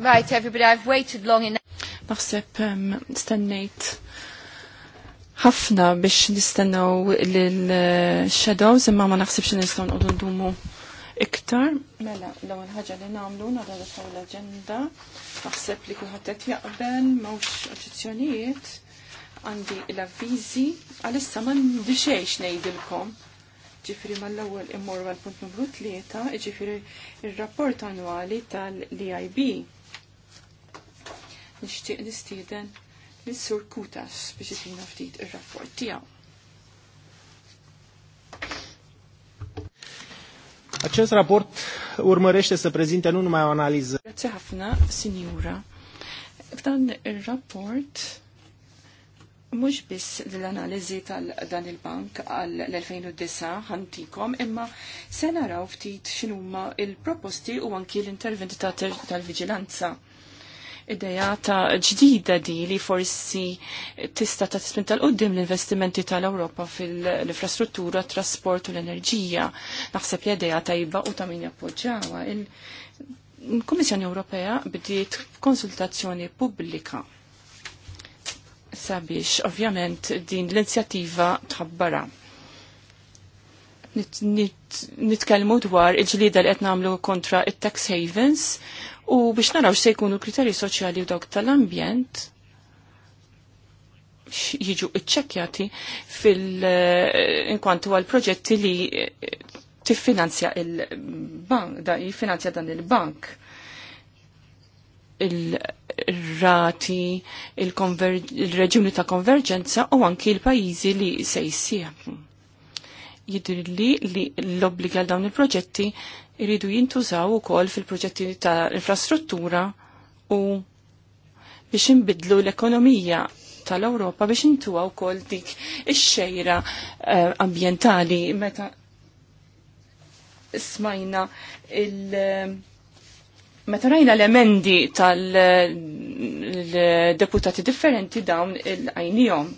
Right, everybody, I've waited long enough. Naħseb um, stennejt ħafna biex nistennaw lil-shadows imma ma naħsibx nistgħu nqogħdu ndumu iktar. Mela, l-ewwel ħaġa li nagħmlu nagħdu l-aġenda naħseb li kulħadd qed jaqbel mhux oġġezzjonijiet għandi l avviżi għalissa man diċeċ nejdilkom. Ġifieri mal ewwel immur għal punt numru tlieta, ġifiri ir rapport annwali tal-DIB nixtieq nistieden lis-Sur Kutas biex isina ftit ir-rapport tiegħu. Aċċess rapport urmărește să prezinte nu numai o Grazie ħafna, sinjura. F'dan il-rapport mhux biss l-analiżi tal-dan il-bank għal l-2009 ħantikom, imma se naraw ftit x'inhuma il-proposti u anki l-interventi tal-viġilanza. Ta ideja ta' ġdida di li forsi tista ta' tismin tal-qoddim l-investimenti tal-Europa fil-infrastruttura, trasport u l-enerġija. Naħseb li ta' tajba u ta' min jappoġġawa. il komissjoni Ewropea bdiet konsultazzjoni pubblika sabiex ovvjament din l-inzjattiva tħabbara nitkellmu dwar il-ġlida li qed nagħmlu kontra it-tax havens U biex naraw se jkunu kriterji soċjali u dawk tal-ambjent jiġu iċċekjati fil-inkwantu għal proġetti li tiffinanzja il-bank, da jiffinanzja dan il-bank il-rati, il-reġjuni ta' konverġenza u anki il-pajizi li se jissieħbu. Jidri li l-obbliga dawn il-proġetti iridu jintużaw ukoll fil-proġetti ta' infrastruttura u biex inbidlu l-ekonomija tal-Ewropa biex intuwa wkoll dik ix-xejra uh, eh, ambjentali meta smajna il- Meta rajna l-emendi tal-deputati differenti dawn il-għajnijom.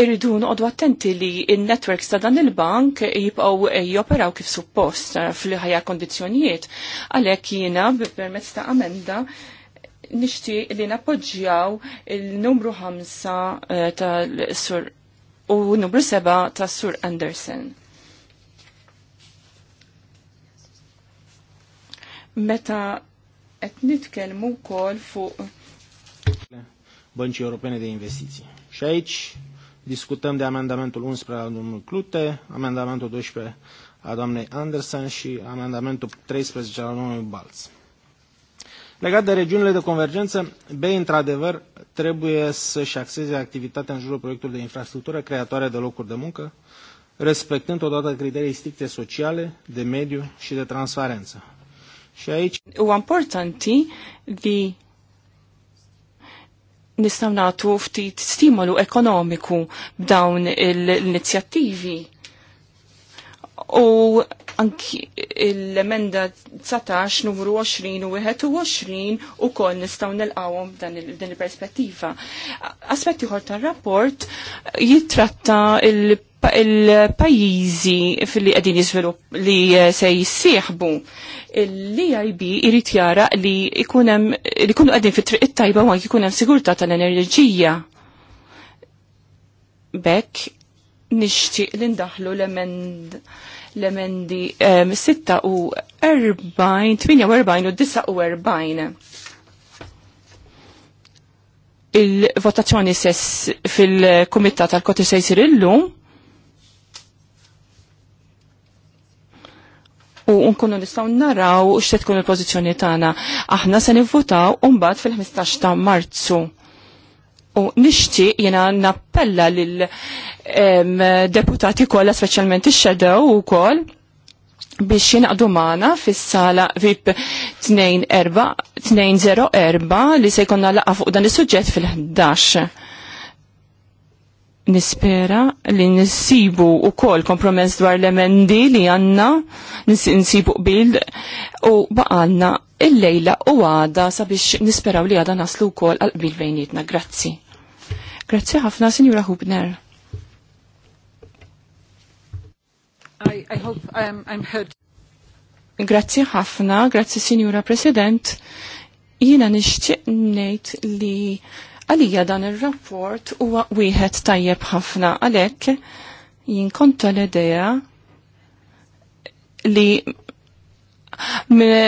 irridu noqdu attenti li il-networks ta' dan il-bank jibqaw eh, joperaw kif suppost eh, fl-ħajja kondizjonijiet. Għalek jina permezz ta' amenda nishti li napoġġjaw il-numru 5 eh, ta' sur u numru 7 ta' sur Anderson. Meta qed nitkellmu wkoll fuq Banċi Ewropeni di Investizji. Xejċ Discutăm de amendamentul 11 al domnului Clute, amendamentul 12 a doamnei Anderson și amendamentul 13 al domnului Balț. Legat de regiunile de convergență, B, într-adevăr, trebuie să-și axeze activitatea în jurul proiectului de infrastructură creatoare de locuri de muncă, respectând totodată criterii stricte sociale, de mediu și de transparență. Și aici... U importanti nistaw nagħtu ftit stimolu ekonomiku b'dawn l-inizjattivi u anki l-emenda 19 numru 20 u 21 u koll nistaw nil-qawom dan il-perspettiva. Aspetti ħor tal-rapport jitratta il- pajizi fil-li għedin jizvilup li eh, se jissieħbu l-IIB irrit jara li ikunem li kunu għedin fit-triq it-tajba għan jikunem sigurta tal-enerġija. Bekk nixtieq li ndaħlu l-emendi 46 u 49 il-votazzjoni sess fil-komitat tal-koti se jisir illum u nkunu nistgħu naraw u tkun il-pożizzjoni tagħna. Aħna se nivvotaw mbagħad fil-15 ta' Marzu. U nishti jena nappella lil-deputati kolla, specialment il-shadow u koll, biex jinaqdu maħna fis-sala VIP 204 li se jkonna laqa fuq dan is-suġġett fil-11. Nispera li nisibu u kol kompromess dwar l-emendi li għanna nisibu qbil u baqanna il-lejla u għada sabiex nisperaw li għada naslu kol għal bejnietna. Grazzi. Grazzi ħafna, Sinjura Hubner. I, I hope um, I'm heard. Grazzi ħafna, grazzi Sinjura President. Jina nixtieq ngħid li għalija dan ir-rapport huwa wieħed tajjeb ħafna għalhekk jinkonta l-idea li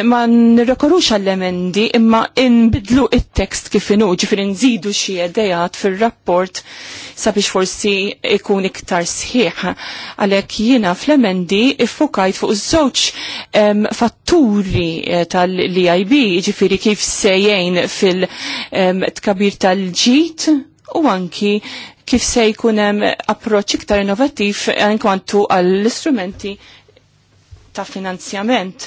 ma nirrekorux għall-emendi imma inbidlu it-tekst kif inu ġifir nżidu xie ideat fil-rapport sabiex forsi ikun iktar sħiħ għalek jiena fl-emendi iffukajt fuq żewġ fatturi eh, tal-EIB ġifiri kif sejjen fil-tkabir tal-ġit u anki kif se jkun hemm approċċ iktar innovattiv għankwantu għall-istrumenti ta' finanzjament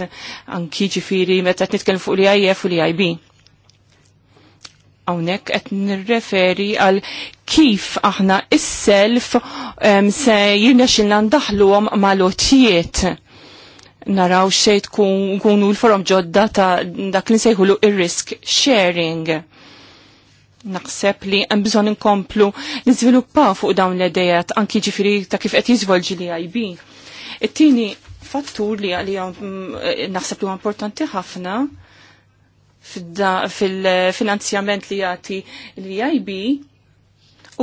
anki ġifiri meta nitkellem fuq li IF u li IB. Hawnhekk qed nirreferi għal kif aħna is-self se jirnexilna ndaħluhom mal-otijiet naraw xej kunu l-forom ġodda ta' dak li nsejħulu ir-risk sharing. Naħseb li hemm bżonn inkomplu niżviluppaw fuq dawn l-idejat anki ġifiri ta' kif qed jiżvolġi li IB. It-tieni fattur li għalija eh, naħseb li importanti ħafna fil-finanzjament li jagħti l-VIB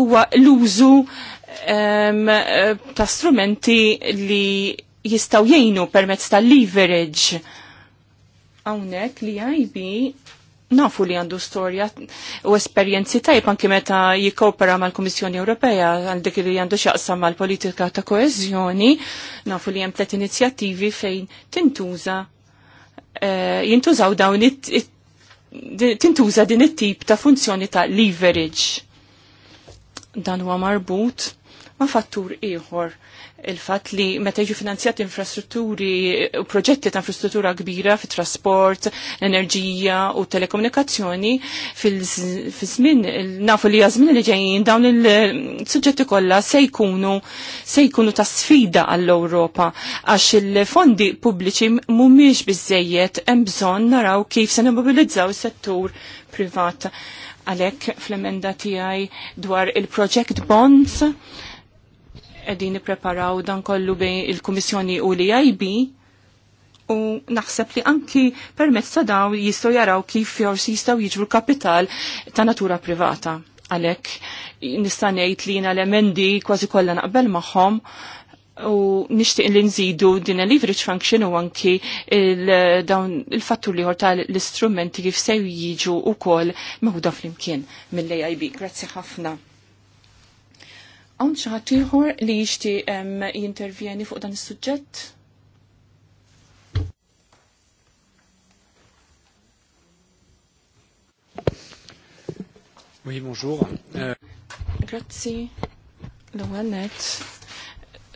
huwa l-użu eh, ta' strumenti li jistaw jgħinu permezz tal-leverage. Hawnhekk li IB nafu li għandu storja u esperjenzi tajb anki meta jikkopera mal-Kummissjoni Ewropea għal dik li għandu xaqsam mal-politika ta' koeżjoni, nafu li hemm tliet inizjattivi fejn tintuża eh, jintużaw dawn tintuża din it-tip ta' funzjoni ta' leverage. Dan huwa marbut ma' fattur ieħor il-fat li meta jiġu finanzjati infrastrutturi u proġetti ta' infrastruttura kbira fi trasport enerġija u telekomunikazzjoni fil-żmien nafu li żmien li ġejjin dawn il-suġġetti kollha se jkunu se jkunu ta' sfida għall-Ewropa għax il-fondi pubbliċi mhumiex biżejjed hemm bżonn naraw kif se nimmobilizzaw is-settur privat. Għalhekk fl-emenda tiegħi dwar il-project bonds għedini preparaw dan kollu bejn il-Kummissjoni u li IB u naħseb li anki permezz ta' daw jistgħu jaraw kif jorsi jistgħu jiġru kapital ta' natura privata. Għalhekk nista' ngħid li jiena l-emendi kważi kollha naqbel magħhom u nixtieq li nżidu din leverage function u anki il-dawn il-fattur liħor tal-istrumenti kif sew jiġu wkoll fl flimkien mill-AIB. Grazzi ħafna. Għon ċaħatiħor li jishti jintervjeni fuq dan il sujġet Oui, bonjour. Euh, Grazzi. L-għallet,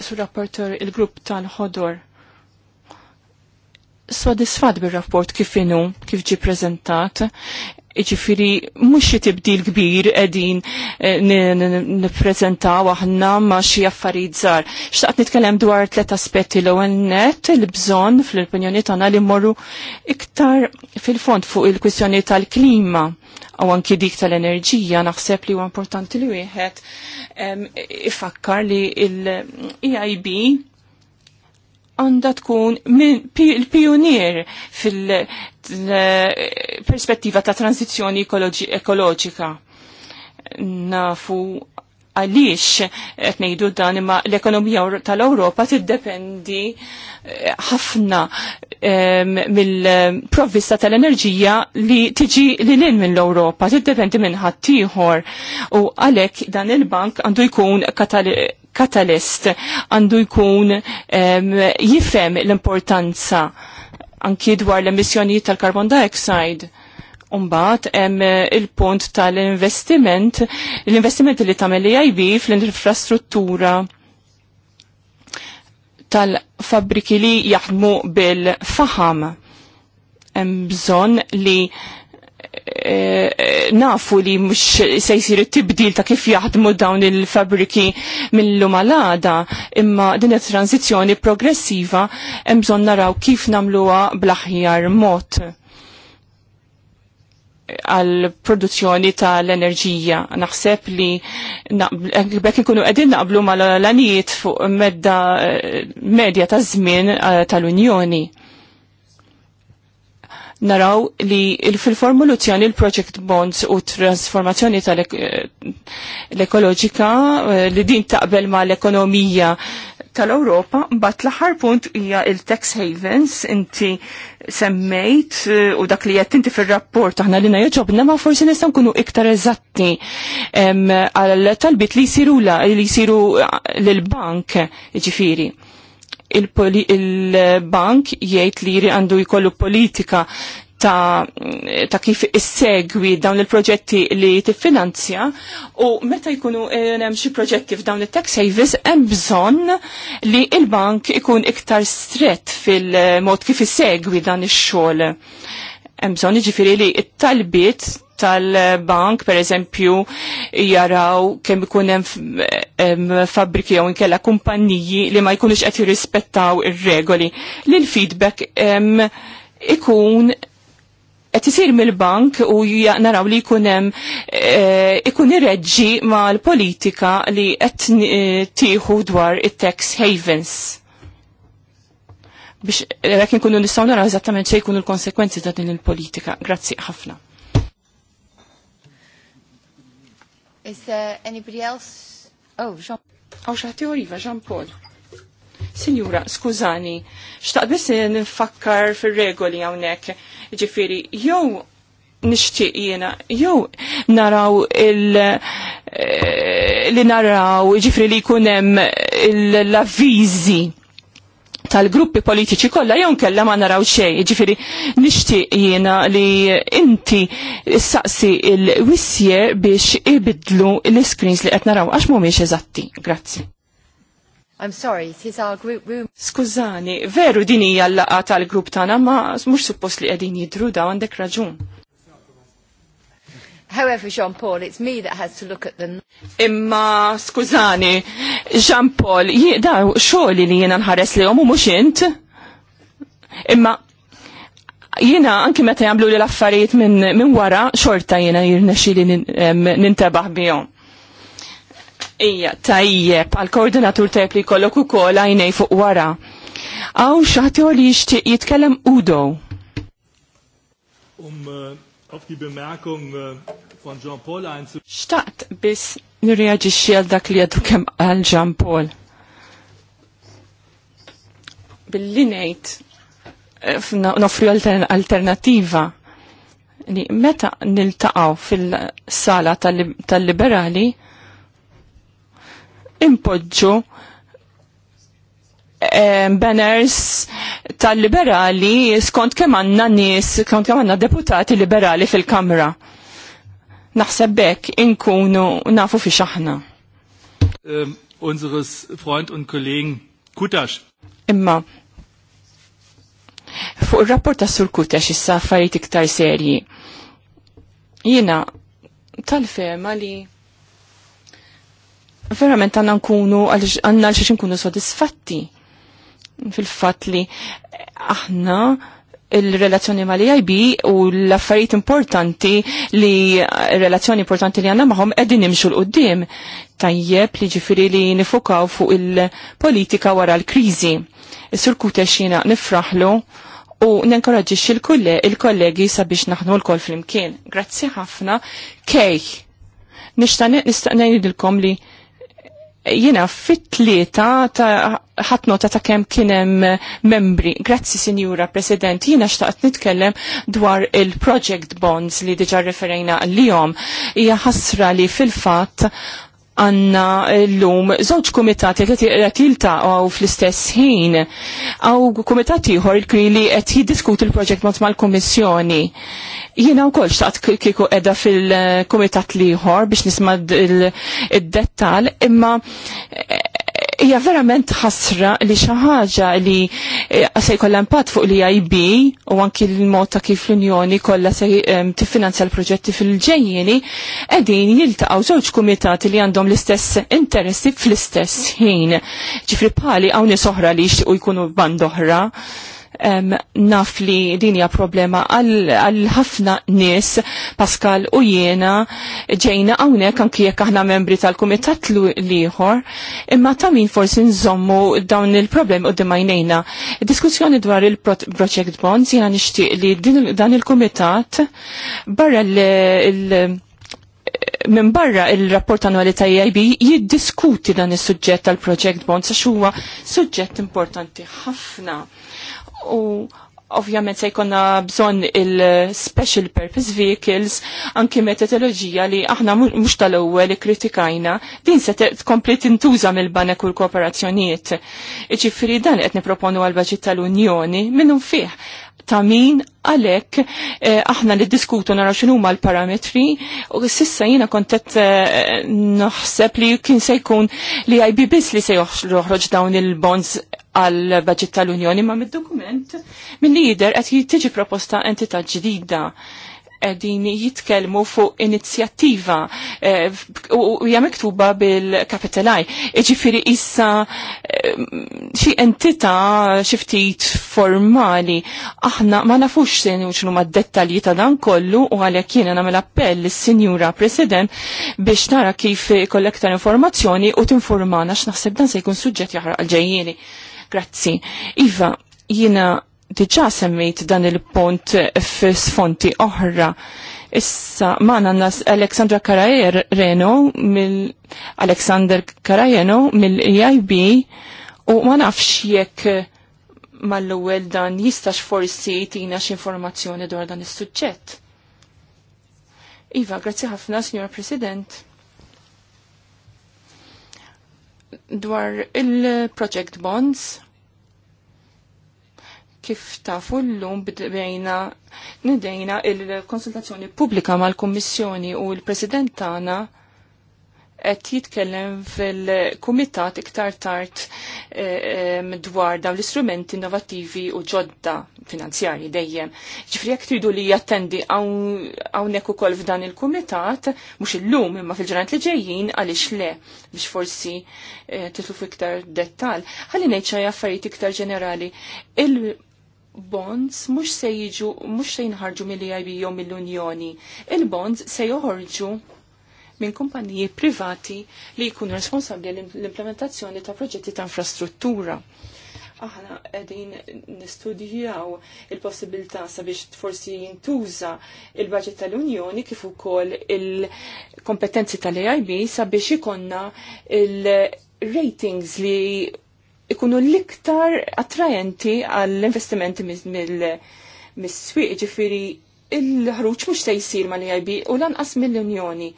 sur rapporter il-grupp tal-ħodor. Sodisfad bil-rapport kif inu, kif ġi prezentat, Iġifiri, mux tibdil kbir edin eh, niprezentaw aħna ma xie affarijiet zar. Xtaqt nitkellem dwar tlet aspetti l ewwel net, l-bżon fl-opinjoni tagħna li morru iktar fil-fond fuq il-kwistjoni tal-klima u anki dik tal-enerġija naħseb li huwa importanti li wieħed ifakkar li l-EIB għanda tkun il-pionier fil-perspettiva ta' tranzizjoni ekoloġika. Nafu għaliex qed ngħidu dan imma l-ekonomija tal-Ewropa tiddependi eh, ħafna mill-provvista tal-enerġija li tiġi li minn mill-Ewropa, tiddependi minn ħaddieħor u għalhekk dan il-bank għandu jkun katalist, għandu jkun jifhem l-importanza anki dwar l-emissjonijiet tal-carbon dioxide Umbat, il-punt tal-investiment, l-investiment li tamel li e jajbi fl-infrastruttura tal-fabriki li jaħdmu bil-faham. Bżon li e, nafu li mux se jisir tibdil ta' kif jaħdmu dawn il-fabriki mill-lum għalada, imma din tranzizjoni progressiva bżon naraw kif namluwa blaħjar mod għal produzzjoni tal-enerġija. Naħseb li bekk ikunu qegħdin naqblu mal-għalanijiet fuq medda medja ta' żmien eh, tal-Unjoni. Naraw li fil formoluzzjoni il-project bonds u transformazzjoni tal-ekoloġika eh, eh, li din taqbel ma l-ekonomija tal-Europa, bat l-aħħar punt hija il-tax havens, inti semmejt eh, u dak li jett inti fil-rapport aħna li najoġobna ma forsi nistan nkunu iktar eżatti għal talbit li jisiru la li jisiru eh, l-bank ġifiri il-bank jgħid li għandu jkollu politika ta', ta kif issegwi dawn il-proġetti li tiffinanzja u meta jkunu eh, hemm xi proġetti f'dawn it-tax savings hemm bżonn li il-bank ikun iktar strett fil-mod kif issegwi dan ix-xogħol. Hemm bżonn jiġifieri li t-talbiet tal-bank, per eżempju, jaraw kemm ikun hemm fabbriki jew inkella kumpanniji li ma jkunux qed jirrispettaw ir-regoli. Li l-feedback ikun qed isir mill-bank u naraw li jkun hemm eh, ikun ireġġi mal-politika li qed eh, tieħu dwar it-tax havens biex jekk eh, nkunu nistgħu naraw eżattament xejn jkunu l-konsekwenzi ta' din il-politika. Grazzi ħafna. Is anybody else? Oh, Jean. Oh, Jean Paul. Signora, skużani, xtaq biss nifakkar fil-regoli għawnek, ġifiri, jew nishtiq jena, jew naraw il- eh, li naraw ġifri li kunem l-avvizi tal-gruppi politiċi kollha jow kella ma naraw xej, jiġifieri nixtieq jiena li inti saqsi il-wissje biex ibidlu l-screens li qed naraw għax mhumiex eżatti. Grazzi. I'm sorry, it is our group room. Skużani, veru din hija l laqgħa tal-grupp tagħna ma mhux suppost li qegħdin jidru da għandek raġun. However, Jean Paul, it's me that has to look at them. Imma, skużani, Jean Paul, da xogħli li jiena nħares li u mhux int. Imma jiena anki meta jagħmlu li l-affarijiet minn min wara xorta jiena jirnexxi li nintebaħ bihom. Ija, tajjeb, għal-koordinatur tepli kollok u kol għajnej fuq wara. Għaw xaħti li jishtiq jitkellem Udo. Um, uh, auf bemerkum uh, äh, von Jean-Paul einzu... Xtaqt bis nirreagġi xiel dak li għadu kem għal Jean-Paul. Billi nejt, äh, nofri alternativa li meta niltaqaw fil-sala tal-liberali, tal liberali impoġġu banners tal-liberali skont kemm għandna nies, skont kemm għandna deputati liberali fil-Kamra. Naħseb hekk inkunu nafu fi xaħna. unseres Freund und Kollegen Kutasch. Imma, fuq ir rapport ta' Sur Kutax issa affarijiet iktar serji. Jiena tal-fema li verament għanna nkunu, għanna l-xiex nkunu sodisfatti fil-fat li aħna il-relazzjoni ma li ib u l-affarijiet importanti li relazzjoni importanti li għanna maħom edin imxu l-qoddim. Tajjeb li ġifiri li nifokaw fuq il-politika wara l-krizi. Is-sur kutex nifraħlu u nenkoraġġix il-kollegi sabiex naħnu l-kol fl-imkien. Grazzi ħafna. Kej, nishtaniq nistaqnejn idilkom li jina fit-tlieta ta' ħat nota ta' kemm kienem membri. Grazzi, Sinjura President, jina xtaqt nitkellem dwar il-project bonds li diġa referejna l-jom. Hija ħasra li fil-fatt għanna l-lum zoċ komitati għet jilta għaw fl-istess ħin għaw komitati ħor li għet jiddiskuti l-proġekt mot mal-komissjoni. Jina u kol xtaqt kiku edha fil-komitat liħor biex nisma il-dettal imma hija verament ħasra li xi ħaġa li eh, se jkollha impatt fuq l-IB u anki l-mod ta' kif l-Unjoni kollha se ehm, tiffinanzja l-proġetti fil-ġejjieni qegħdin jiltaqgħu żewġ kumitati li għandhom l-istess interessi fl-istess ħin. Ġifri bħali hawn nies oħra li jixtiequ jkunu band oħra um, naf li dinja problema għal ħafna nis Pascal u jena ġejna għawnek anki jekk aħna membri tal-kumitat liħor imma ta' min forsi nżommu dawn il-problem u dimajnejna. Diskussjoni dwar il-project bonds jena nishtiq li din, dan il-kumitat barra l- minn barra il-rapport annuali ta' EIB jiddiskuti dan is-suġġett tal-project bonds għax huwa suġġett importanti ħafna U ovvjament se jkonna bżonn il-special purpose vehicles anki metodoloġija li aħna mhux tal-ewwel kritikajna din se tkompli tintuża mill-banek u l-kooperazzjonijiet. Iġifieri dan qed niproponu għal baġit tal-Unjoni minnu fih ta' min għalek eh, aħna li diskutu nara xinu ma l-parametri u sissa jina kontet eh, naħseb li kien se jkun li għajbi bis li se joħroġ dawn il-bonds għal budget tal-Unjoni ma mid-dokument minn jider qed jittiġi proposta entità ġdida edin jitkelmu fuq inizjattiva eh, u hija miktuba bil-kapitalaj. Iġifiri issa eh, xi entità xi ftit formali. Aħna ma nafux x'inhu ma dettalji ta' dan kollu u għalhekk jiena nagħmel appell lis-Sinjura President biex tara kif kollekta informazzjoni u tinformana x'naħseb dan se jkun suġġett jaħraq għal ġejjieni. Grazzi. Iva, jiena diġa semmejt dan il-punt f-sfonti oħra. Issa, maħna nas Aleksandra Karajeno mill Aleksandr Karajeno mill-EIB u ma nafx jekk mal-ewwel dan jistax forsi tina x'informazzjoni dwar dan is-suġġett. Iva, grazzi ħafna, Signor President. Dwar il-Project Bonds, Kif tafu l bdejna nidejna il-konsultazzjoni pubblika mal-Kommissjoni u l-President tagħna qed jitkellem fil-kumitat iktar tard eh, dwar dawn l-istrumenti innovattivi u ġodda finanzjarji dejjem. Ġifri jekk tridu li jattendi hawnhekk ukoll f'dan il-kumitat, mhux illum imma fil-ġranet li ġejjin għaliex le biex forsi eh, titlu f'iktar dettal. Ħalli ngħid xi affarijiet iktar ġenerali bonds mhux se jiġu mhux se jinħarġu mill ib jew mill-Unjoni. Il-bonds se joħorġu minn kumpaniji privati li jkunu responsabbli l-implementazzjoni ta' proġetti ta' infrastruttura. Aħna qegħdin nistudjaw il-possibilità sabiex forsi jintuża il-budget tal-Unjoni kif ukoll il-kompetenzi tal aib sabiex ikonna il-ratings li ikunu l-iktar attrajenti għall-investimenti mill-swiq ġifiri il-ħruċ mux se jisir ma li għajbi u lanqas mill-Unjoni.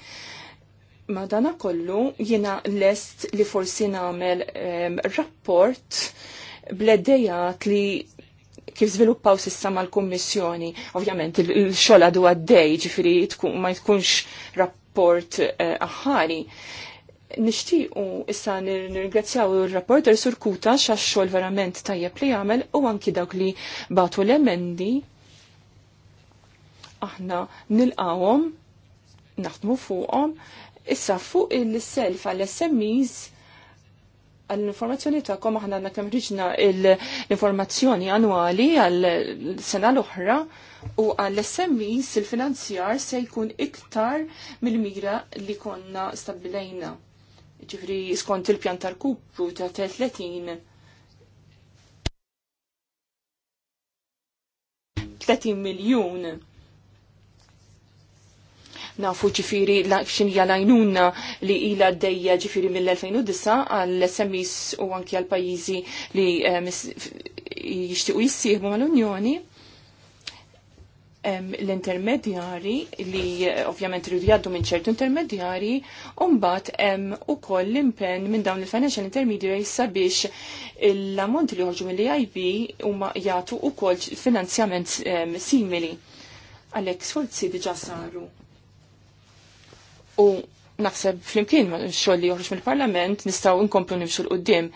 Ma dana kollu jina lest li forsi namel um, rapport bledejat li kif zviluppaw sissa mal kummissjoni Ovvjament, il xola du għaddej, ġifiri ma jtkunx rapport eh, aħari nishtiqu issa nirgrazzjaw il-rapporter Sur Kuta xax verament tajjeb li jagħmel u anki dawk li batu l-emendi aħna nilqawhom naħdmu fuqhom issa fuq il-self għall-SMEs għall-informazzjoni tagħkom aħna għandna kemm riġna l-informazzjoni annwali għall-sena l-oħra u għall-SMEs il-finanzjar se jkun iktar mill-mira li konna stabilejna ġifri skont il-pjan tal-kupru ta' 30 30 miljun nafu ġifiri xinja lajnuna li ila d-dejja ġifiri mill-2009 għal semis u anki għal-pajizi li eh, jishtiqu jissieħbu mal-Unjoni l-intermedjari li eh, ovvjament rridu jaddu minn ċertu intermedjari umbat em u koll l impenn minn dawn il-financial intermediaries sabiex l-ammont li joħġu mill-EIB huma jagħtu ukoll finanzjament simili. Għalhekk sforzi diġà saru. U naħseb flimkien xogħol li joħroġ mill-Parlament nistgħu nkomplu nimxu l-qudiem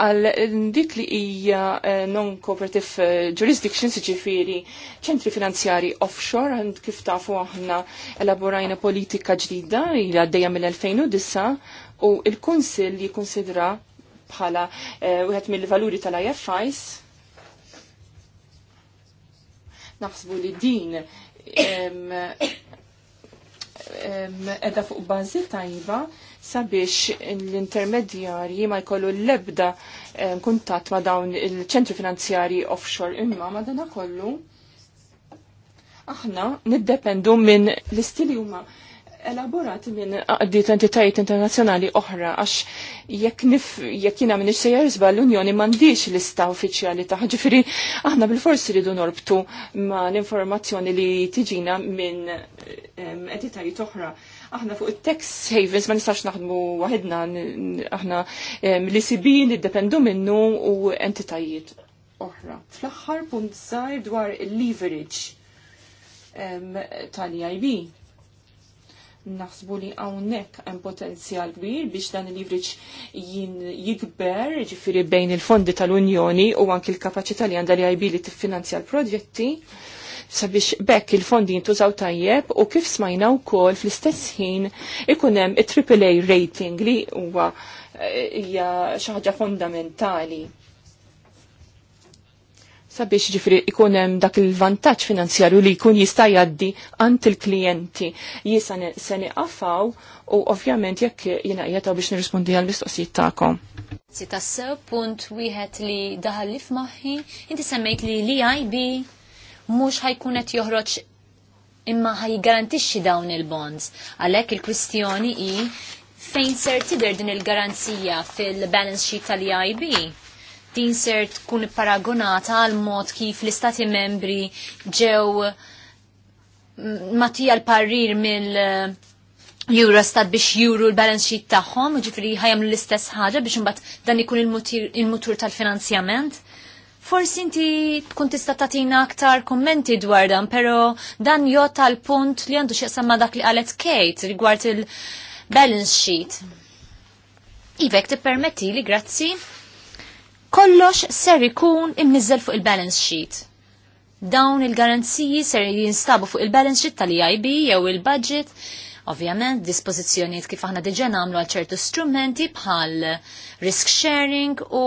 għal dik li hija eh, non-cooperative eh, jurisdictions ġifiri ċentri finanzjari offshore għand kif tafu aħna elaborajna politika ġdida li għaddejja mill-2009 u il-Kunsill li konsidra bħala eh, wieħed mill-valuri tal-IFIs naħsbu li din edha fuq bażi tajba sabiex l-intermedjarji ma jkollu l-ebda eh, kuntat ma dawn il ċentru finanzjari offshore imma ma dana kollu aħna niddependu minn l-istili huma elaborati minn għaddit entitajiet internazzjonali oħra għax jekk nif jekk jiena minn sejjer l-Unjoni m'għandix lista uffiċjali ta' ġifieri aħna bil-forsi ridu norbtu ma l-informazzjoni li tiġina minn eh, entitajiet oħra Aħna fuq il-tax savings ma nistax naħdmu waħedna, aħna li sibin id-dependu minnu u entitajiet oħra. Fl-axħar punt zaħir dwar il-leverage tal-IB. Naħsbu li għawnek għem potenzjal kbir biex dan il-leverage jikber ġifiri bejn il-fondi tal-Unjoni u anki l kapacita li għandha li e IB li tiffinanzja l-proġetti sabiex bekk il-fondi jintużaw tajjeb u kif smajna wkoll fl-istess ħin ikun hemm it-AAA rating li huwa eh, hija xi ħaġa fondamentali sabiex ġifri ikun hemm dak il-vantaġġ finanzjarju li jkun jista' jgħaddi għand il-klijenti. Jisa se niqafaw u ovvjament jekk jiena qiegħed biex nirrispondi għall mistoqsijiet tagħkom. Si punt wieħed li daħal li f'maħħi, inti semmejt li li ib mhux ħajkunet qed joħroġ imma garantixi dawn il-bonds. Għalhekk il-kwistjoni hi fejn ser tidher din il-garanzija fil-balance sheet tal ib Din ser tkun paragonata għal mod kif l-istati membri ġew matija l-parrir mill Eurostat biex juru l-balance sheet tagħhom, ġifri ħajam l-istess ħaġa biex imbagħad dan ikun il-mutur tal-finanzjament. Forsi inti tkun tista' tagħtina aktar kummenti dwar dan, però dan jota l-punt li għandu xi ma' dak li qalet Kate rigward il-balance sheet. Ivek tippermetti li grazzi kollox ser ikun immiżel fuq il-balance sheet. Dawn il-garanziji ser jinstabu fuq il-balance sheet tal-EIB jew il-budget Ovvjament, dispożizzjonijiet kif aħna diġa nagħmlu għal ċertu strumenti bħal risk sharing u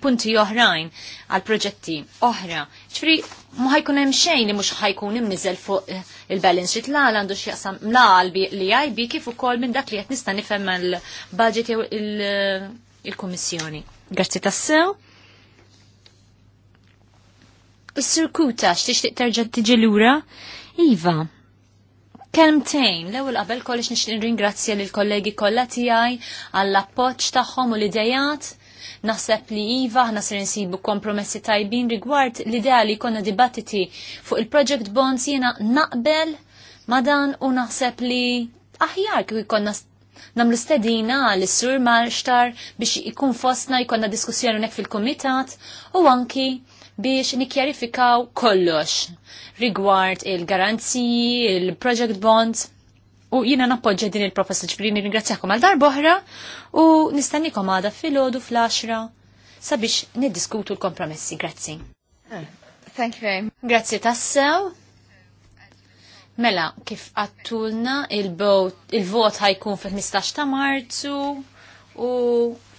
punti oħrajn għal proġetti oħra. ċfri, mu ħajkun hemm xejn li mhux ħajkun imniżel fuq eh, il-balance sheet la għandu x'jaqsam la għalbi li għajbi kif ukoll minn dak li qed nista' nifhem il-budget jew il-kummissjoni. Grazzi tassew. Is-Sur Kutax terġa' tiġi lura? Iva, Kelmtejn, l-ewwel qabel kollox nix ringrazzja lill kollegi kollha tiegħi għall appoġġ tagħhom u l-idejat Naħseb li Iva ħna ser insibu kompromessi tajbin rigward l-idea li konna dibattiti fuq il-project bonds jiena naqbel ma dan u naħseb li aħjar kif ikonna namlu stedina l-sur Malxtar biex ikun fostna jkonna diskussjoni nek fil-komitat u anki biex nikjarifikaw kollox rigward il-garanziji, il-project bonds u jina nappoġġa din il-proposta ġbrini ringrazzjakom għal dar boħra u nistennikom għada fil-ħodu fl-10 sabiex niddiskutu l-kompromessi. Grazzi. Thank you very much. Grazzi tassew. Mela, kif għattulna il-vot ħajkun fil-15 ta' marzu u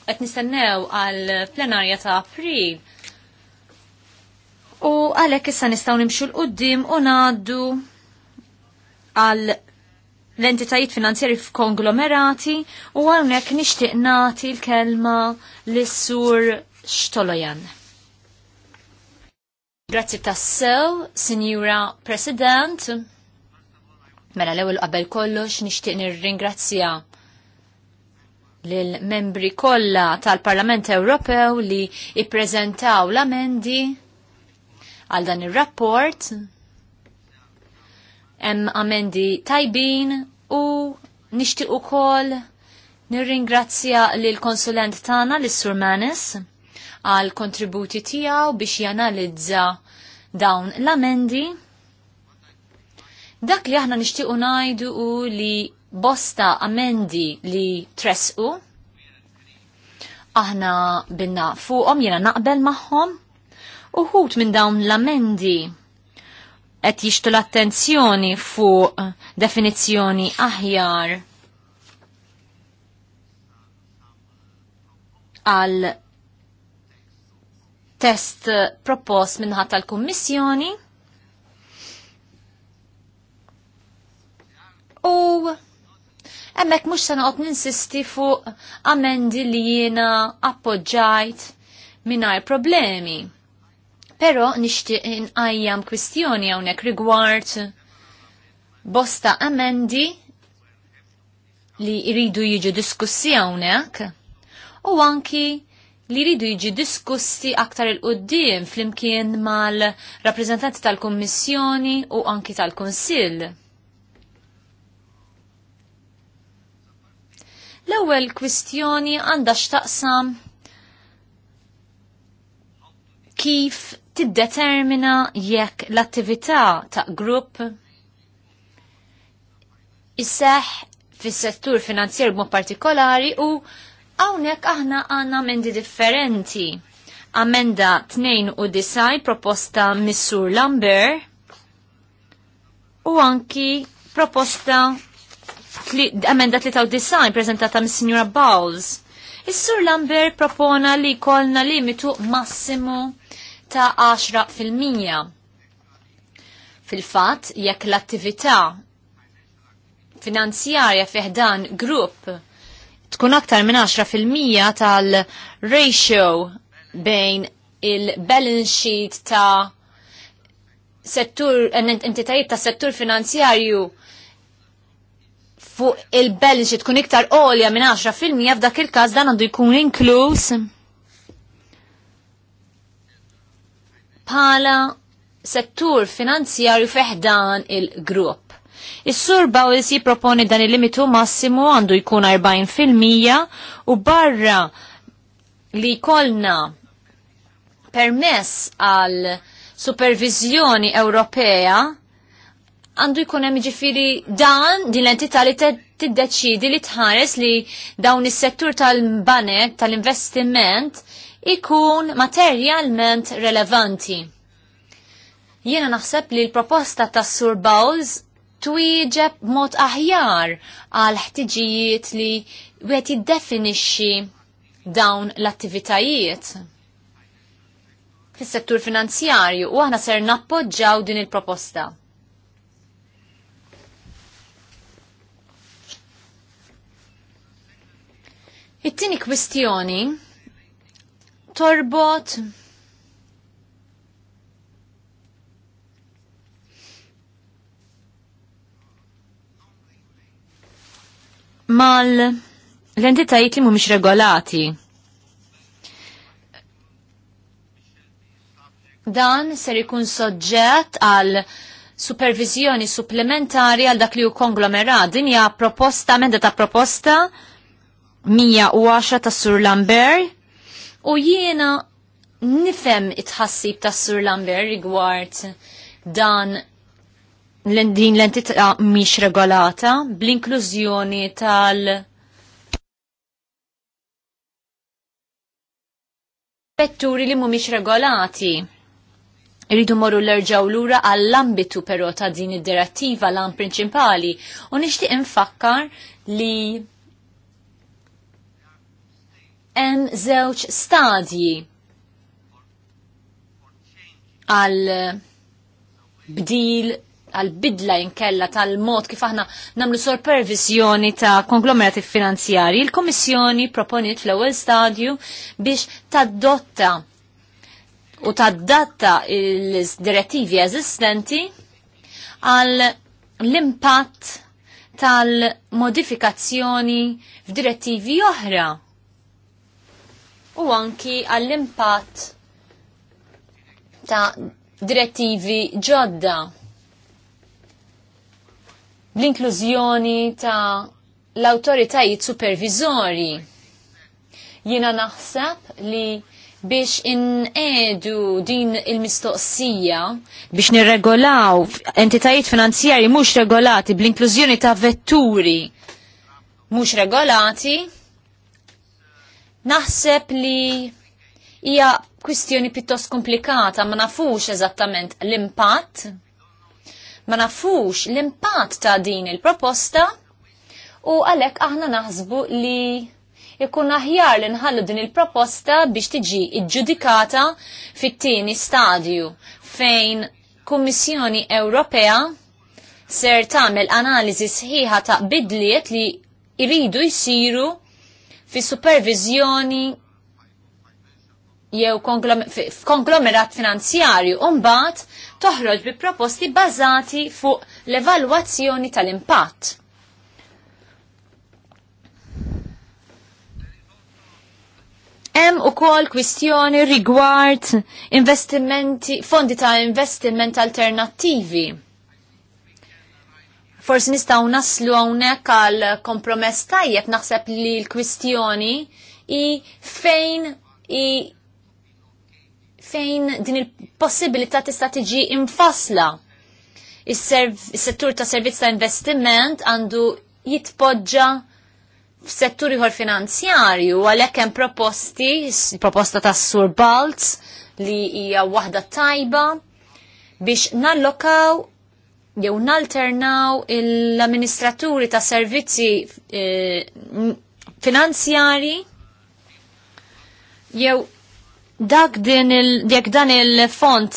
għet nistennew għal plenarja ta' april. U għalek issa nistaw nimxu l-qoddim u naddu għal l-entitajiet finanzjari f'konglomerati u għawnek nishtiq nati l-kelma l-sur Stolojan. Grazzi tassew, Signora President. Mela l-ewel qabel kollox nishtiq nir-ringrazzja l-membri kollha tal-Parlament Ewropew li i-prezentaw l-amendi għal dan ir-rapport hemm amendi tajbin u nixtieq ukoll nirringrazzja lil konsulent tagħna lis sur Manis għal kontributi tiegħu biex janalizza dawn l-amendi. Dak li aħna nixtiequ ngħidu u li bosta amendi li tresqu aħna binna fuqhom jiena naqbel magħhom uħut minn dawn l-amendi qed jixtu l-attenzjoni fuq definizzjoni aħjar għal test propost minnaħat tal-Kummissjoni u emmek mux sanqot ninsisti fuq amendi li jiena appoġġajt minnaj problemi. Pero nixtieq inqajjam kwistjoni hawnhekk rigward bosta amendi li jridu jiġi diskussi hawnhekk u anki li jridu jiġi diskussi aktar il-qoddim flimkien mal-rappreżentanti tal-Kummissjoni u anki tal-Kunsill. L-ewwel kwistjoni għandha x'taqsam kif tiddetermina jekk l-attività ta' grupp isseħ fis-settur finanzjer mod partikolari u hawnhekk aħna għandna amendi differenti. Amenda 92 proposta Missur Lambert u anki proposta amenda 39 prezentata mis signora Bowles. Is-Sur Lambert propona li kolna limitu massimu ta' 10%. Fil-fatt, jekk l-attività finanzjarja fiħdan grupp tkun aktar minn 10% tal-ratio bejn il-balance sheet ta' settur, entitajiet ta' settur finanzjarju fuq il-balance sheet tkun iktar għolja minn 10% f'dak il-każ dan għandu jkun inkluż bħala settur finanzjarju feħdan il-grupp. Is-sur Bowles jipproponi dan il-limitu massimu għandu jkun 40% u barra li kolna permess għal supervizjoni Ewropea għandu jkun hemm ġifiri dan din l-entità li tiddeċidi li tħares li dawn is-settur tal-banek tal-investiment tal banek tal banek tal investiment ikun materjalment relevanti. Jiena naħseb li l-proposta ta' Sur Bowles twieġeb mod aħjar għal ħtiġijiet li wieħed jiddefinixxi dawn l-attivitajiet fis-settur finanzjarju u aħna ser nappoġġaw din il-proposta. It-tieni kwistjoni torbot. mal l-entitajiet li mhumiex regolati. Dan ser ikun soġġett għal supervizjoni supplementari għal dak li hu konglomerat. Din hija proposta, menda ta' proposta 110 ta' Sur Lambert U jiena nifem itħassib ta' Sur Lambert rigward dan din l-entità mhix regolata bl-inklużjoni tal- vetturi li mhumiex regolati. Irridu morru l-erġaw lura għall-ambitu però ta' din id-direttiva l-am prinċipali u nixtieq infakkar li hemm żewġ stadji għal bdil għal bidla jinkella tal-mod kif aħna namlu sorpervisjoni ta' konglomerati finanzjari, il-Komissjoni proponiet fl-ewwel stadju biex tadotta u tadatta il-direttivi eżistenti għal l-impatt tal-modifikazzjoni f'direttivi oħra u anki għall-impatt ta' direttivi ġodda bl-inklużjoni ta' l-autoritajiet supervizori. Jina naħseb li biex inqedu din il-mistoqsija biex nirregolaw entitajiet finanzjari mhux regolati bl-inklużjoni ta' vetturi mhux regolati Naħseb li hija kwistjoni pjuttost komplikata, ma nafux eżattament l-impatt, ma nafux l-impatt ta' din il-proposta u għalek aħna naħsbu li jkun aħjar li nħallu din il-proposta biex tiġi iġġudikata fit-tieni stadju fejn Kummissjoni Ewropea ser tagħmel analiżi sħiħa ta' bidliet li jridu jsiru fi supervizjoni jew konglomerat finanzjarju u mbagħad toħroġ bi proposti bażati fuq l-evalwazzjoni tal-impatt. Hemm ukoll kwistjoni rigward investimenti, fondi ta' investiment alternattivi. Forsi nistgħu naslu hawnhekk għal kompromess tajjeb naħseb li l-kwistjoni i fejn i fejn din il-possibilità tista' tiġi infasla. Is-settur ta' servizz ta' investiment għandu jitpoġġa f'settur ieħor finanzjarju għalhekk hemm proposti, proposta ta' Sur Balz li hija waħda tajba biex nallokaw jew nalternaw l-amministraturi ta' servizzi eh, finanzjari jew dak din il jekk dan il-font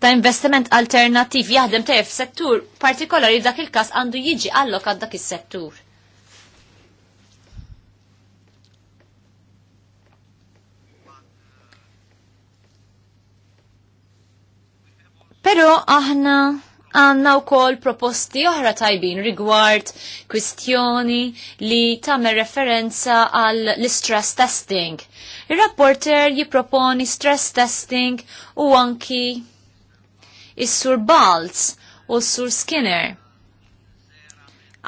ta' investiment alternativ jaħdem tef settur partikolari dak il-kas għandu jiġi allok għad dak il-settur. Pero aħna għanna u kol proposti oħra tajbin rigward kwistjoni li tamer referenza għal l-stress testing. Il-rapporter jiproponi stress testing u anki is-sur Balz u s-sur Skinner.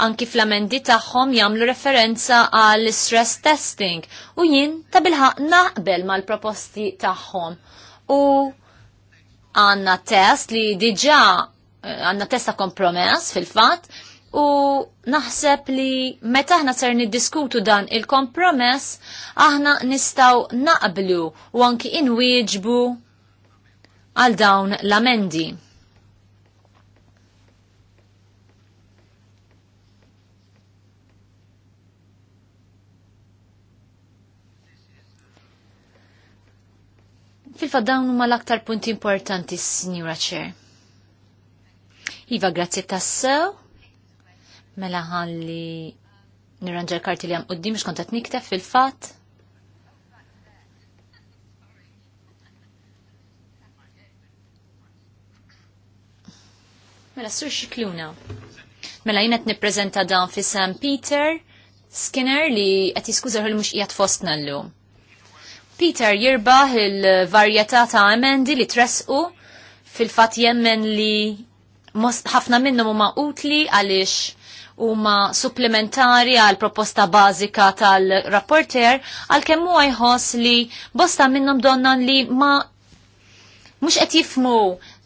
Anki fl-amendi tagħhom jagħmlu referenza għal stress testing u jien ta' bilħaq naqbel mal-proposti tagħhom. U għanna test li diġa għanna testa kompromess fil-fat u naħseb li meta aħna ser niddiskutu dan il-kompromess aħna nistaw naqblu u anki inwieġbu għal dawn l-amendi. Fil-fat dawn huma l-aktar punti importanti, Signora Chair. Iva, grazzi tassew. Mela ħalli nirranġa l-karti li għam uddi, biex kontat niktef fil-fat. Mela, sur xikluna. Mela, t niprezenta dan fi Sam Peter Skinner li għati skużar mux jgħat fostna l-lum. Peter jirbaħ il-varjetà ta' emendi li tresqu fil-fat jemmen li ħafna minnhom huma utli għaliex huma supplementari għal proposta bażika tal-rapporter għalkemm huwa jħoss li bosta minnhom donna li ma mhux qed jifmu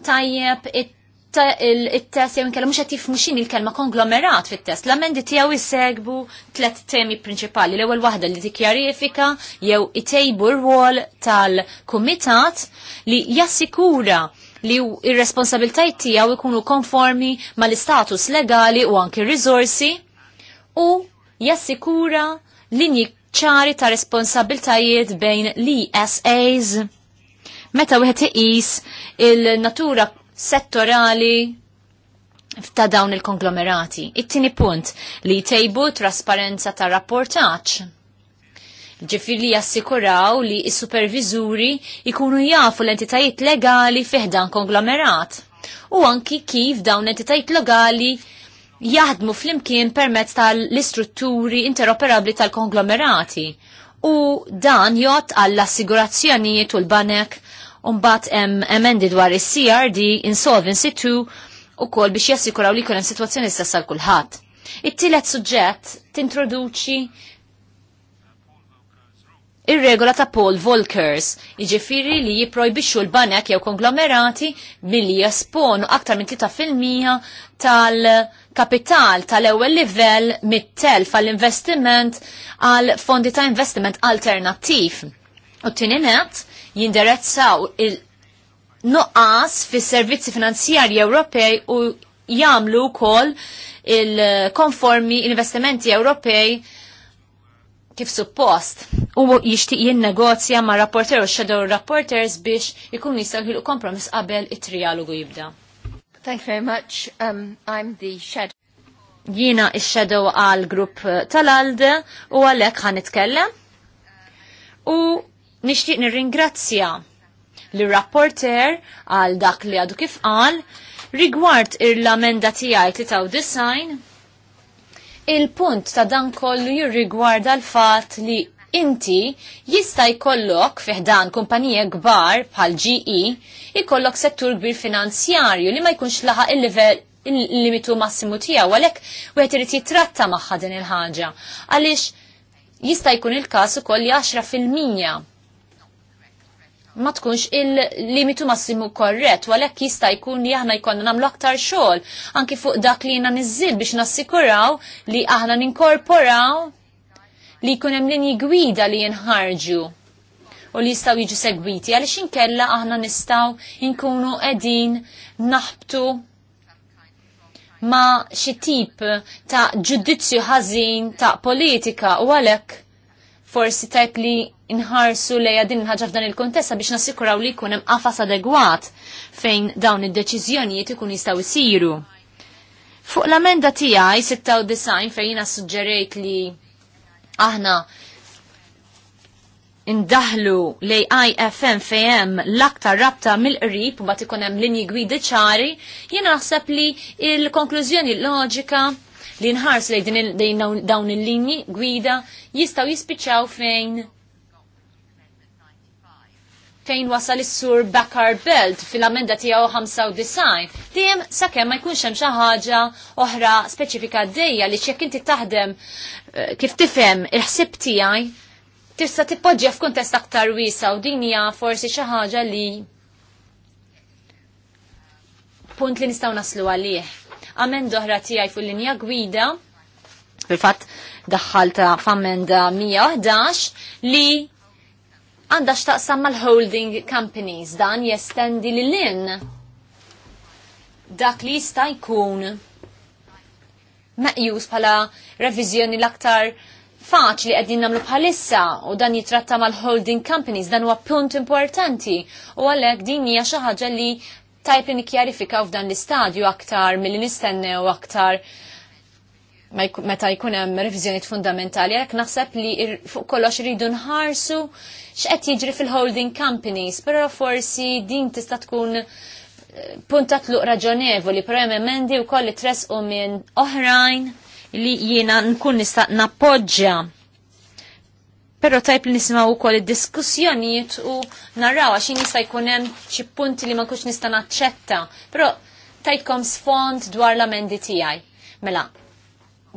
tajjeb it il-test jew inkella mhux qed jifhmu il-kelma konglomerat fit-test. L-amendi tiegħu jsegbu tliet temi prinċipali. L-ewwel waħda li tikkjarifika jew itejbu r wol tal-kumitat li jassikura li ir-responsabiltajt tiegħu jkunu konformi mal-istatus legali u anki r u jassikura linji ċari ta' responsabiltajiet bejn l-ESAs meta wieħed iqis il-natura settorali ta' dawn il-konglomerati. It-tieni punt li tejbu trasparenza ta' rapportaċ li jassikuraw li s-supervizuri ikunu jafu l-entitajiet legali fiħdan konglomerat u anki kif dawn entitajiet legali jaħdmu fl-imkien permezz tal-istrutturi interoperabli tal-konglomerati u dan jott għall-assigurazzjonijiet u l-banek un-bat emendi dwar is-CRD Insolvency 2 u kol biex jassikuraw li kunem situazzjoni stessa l-kulħat. It-tielet suġġett tintroduċi ir-regola ta' Paul Volkers, jiġifieri li jipprojbixxu l-banek jew konglomerati milli jesponu aktar minn 3% tal-kapital tal-ewwel livell mit-telf għall-investiment għal fondi ta' investiment alternattiv. U tieni net jindirezzaw il-nuqqas fis-servizzi finanzjarji Ewropej u jagħmlu wkoll il-konformi investimenti Ewropej kif suppost u jixtieq jinnegozja ma' rapporter u shadow rapporters biex ikun jistaw jilqu kompromis qabel it-trialogu jibda. Thank you very much. Um, I'm the shadow. Jiena il shadow għal grupp tal-Alde u għalhekk ħanitkellem. U nixtieq nirringrazzja l rapporter għal dak li għadu kif qal rigward ir-lamenda tiegħi li taw design il-punt ta' dan kollu jirrigwarda l-fat li inti jista' jkollok fiħdan kumpanija kbar bħal GE jkollok settur kbir finanzjarju li ma jkunx laħa il-livell il-limitu massimu tiegħu għalhekk wieħed irid jitratta magħha din il-ħaġa. Għaliex jista' jkun il-każ ukoll li 10 fil ma tkunx il-limitu massimu korret u għalhekk jista' jkun li aħna jkollna nagħmlu aktar xogħol anki fuq dak li jiena nizzil biex nassikuraw li aħna ninkorporaw li jkun hemm linji gwida li jinħarġu u li jistgħu jiġu segwiti għaliex inkella aħna nistgħu nkunu qegħdin naħbtu ma xi tip ta' ġudizzju ħażin ta' politika u għalhekk forsi tajb li inħarsu li din il f'dan il-kontesta biex nasikuraw li jkun hemm adegwat fejn dawn id-deċiżjonijiet ikun jistgħu jsiru. Fuq l-amenda tiegħi 96 fejn jina suġġerejt li aħna indaħlu li IFM fejem l-aktar rabta mill-qrib u bat ikunem hemm linji gwidi ċari, jina naħseb li l konklużjoni loġika li nħars li dawn il-linji gwida jistaw jispiċaw fejn fejn wasal is-sur Bakar Belt fil-amenda tiegħu 95 dejjem sakemm ma jkunx hemm xi ħaġa oħra speċifika dejja li x'jekk inti taħdem eh, kif tifhem il-ħsieb tiegħi tista' tippoġġja f'kuntest aktar wiesa' u din hija forsi xi ħaġa li punt li nistaw naslu għalih. Amen doħra tijaj fu linja gwida, fil-fat daħħalta f'ammenda 111 li għandha x'taqsam mal-holding companies dan jestendi lil lin dak li jista' jkun meqjus bħala reviżjoni l-aktar faċli qegħdin nagħmlu bħalissa u dan jitratta mal-holding companies dan huwa punt importanti u għalhekk din hija xi ħaġa li tajb li nikjarifikaw f'dan l-istadju aktar milli nistennew aktar meta jkun hemm reviżjonijiet fundamentali għalhekk naħseb li fuq kollox iridu nħarsu x'qed jiġri fil-holding companies, però forsi din tista' tkun eh, punta tluq raġonevoli, però hemm emendi wkoll itresqu tresqu minn oħrajn li jiena nkun nista' nappoġġja Pero tajp li nisimaw ukoll id-diskussjonijiet u narraw għaxi jista' jkun hemm xi punti li ma kux nista' naċċetta. Però tajtkom sfond dwar l-amendi tiegħi. Mela,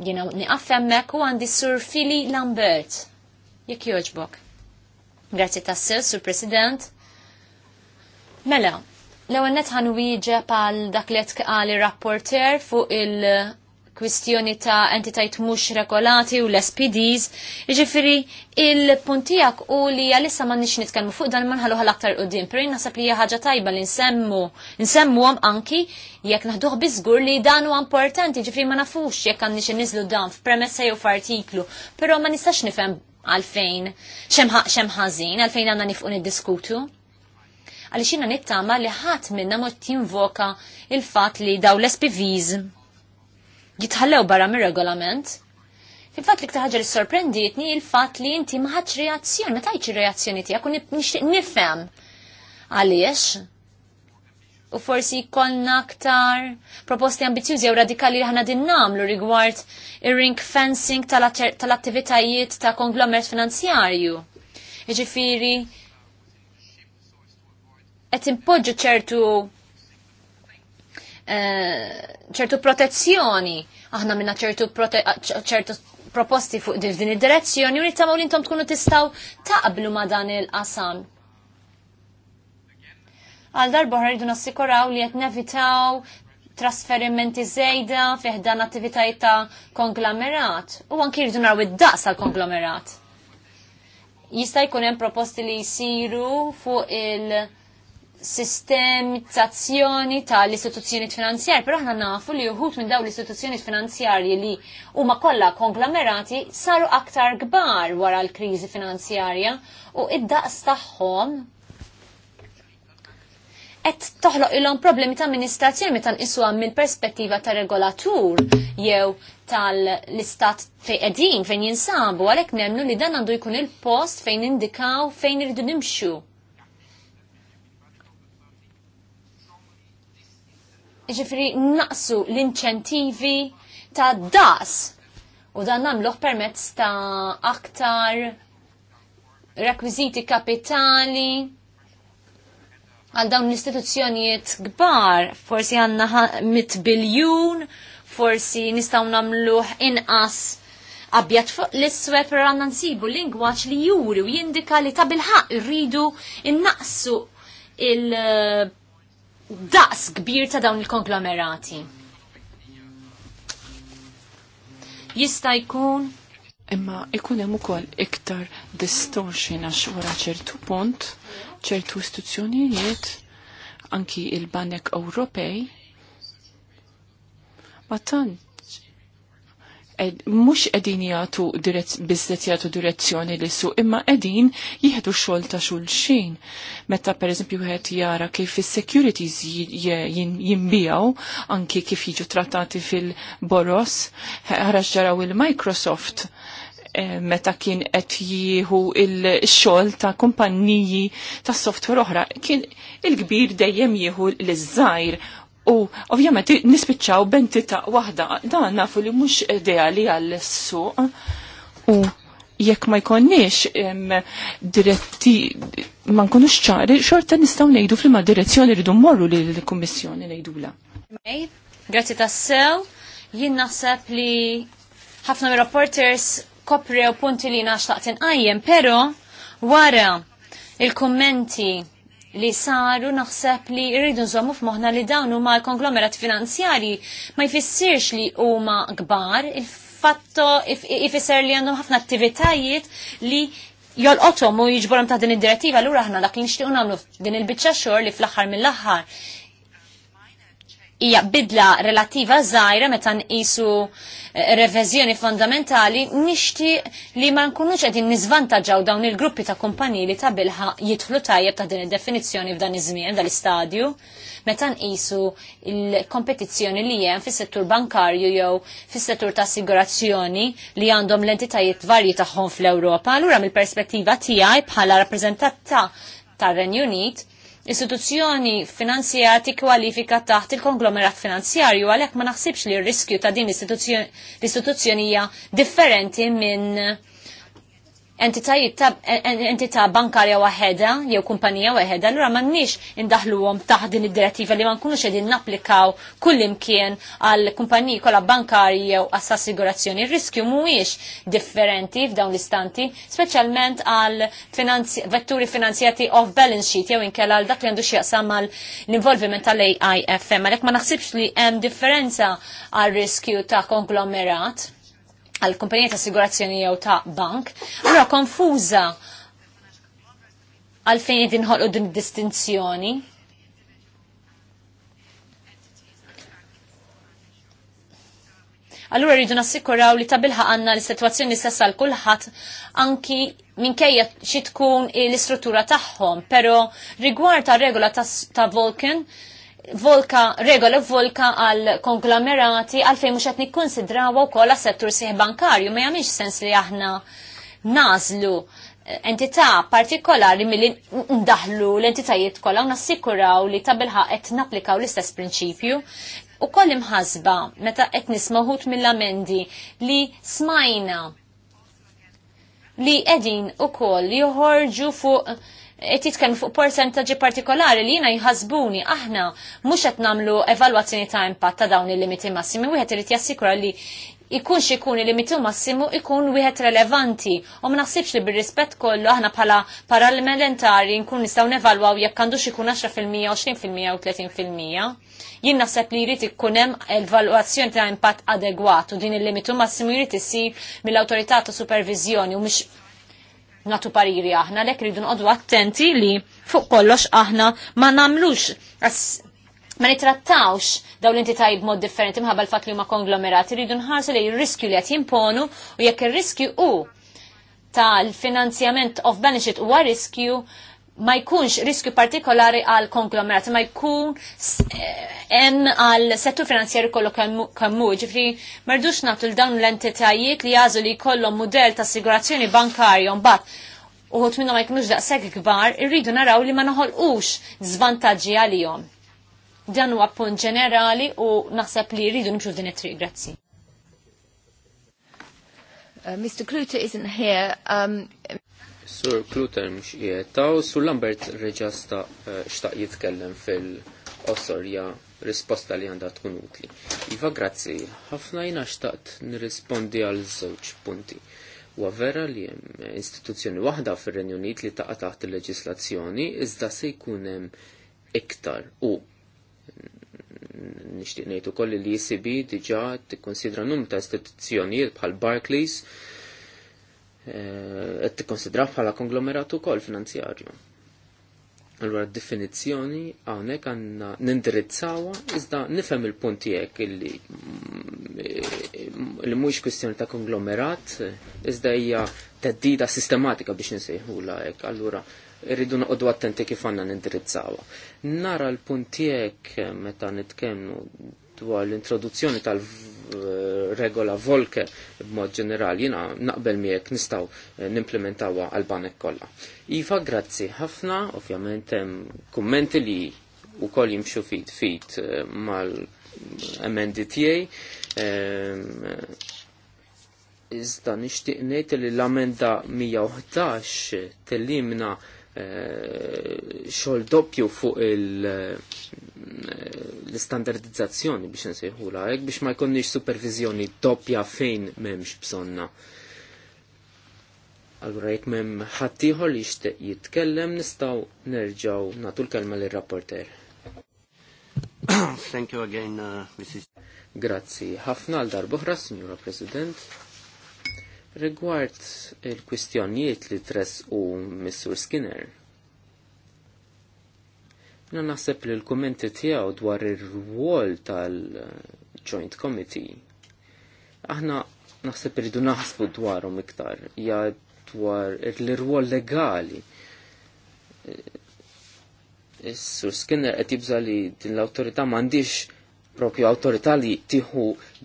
jina niqaf hemmhekk u għandi Sur Fili Lambert. Jekk jogħġbok. Grazie tassil, Sur President. Mela, l-ewwel net ħanwieġeb għal dak li qed rapporter fuq il- kwistjoni ta' entitajt mux regolati u l-SPDs, ġifiri il-puntijak u li għalissa ma' nix nitkelmu fuq dan manħalu għal-aktar u din, perin nasab li ħaġa tajba li nsemmu, nsemmu għom anki jek naħduħ bizgur li dan u importanti, ġifiri ma' nafux jek għan nix nizlu dan f'premessa jew f'artiklu, pero ma' nistax nifem għalfejn, xem ħazin, għalfejn għanna nifqu id-diskutu għalix jina nittama li ħat minna mot jinvoka il-fat li daw l-SPVs jitħallew barra mir-regolament. Fil-fat li ktaħġa li sorprendietni il-fat li inti maħħaċ reazzjoni, ma reazzjoni tijak, u nishtiq nifem. Għaliex? U forsi konna aktar proposti ambizjużi u radikali li ħana din namlu rigward ir-ring fencing tal-attivitajiet ta' konglomerat finanzjarju. Iġifiri, et impoġġu ċertu Eh, ċertu protezzjoni. Aħna minna ċertu proposti fuq din id-direzzjoni u nittamaw li intom tkunu tistaw taqblu ma dan il-qasam. Għal darba rridu nassikuraw li qed nevitaw trasferimenti żejda fih dan attivitajiet ta' konglomerat u anki rridu naraw id-daqs għal konglomerat. Jista' jkun hemm proposti li jsiru fuq il- sistemizzazzjoni tal-istituzzjoni finanzjarji, pero ħna nafu li uħut minn daw l-istituzzjoni finanzjarji li huma kollha konglomerati saru aktar kbar wara l-kriżi finanzjarja u id-daqs tagħhom qed toħloq ilhom problemi ta' amministrazzjoni meta nqisuha mill-perspettiva ta' regolatur jew tal-istat fej qegħdin fejn jinsabu għalhekk nemmnu li dan għandu jkun il-post fejn indikaw fejn irridu nimxu ġifri naqsu l-inċentivi ta' daqs u dan namluħ permezz ta' aktar rekwiziti kapitali għal dawn l-istituzzjonijiet gbar, forsi għanna mit biljun, forsi nistaw namluħ inqas abjad fuq l-iswed per għanna nsibu lingwaċ li juri u jindika li ta' bilħaq rridu innaqsu il- daqs kbir ta' dawn il-konglomerati. Jista' jkun imma ikun hemm ukoll iktar distortion għax wara ċertu punt, ċertu istituzzjonijiet, anki il-Banek Ewropej, ma tant mux edin jgħatu bizzet jgħatu direzzjoni li su, imma edin jihdu xol ta' xulxin. Meta per eżempju għed jara kif il-securities jimbijaw, anki kif jiġu trattati fil-boros, għarax ġaraw il-Microsoft eh, meta kien qed jieħu il-xogħol ta' kumpanniji ta' software oħra, kien il-kbir dejjem jieħu l-żgħir U ovvjament nispiċċaw bentita waħda, dan nafu li mhux ideali għall-suq. U jekk ma jkonniex diretti ma nkunux ċari, xorta nistgħu ngħidu fl-ma direzzjoni rridu morru li l-Kummissjoni ngħidula. Grazzi tassew, jien naħseb li ħafna mir reporters koprew punti li naxtaqt inqajjem, pero wara il-kommenti li saru naħseb li rridu nżommu f'moħna li dawn huma l-konglomerat finanzjari ma jfissirx li huma kbar il-fatto jfisser li għandhom ħafna attivitajiet li jolqotom u jiġborom ta' din id-direttiva l aħna dak li nixtiequ nagħmlu din il-biċċa xogħol li fl-aħħar mill-aħħar hija bidla relattiva żgħira meta nqisu eh, reviżjoni fondamentali nishti li ma nkunux qegħdin niżvantaġġaw dawn il-gruppi ta' kumpaniji li ta' bilħa jidħlu tajjeb ta' din id-definizzjoni f'dan iż-żmien dal-istadju meta nqisu il-kompetizzjoni li hemm fis-settur bankarju jew fis-settur ta' assigurazzjoni li għandhom l-entitajiet varji tagħhom fl-Ewropa. Allura mill-perspettiva tiegħi bħala rappreżentant ta' tar-Renju Unit istituzzjoni finanzjati kwalifika taħt il-konglomerat finanzjarju għalhekk ma naħsibx li r-riskju ta' din l-istituzzjoni hija differenti minn entità bankarja waħeda jew kumpanija waħedha, allura m'għandniex indaħluhom taħt din id-direttiva li ma nkunux qegħdin napplikaw kullimkien għal kumpaniji kollha bankarji jew għas assigurazzjoni. Ir-riskju mhuwiex differenti f'dawn l-istanti, speċjalment għal vetturi finanzjati off balance sheet jew inkella għal dak li għandu jaqsam mal l-involviment tal-AIFM, għalhekk ma naħsibx li hemm differenza għal riskju ta' konglomerat għal kumpanija ta' assigurazzjoni jew ta' bank, allura konfuża għal fejn qed inħolqu din distinzjoni. Allura rridu nassikuraw li ta' bilħa għanna l-situazzjoni stessa għal kulħadd anki minkejja xi tkun l-istruttura tagħhom, però rigward ta' regola ta' Vulcan volka, regola volka għal konglomerati għal fejn mux għetni konsidrawa u kolla settur sieħ bankarju, ma jamiex sens li aħna nazlu entità partikolari mill ndaħlu l-entitajiet kollha u nassikuraw li ta' bilħaq qed napplikaw l-istess prinċipju. U koll imħasba meta qed nismaħut mill-amendi li smajna li qegħdin ukoll joħorġu fuq qed jitkellmu fuq porcentaġi partikolari li jiena jħasbuni aħna mhux qed nagħmlu evalwazzjoni ta' impatt ta' dawn il-limiti massimi wieħed irid jassikura li ikun xikun il-limitu massimu ikun wieħed relevanti u ma naħsibx li bir-rispett kollu aħna bħala paralimentari nkun nistgħu nevalwaw jekk għandux ikun 10% 20% u 30%. Jien naħseb li jrid ikun hemm evalwazzjoni ta' impatt adegwat u din il-limitu massimu jrid isir mill-awtorità ta' supervizjoni u mhux natu pariri aħna, lek rridu nqodu attenti li fuq kollox aħna ma namlux ma nitrattawx daw l-entitaj mod differenti mħabba l-fat li ma konglomerati rridu nħarsu li jirriskju riskju li qed jimponu u jekk ir-riskju u tal-finanzjament of benefit huwa riskju ma jkunx riskju partikolari għal konglomerat, ma jkun hemm għal settur finanzjeri kollu kammu, ġifri merdux natu l-dawn l-entitajiet li jazu li kollu model ta' assigurazzjoni bankarju mbatt uħut minnu ma jkunux daqseg kbar, irridu naraw li ma ux zvantagġi għalihom. Dan huwa punt ġenerali u naħseb li rridu nimxu din it-triq, grazzi. Uh, Mr. Kluter isn't here. Um... Sur Kluter mx jietaw, Sur Lambert reġasta eh, xtaq jitkellem fil-ossorja risposta li għandha tkun utli. Iva, grazzi, ħafna jina xtaqt nirrispondi għal żewġ punti. Wa vera li hemm istituzzjoni waħda fir-Renju Unit li taqa' taħt il-leġislazzjoni iżda se jkun hemm iktar u nixtieq ngħid ukoll li jisibi diġa' t tikkonsidra num ta' istituzzjonijiet bħal Barclays Eh, qed tikkonsidraw bħala konglomerat ukoll finanzjarju. Allura d-definizzjoni hawnhekk għandna nindirizzawha iżda nifhem il-punt tiegħek illi mm, li mhux kwistjoni ta' konglomerat iżda hija teddida sistematika biex nsejħula hekk. Allura irridu noqogħdu attenti kif għandna nindirizzawha. Nara l-punt tiegħek meta nitkemmu dwar l-introduzzjoni tal- Eh, regola volke b'mod ġenerali jina naqbel miegħek nistgħu eh, nimplementawa għal banek kollha. Iva, grazzi ħafna, ovvjament hemm kummenti li wkoll jimxu fit fit eh, mal-emendi tiegħi. Iżda nixtieq ngħid li l-amenda 111 tellimna Eh, xogħol doppju fuq eh, l-standardizzazzjoni biex nsejħula hekk biex ma jkunniex supervizjoni doppja fejn m'hemmx bżonna. Allura jekk m'hemm ħadd li jixtieq jitkellem nistgħu nerġa'w natul l-kelma rapporter Thank you again, uh, Mrs. Grazzi ħafna għal darbohra, Signora President. Rigward il-kwistjonijiet li tress u Mr. Skinner, na naħseb li l-kommenti tiegħu dwar ir-rwol tal-Joint Committee, aħna naħseb ridu naħsbu dwarhom iktar, ja dwar l-rwol legali. Eh, Is-sur Skinner qed jibża li din l-awtorità m'għandix propju autorità li tiħu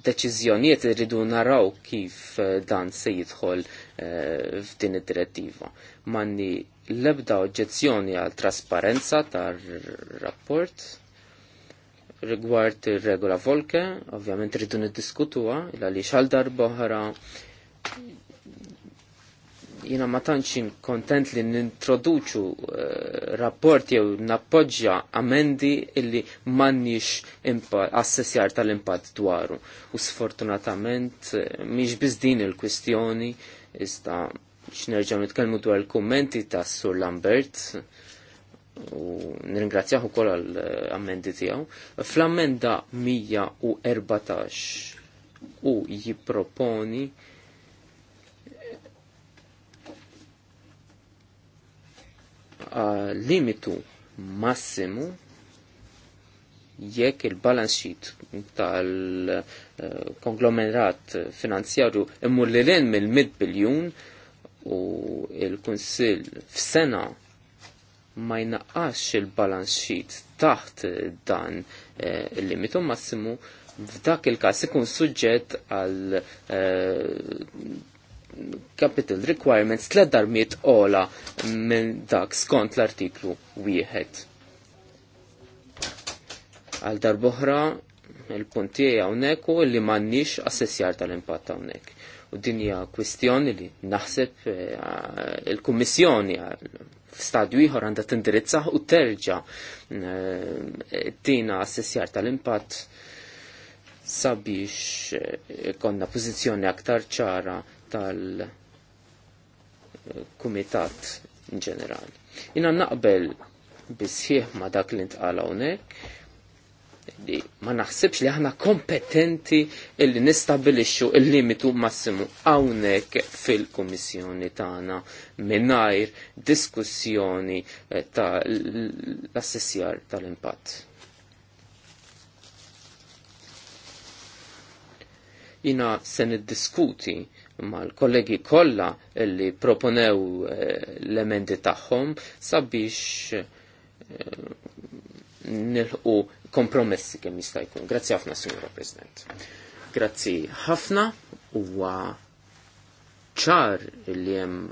deċiżjonijiet irridu naraw kif eh, dan se jidħol eh, f'din id-direttiva. Manni lebda oġġezzjoni għal trasparenza tar-rapport rigward ir-regola Volke, ovvjament ridu niddiskutuha il għaliex għal darba oħra jina ma tanċin kontent li nintroduċu eh, rapport jew nappoġġja amendi illi m'għandniex assessjar tal impad dwaru. U sfortunatament eh, miex biss din il-kwistjoni iżda x'nerġgħu nitkellmu dwar il-kummenti ta' Sur Lambert u nirringrazzjah ukoll għal eh, ammendi tiegħu. Fl-ammenda 114 u jipproponi limitu massimu jekk il-balance sheet tal-konglomerat finanzjarju immur li l mill-mid biljun u il-Kunsill f'sena ma jnaqqax il-balance sheet taħt dan eh, il-limitu massimu f'dak il-każ ikun suġġett għal eh, capital requirements tled darmiet ola minn dak skont l-artiklu wieħed. Għal darboħra il-punti hawnhekk u li m'għandniex assessjar tal-impatt hawnhekk. U din hija kwistjoni li naħseb eh, il-Kummissjoni f'stadju ieħor għandha tindirizzaħ u terġa' eh, tina assessjar tal-impatt sabiex eh, konna pożizzjoni aktar ċara tal-kumitat in ġenerali. Jina naqbel bisħieħ ma dak li ntqala hawnhekk li ma naħsibx li aħna kompetenti illi nistabilixxu il-limitu massimu hawnhekk fil-kummissjoni tagħna mingħajr diskussjoni eh, ta' l-assessjar tal-impatt. Jina se niddiskuti ma l-kollegi kollha li proponew eh, l-emendi tagħhom sabiex eh, nilħu kompromessi kemm jista' jkun. Grazzi ħafna, Signora President. Grazzi ħafna huwa ċar li hemm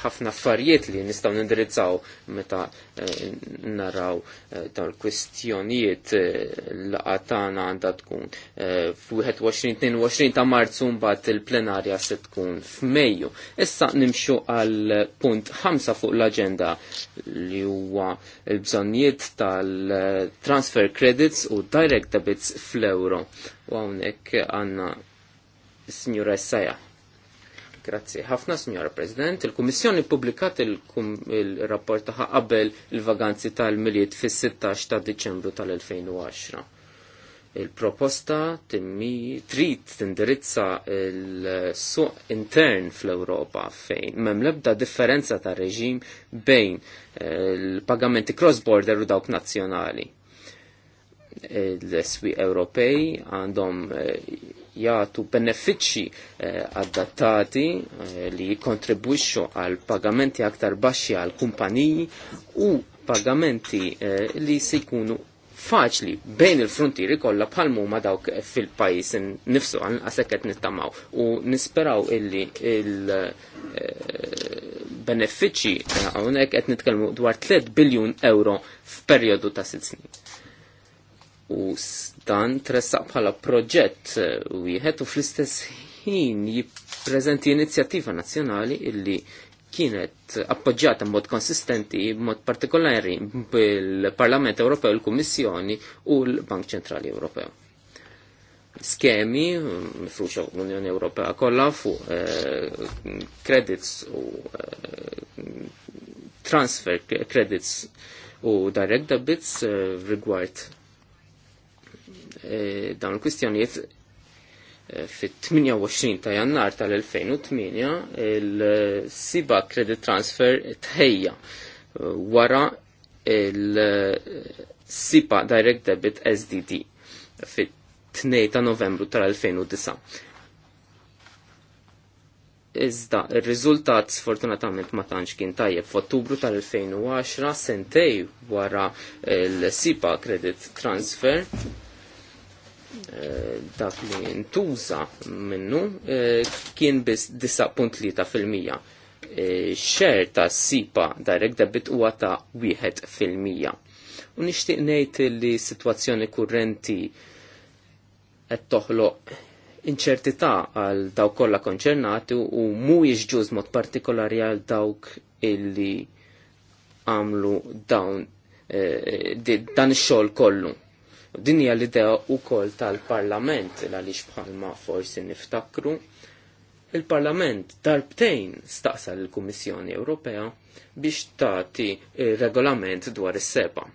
ħafna affarijiet li nistgħu nindirizzaw meta eh, naraw eh, tal kwistjonijiet eh, laqgħa tagħna għandha tkun 21 22 ta' Marzu mbagħad il-plenarja se tkun f'Mejju. Issa nimxu għal punt 5 fuq l-aġenda li huwa l-bżonnijiet tal-transfer credits u direct debits fl-euro. U hawnhekk għandna Signora Essaja. Grazzi. Ħafna, Signora President, il-Kummissjoni publikat il-rapport ta' qabel il-vaganzi tal-miliet fis-16 ta' Diċembru tal-2010. Il-proposta timmi trid tindirizza il-suq intern fl-Ewropa fejn m'hemm l-ebda differenza ta' reġim bejn il-pagamenti eh, cross-border u dawk nazzjonali. Eh, L-SWI e Ewropej għandhom eh, jagħtu benefiċċji eh, adattati eh, li jikontribwixxu għal pagamenti aktar baxxi għal kumpaniji u pagamenti eh, li se jkunu faċli bejn il-frontieri kollha bħal huma dawk fil-pajjiż nifsu għasek qed nittamaw u nisperaw illi il-benefiċċji hawnhekk qed nitkellmu dwar 3 biljun euro f'perjodu ta' sitt snin u dan tressaq bħala proġett eh, wieħed u fl-istess ħin jippreżenti inizjattiva nazzjonali illi kienet appoġġjata mod konsistenti mod partikolari bil-Parlament Ewropew, il-Kummissjoni u l-Bank Ċentrali Ewropew. Skemi mm, mifruxa l-Unjoni Ewropea kollha fuq eh, u eh, transfer credits u direct debits eh, rigward Eh, dawn il-kwistjonijiet eh, fit-28 ta' jannar tal-2008 il-siba credit transfer tħejja eh, wara il-siba direct debit SDD fit-2 ta' novembru tal-2009. Iżda, il-rizultat sfortunatament ma tantx kien tajjeb f'Ottubru tal-2010 sentej wara il-siba credit transfer Eh, dak li ntuża minnu eh, kien biss 9.3%. Xer eh, ta' sipa direct debit huwa ta' 1%. U nixtieq ngħid li s-sitwazzjoni kurrenti qed toħloq inċertità għal dawk kollha konċernati u mhuwiex ġuż mod partikolari għal dawk illi għamlu dawn dan ix-xogħol kollu Din hija l-idea wkoll tal-Parlament għaliex bħalma forsi niftakru. Il-Parlament darbtejn staqsa l-Kummissjoni Ewropea biex tagħti regolament dwar is-seba'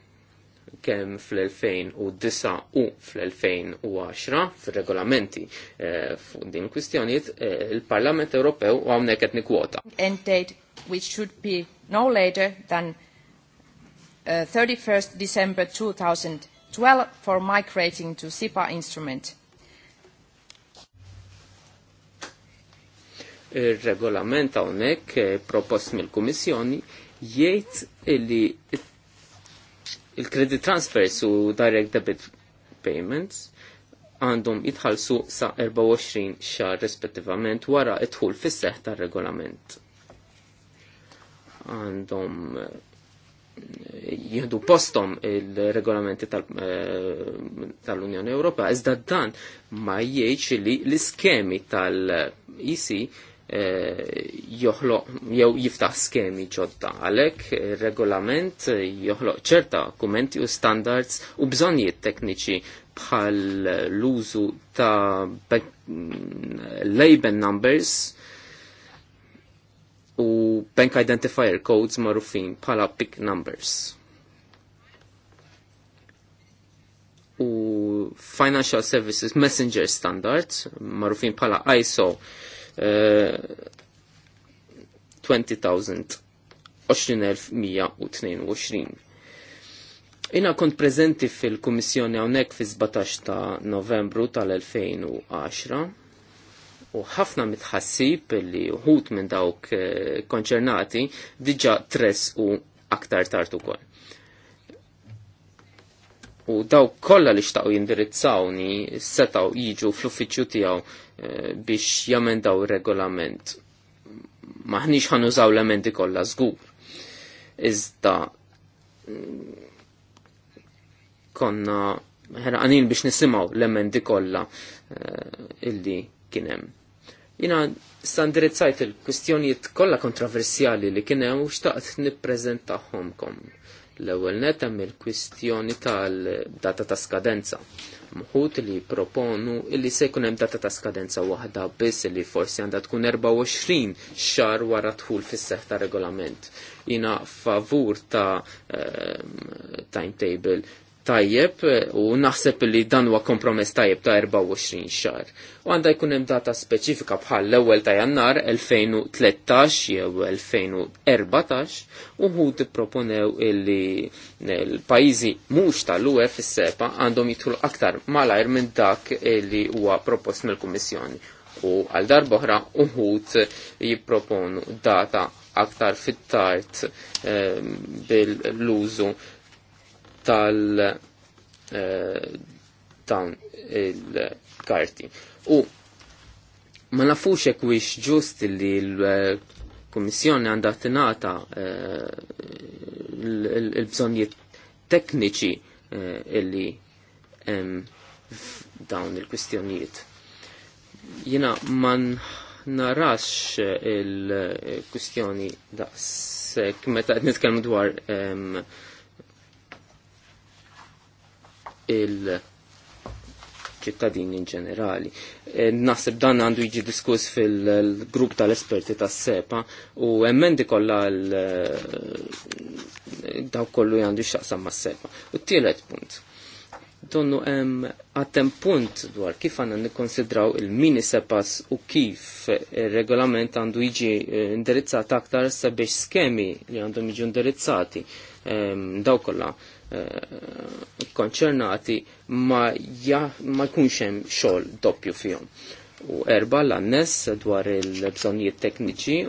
kemm fl-2009 u fl-2010 fil-regolamenti eh, fuq din kwistjoniet eh, il-Parlament Ewropew u hawnhekk qed kwota. End date which should be no later than uh, eh, 31st December 2000 12 for migrating to SIPA instrument. Il-regolament hawnhekk eh, propost mill-Kummissjoni jgħid li il-credit transfers u direct debit payments għandhom jitħalsu sa 24 xar rispettivament wara idħul fis seħħ tar regolament. Għandhom jihdu postom il-regolamenti eh, tal-Unjoni tal Ewropea, iżda dan ma jgħidx li l-iskemi tal-EC eh, joħloq jew jiftaħ skemi ġodda. Għalhekk regolament joħloq ċerta kumenti u standards u bżonjiet tekniċi bħal l-użu ta' label numbers u bank identifier codes marufin bħala pick numbers. U Financial Services Messenger Standards marufin bħala ISO uh, 20,000 20,122. Ina kont prezenti fil-Kummissjoni hawnhekk fi 17 ta' Novembru tal-2010 u ħafna mitħassib li uħut minn dawk eh, konċernati diġa tres u aktar tartu ukoll. U dawk kollha li xtaqu jindirizzawni setgħu jiġu fl-uffiċċju tiegħu eh, biex jamendaw ir-regolament. Maħniex ħanużaw l-emendi kollha żgur. Iżda mm, konna għanin biex nisimaw l-emendi kollha eh, illi kienem. Jina sandirizzajt il-kwistjonijiet kollha kontroversjali li kien hemm u xtaqt homkom. L-ewwel net hemm il-kwistjoni tal-data ta' skadenza. Mħut li proponu illi se jkun hemm data ta' skadenza waħda biss li forsi għandha tkun 24 xar wara tħul fis-seħħ ta' regolament. Jina favur ta' ehm, timetable tajjeb eh, u naħseb li dan huwa kompromess tajjeb ta' 24 xar. U għandha jkun hemm data speċifika bħal l-ewwel ta' Jannar 2013 jew 2014 u hu proponew illi l-pajjiżi mhux tal-UE fis-sepa għandhom jidħlu aktar malajr minn dak li huwa propost mill-Kummissjoni. U għal darboħra, oħra uħut jipproponu data aktar fit-tart eh, bil-lużu tal eh, dawn il-karti. U ma nafux hekk wiex ġust li l-Kummissjoni għandha tingħata eh, l-bżonnijiet tekniċi eh, illi dawn il-kwistjonijiet. Jena ma narax il-kwistjoni daqs meta nitkellmu dwar il-ċittadini in ġenerali. E, Nasib dan għandu jiġi diskuss fil-grupp tal-esperti tas-sepa u emmendi kollha e, daw kollu għandu xaqsam ma' sepa. U t-tielet punt. Donnu hemm għattem punt dwar kif għanna nikkonsidraw il-mini sepas u kif il-regolament għandu jiġi e, indirizzat aktar sabiex skemi li għandhom jiġi indirizzati daw kollha Eh, konċernati ma, ja, ma jkunx hemm xogħol doppju fihom. U erba l-annes dwar il-bżonijiet tekniċi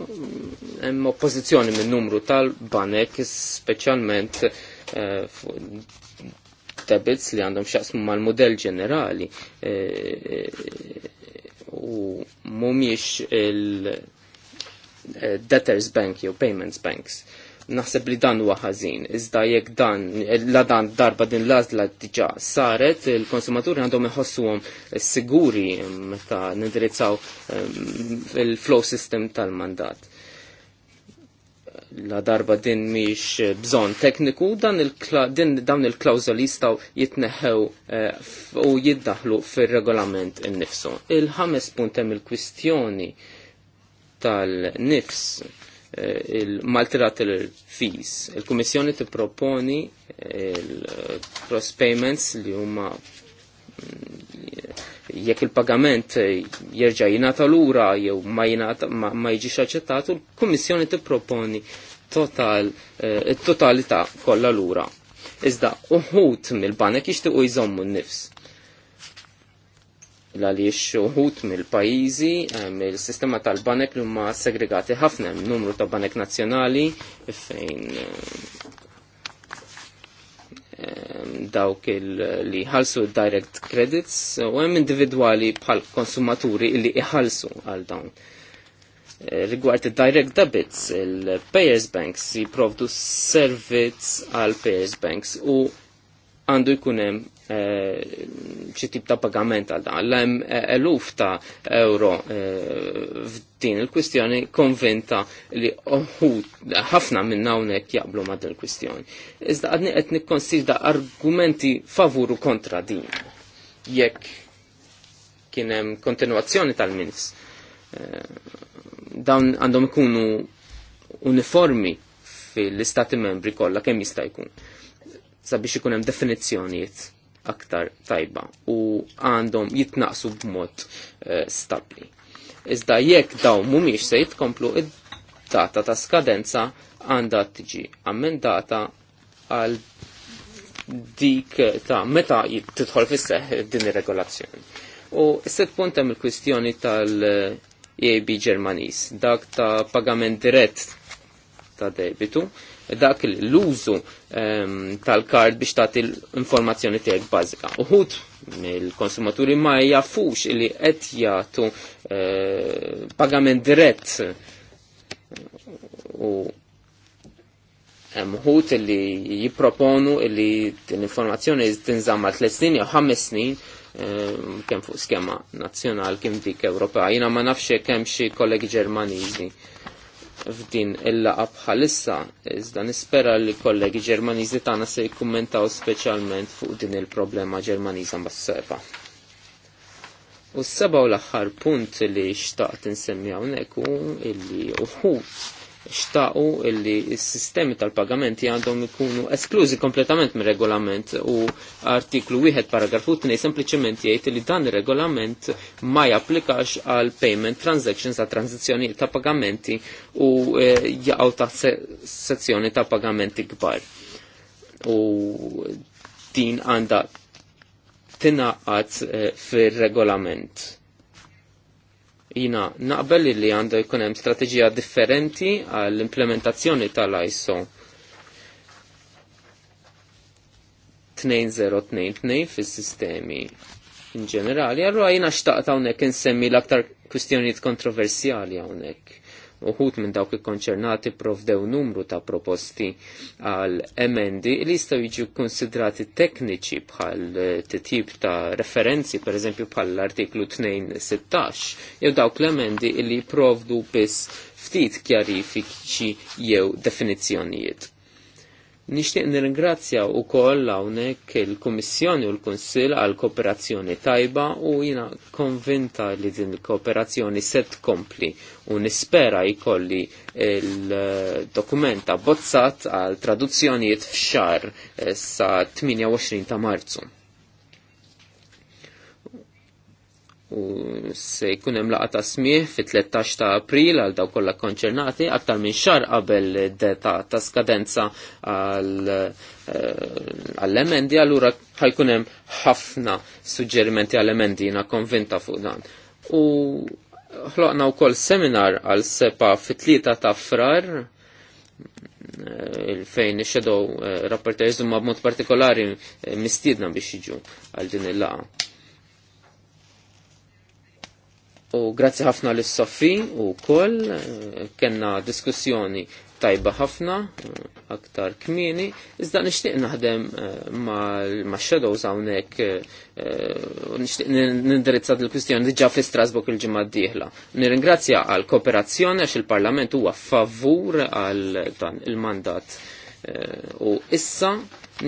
hemm oppożizzjoni minn numru tal-banek speċjalment uh, li għandhom xaqsmu mal-modell ġenerali eh, u mumiex il-debtors bank jew payments banks. Uh, naħseb li dan huwa ħażin, iżda jekk dan la dan darba din l-għażla diġà saret, il-konsumaturi għandhom iħossuhom siguri meta nindirizzaw ehm, il-flow system tal-mandat. La darba din miex bżon tekniku, dan dawn il-klawżoli jistgħu jitneħħew eh, u jiddaħlu fir-regolament innifsu. Il-ħames puntem il-kwistjoni tal-nifs Eh, il il fees. Il-Kummissjoni tipproponi eh, il-cross payments li huma mm, jekk il-pagament jerġa' jingħata lura jew ma jingħata ma jiġix aċċettatu, l-Kummissjoni tipproponi total eh, it-totalità kollha lura. Iżda uħut mill-banek jixtiequ jżommu n-nifs l-għaliex uħut mill-pajizi, eh, mill-sistema tal-banek li huma segregati ħafna, numru ta' banek nazzjonali fejn eh, eh, dawk li ħalsu direct credits u hemm individwali bħal konsumaturi li iħalsu għal dawn. Rigward direct debits, il-payers banks jiprovdu servizz għal payers banks u għandu jkun hemm ċi eh, tip ta' pagament għal dan. l em eh, eluf ta' euro eh, f'din il-kwistjoni konvinta li ħafna minn hawnhekk jaqblu ma' din il-kwistjoni. Iżda għadni qed nikkonsida argumenti favuru kontra din. Jekk kien hemm kontinuazzjoni tal-minis. Dawn għandhom ikunu uniformi fil-istati membri kollha kemm jista' jkun sabiex ikun hemm definizzjonijiet aktar tajba u għandhom jitnaqsu b'mod eh, stabbli. Iżda jekk daw mhumiex se jitkomplu id-data ta' skadenza għandha tiġi ammendata għal dik ta' meta titħol fis din ir-regolazzjoni. U s-set punt hemm il-kwistjoni tal-EB Germanis, dak ta' pagament dirett ta' debitu, dak l-użu ehm, tal-kard biex tagħti l-informazzjoni tiegħek bażika. Uħud mill-konsumaturi ma jafux li qed jagħtu eh, pagament dirett u mħut li jiproponu li l-informazzjoni tinżamma tlet snin jew ħames snin ehm, kemm fuq skema nazzjonal kemm dik Ewropea. Jiena ma nafx kemm xi kollegi Ġermaniżi f'din il-laqa bħalissa, iżda nispera li kollegi ġermaniżi tagħna se jikkummentaw speċjalment fuq din il-problema ġermaniża mas-seba. U s-seba u l-aħħar punt li xtaqt insemmi hawnhekk hu illi uħud xtaqu illi s-sistemi tal-pagamenti għandhom ikunu esklużi kompletament mir regolament u artiklu 1 paragrafu 2 sempliciment jgħid li dan ir-regolament ma japplikax għal payment transactions għal tranzizzjoni ta' pagamenti u jgħaw eh, jaqgħu ta' sezzjoni ta' pagamenti kbar. U din għandha tingħaqad eh, fir-regolament Jina naqbel li għandu jkun hemm strateġija differenti għall-implementazzjoni tal-ISO 2022 fis-sistemi in ġenerali, allura jina xtaqt hawnhekk insemmi l-aktar kwistjonijiet kontroversjali hawnhekk uħut minn dawk il-konċernati provdew numru ta' proposti għal emendi li jistgħu jiġu konsidrati tekniċi bħal eh, tip ta' referenzi, per eżempju bħal l-artiklu 216, jew dawk l-emendi li provdu biss ftit kjarifiċi jew definizzjonijiet. Nixtieq nirringrazzja wkoll hawnhekk il-Kummissjoni u l-Kunsill għal kooperazzjoni tajba u jiena konvinta li din il-kooperazzjoni se tkompli u nispera jkolli il-dokument abbozzat għal traduzzjonijiet f'xar eh, sa 28 ta' Marzu. u se jkun hemm laqgħa ta' smih fit-13 ta' April għal daw kollha konċernati aktar minn xar qabel data ta' skadenza eh, għall-emendi allura ħajkun hemm ħafna suġġerimenti għall-emendi jiena konvinta fuq dan. U ħloqna wkoll seminar għal sepa fit-tlieta ta' frar eh, fejn ix-shadow ma' eh, huma b'mod partikolari mistiedna biex jiġu għal din il-laqa U grazzi ħafna l soffi u koll, kena diskussjoni tajba ħafna, aktar kmini, iżda nishtiq naħdem eh, ma' shadows għawnek, eh, nishtiq nindirizza dil-kustjoni diġa fi Strasburg il-ġimma d-dihla. Nirringrazzja għal kooperazzjoni għax il-Parlament huwa favur għal dan il-mandat. Eh, u issa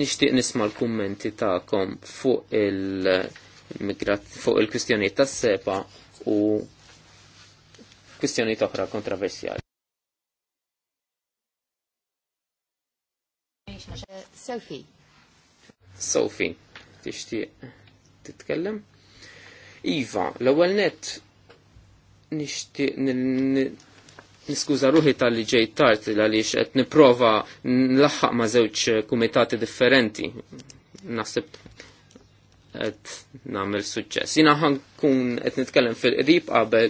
nishtiq nisma' l-kummenti ta'kom fuq il- fuq il-kustjoni tas-sepa u kwistjoni oħra kontroversjali. Sophie. Sophie, tixtieq titkellem? Iva, l-ewwel net nixtieq niskuża ruħi tal-li ġej għaliex qed nipprova nlaħħaq ma' żewġ kumitati differenti. Nasib qed nagħmel suċċess. Jiena kun qed nitkellem fil-qrib qabel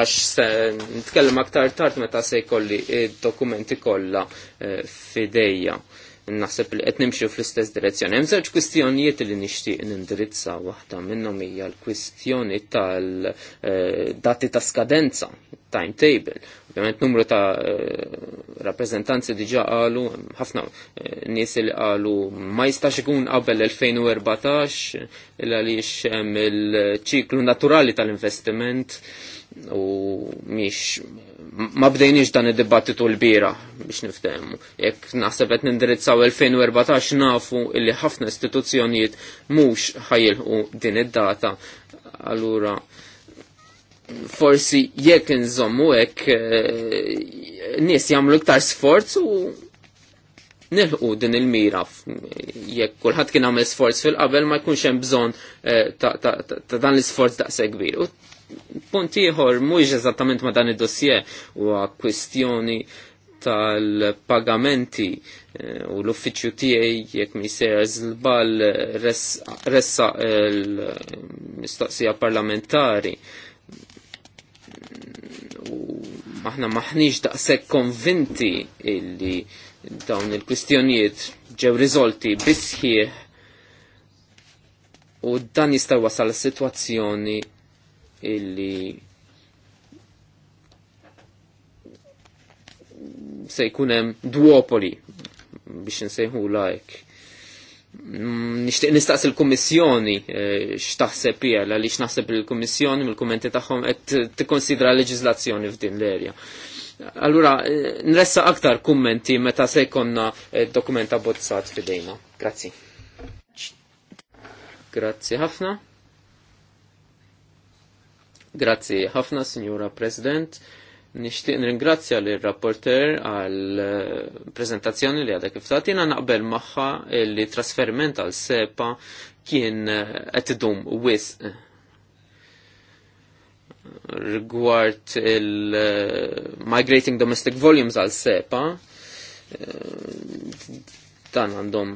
għax se nitkellem aktar tard meta se jkolli id-dokumenti kollha eh, fidejja naħseb li qed nimxu fl-istess direzzjoni. Hemm żewġ kwistjonijiet li nixtieq nindirizza waħda minnhom hija l-kwistjoni tal-dati ta' skadenza, timetable. Ovvjament numru ta' eh, rappreżentanzi diġà qalu, ħafna eh, nies li qalu ma jistax ikun qabel 2014 il għaliex hemm il-ċiklu naturali tal-investiment u miex ma bdejniex dan id-dibattitu l-bira biex niftehmu. Jekk naħseb qed nindirizzaw 2014 nafu illi ħafna istituzzjonijiet mhux ħajilħu din id-data. Allura forsi jekk nżommu hekk eh, nis jagħmlu iktar sforz u nilħu din il-mira jekk kulħadd kien għamel sforz fil-qabel ma jkunx hemm bżonn eh, ta' dan l-isforz daqshekk kbir. Punt ieħor mhuwiex eżattament ma' dan id-dossier huwa kwistjoni tal-pagamenti eh, u l-uffiċju tiegħi jekk mi żbal l ressa l-mistoqsija parlamentari u maħna maħniġ daqshekk konvinti illi dawn il-kwistjonijiet ġew riżolti bisħieħ u dan jista' wasal situazzjoni illi se jkunem duopoli biex nsejħu lajk. Mm, Nishtiq nistaqs il-Kummissjoni eh, x'taħseb jela li x'naħseb il-Kummissjoni mill-kummenti tagħhom qed tikkonsidra leġislazzjoni f'din l-erja. Allura, eh, nressa aktar kummenti meta se jkollna eh, dokumenta bozzat fidejna. Grazzi. Grazzi ħafna. Grazzi ħafna, Signora President. Nishtiq nringrazzja l rapporter għal eh, prezentazzjoni li għadek iftatina naqbel maħħa li trasferment għal sepa kien eh, qed idum wis eh, rigward il-migrating domestic volumes għal sepa dan għandhom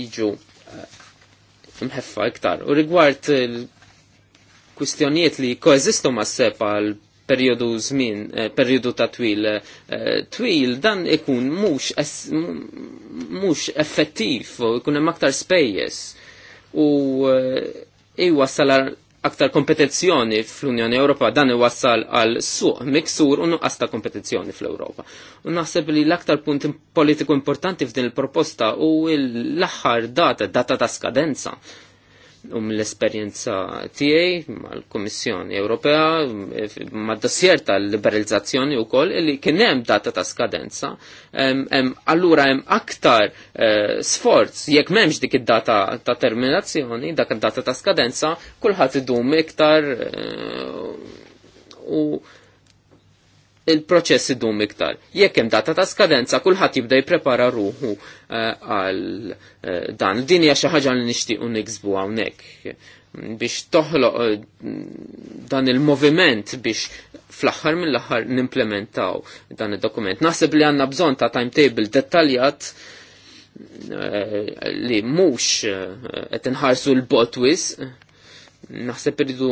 jiġu mħeffa iktar. U rigward kwistjonijiet li koeżistu ma' sepa l periodu żmien, eh, periodu ta' twil, eh, twil dan ikun mhux mhux effettiv u ikun hemm aktar spejjeż u eh, iwassal aktar kompetizzjoni fl-Unjoni Ewropa dan iwassal għal suq miksur u nuqqas ta' kompetizzjoni fl-Ewropa. U naħseb li l-aktar punt politiku importanti f'din il-proposta u l-aħħar data, data ta' skadenza um l esperjenza tiegħi mal-Kummissjoni Ewropea mad-dossier tal-liberalizzazzjoni wkoll li kien hemm data ta' skadenza, allura hemm aktar eh, sforz jekk m'hemmx dik id-data ta' terminazzjoni, dak id-data ta' skadenza, kulħadd idum iktar eh, u il-proċess idum iktar. Jekk hemm data ta' skadenza, kulħadd jibda jiprepara ruħu eh, għal eh, dan. Din hija xi ħaġa li nixtiequ niksbu hawnhekk biex toħloq eh, dan il-moviment biex fl-axħar mill-axħar nimplementaw dan id dokument Naħseb li għanna bżon ta' timetable dettaljat li mhux qed inħarsu l-botwis, naħseb irridu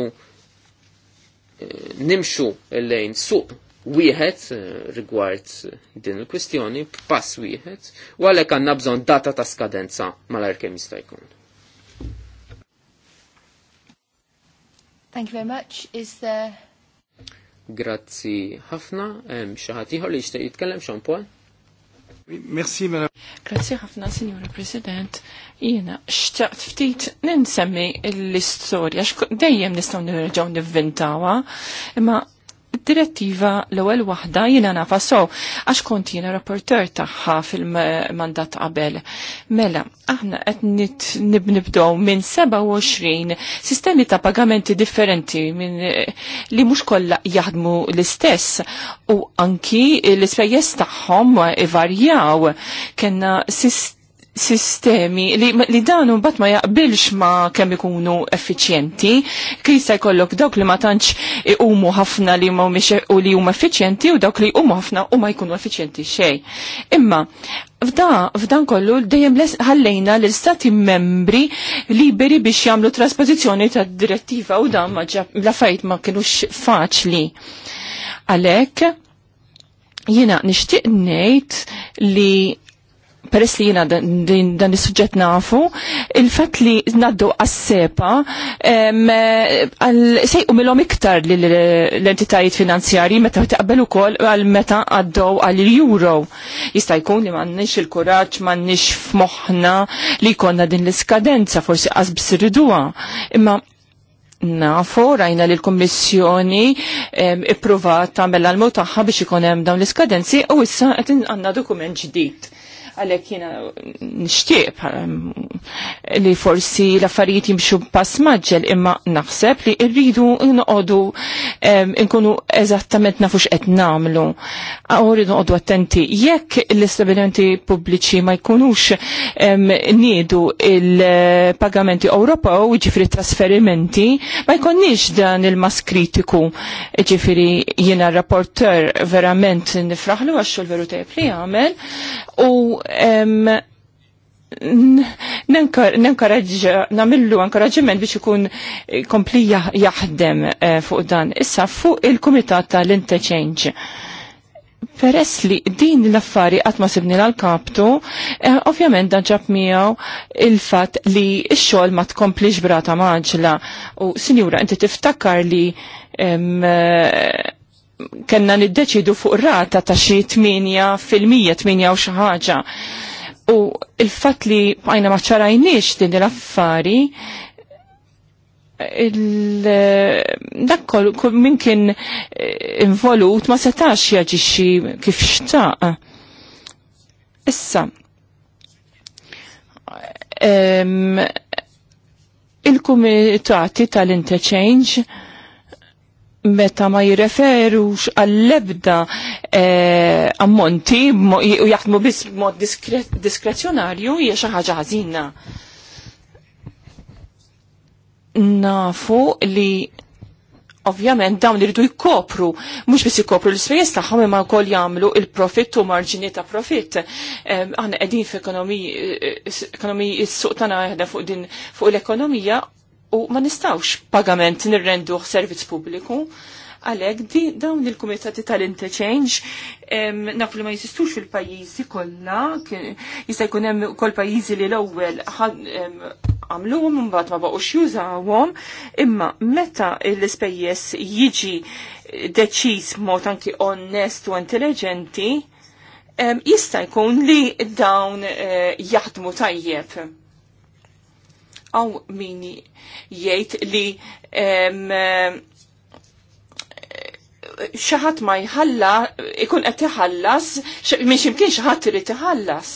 nimxu lejn suq wieħed eh, rigward din il-kwistjoni, pass wieħed, u għalhekk għandna bżonn data ta' skadenza mal-għar kemm jista' jkun. Thank you very much. Is there... Grazzi ħafna, hemm xi ħadd ieħor li jixtieq jitkellem Sean Paul. Merci, madame. Grazie ħafna, Signora President. Jiena, xtaqt ftit ninsemmi l-istorja, dejjem nistgħu nirġgħu nivvintawa, imma direttiva l-ewwel waħda jiena nafa so għax kont jiena rapporter tagħha fil-mandat qabel. Mela, aħna qed nibnibdew minn 27 sistemi ta' pagamenti differenti minn eh, li mhux kollha jaħdmu l-istess u anki l-ispejjeż tagħhom ivarjaw. Kenna sistemi sistemi li, li danu bat ma jaqbilx ma kemm ikunu effiċjenti, krista jkollok dawk li ma tantx umu ħafna li ma e- u li huma effiċjenti u dawk li umu ħafna u ma jkunu effiċjenti xej. Imma, Fda, f'dan kollu dejjem ħallejna l-istati membri liberi biex jagħmlu trasposizzjoni tad direttiva u dan ma la fajt ma kienux faċli. Għalhekk jiena nixtieq ngħid li peress li jina dan is-suġġett nafu, il-fatt li naddu għas-sepa sejqu milhom iktar l-entitajiet finanzjarji meta taqbelu ukoll għal meta għaddew għal euro. Jista' jkun li m'għandniex il-kuraġġ m'għandniex f'moħħna li jkollna din l-iskadenza forsi qasbis irriduha. Imma nafu rajna li l-Kommissjoni ippruvat tagħmel l-almu biex ikun hemm dawn l-iskadenzi u issa qed għanna dokument ġdid għalhekk jiena nixtieq um, li forsi l-affarijiet jimxu pass maġġel imma naħseb li rridu inqodu um, nkunu eżattament nafux qed nagħmlu. U rridu noqogħdu attenti jekk l istabilimenti pubbliċi ma jkunux um, niedu il-pagamenti Ewropew, ġifri trasferimenti, ma jkunniex dan il-mas kritiku. ġifri jina rapporter verament nifraħlu għax xogħol veru tejb li għamel u nenkoraġġa, namillu enkoraġġiment biex ikun kompli jaħdem eh, fuq dan. Issa fuq il-Kumitat tal-Interchange. Peress li din l-affari għatma sibni l-kaptu, eh, ovvjament dan ġab miegħu il-fat li x-xogħol ma tkomplix brata maġla. U sinjura, inti tiftakar li kena niddeċidu fuq rata ta' xi 8 fil-mija 8 u xi ħaġa. U il-fatt li għajna ma ċarajniex din l-affari dak minn kien eh, involut ma setax jaġixxi kif xtaq. Issa, il-kumitati tal-interchange meta ma jirreferux għall-ebda eh, ammonti u jaħdmu biss mod diskrezjonarju hija xi ħaġa ħażina. Nafu li ovvjament dawn iridu jkopru, mhux biss jkopru l ispejjeż tagħhom imma wkoll jagħmlu il-profitt u marġini ta' profitt. Eh, aħna qegħdin ekonomi eh, s-suq tagħna fuq din fuq l-ekonomija u ma nistawx pagament nirrendu servizz pubbliku għalek di dawn il-kumitati tal-interchange naflu li ma jisistux fil-pajizi kolla, jista' jkun hemm kol pajizi li l-ewwel għamluhom mbagħad ma baqgħux jużawhom, imma meta l-ispejjeż jiġi deċiż mod anki onest u intelligenti, jista' jkun li dawn eh, jaħdmu tajjeb għaw mini jgħid li xaħat ma jħalla, ikun qed iħallas, minn ximkien xaħat irid tħallas.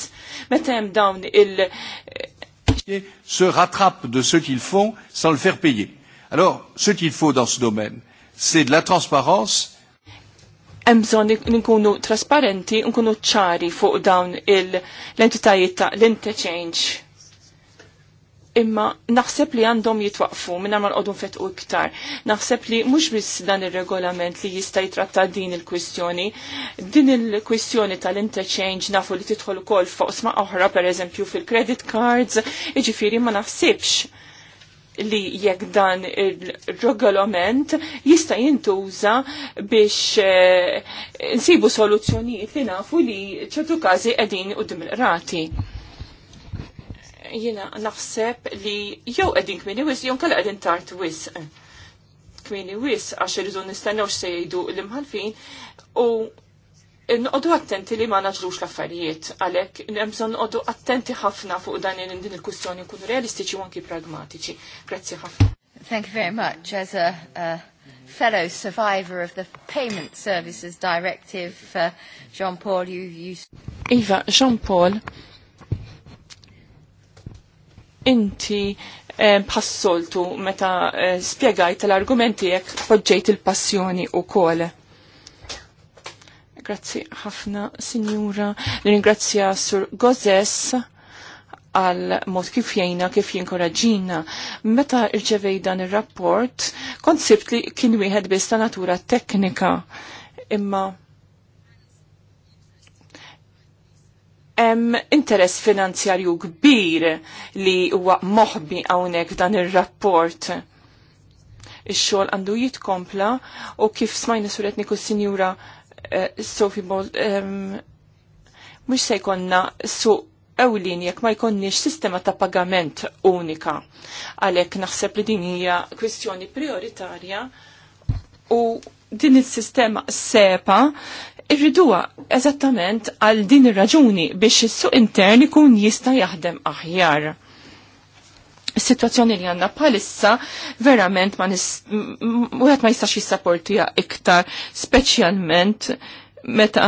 Meta jem dawn il- se rattrape de ce qu'ils font sans le faire payer. Alors, ce qu'il faut dans ce domaine, c'est de la transparence. Hemm bżonn nkunu trasparenti, nkunu ċari fuq dawn l-entitajiet ta' l-interchange imma naħseb li għandhom jitwaqfu minn ma l-qodun fetqu iktar. Naħseb li mux biss dan il-regolament li jista' jitratta din il-kwistjoni. Din il-kwistjoni tal-interchange nafu li titħol kol fuq sma oħra per eżempju fil-credit cards, iġifiri ma naħsibx li jekk dan il-regolament jista' jintuża biex eh, nsibu soluzzjonijiet li nafu li ċertu każi qegħdin u rati jina naħseb li jew qegħdin kmini wis jew kalla qegħdin tard wis. Kmini wis għax irridu nistennew se jgħidu l-imħalfin u n-għodu attenti li ma naġlux l-affarijiet, għalek n-għodu attenti ħafna fuq dan din il-kustjoni kun realistiċi u anki pragmatiċi. Grazzi ħafna. Thank you very much. As a, a fellow survivor of the Payment Services Directive, uh, Jean-Paul, you, you... Iva, Jean-Paul, inti eh, passoltu meta eh, spiegajt l-argumenti jekk poġġejt il-passjoni u kol. Grazzi ħafna, Sinjura. Ringrazzja Sur Gozes għal mod kif jajna, kif jinkoraġina. Meta irċevej dan ir rapport konsibt li kien wieħed biss ta' natura teknika. Imma hemm interess finanzjarju kbir li huwa moħbi hawnhekk dan ir-rapport. Ix-xogħol għandu jitkompla u kif smajna suretni kus sinjura eh, Sophie Bolt mhux se jkollna suq ewlin jekk ma jkollniex sistema ta' pagament unika. Għalhekk naħseb li din hija kwistjoni prioritarja u din is-sistema sepa irriduwa eżattament għal din ir-raġuni biex is-suq intern ikun jista' jaħdem aħjar. Is-sitwazzjoni li għandna bħalissa verament ma nis wieħed ma jistax jissapportiha iktar, speċjalment meta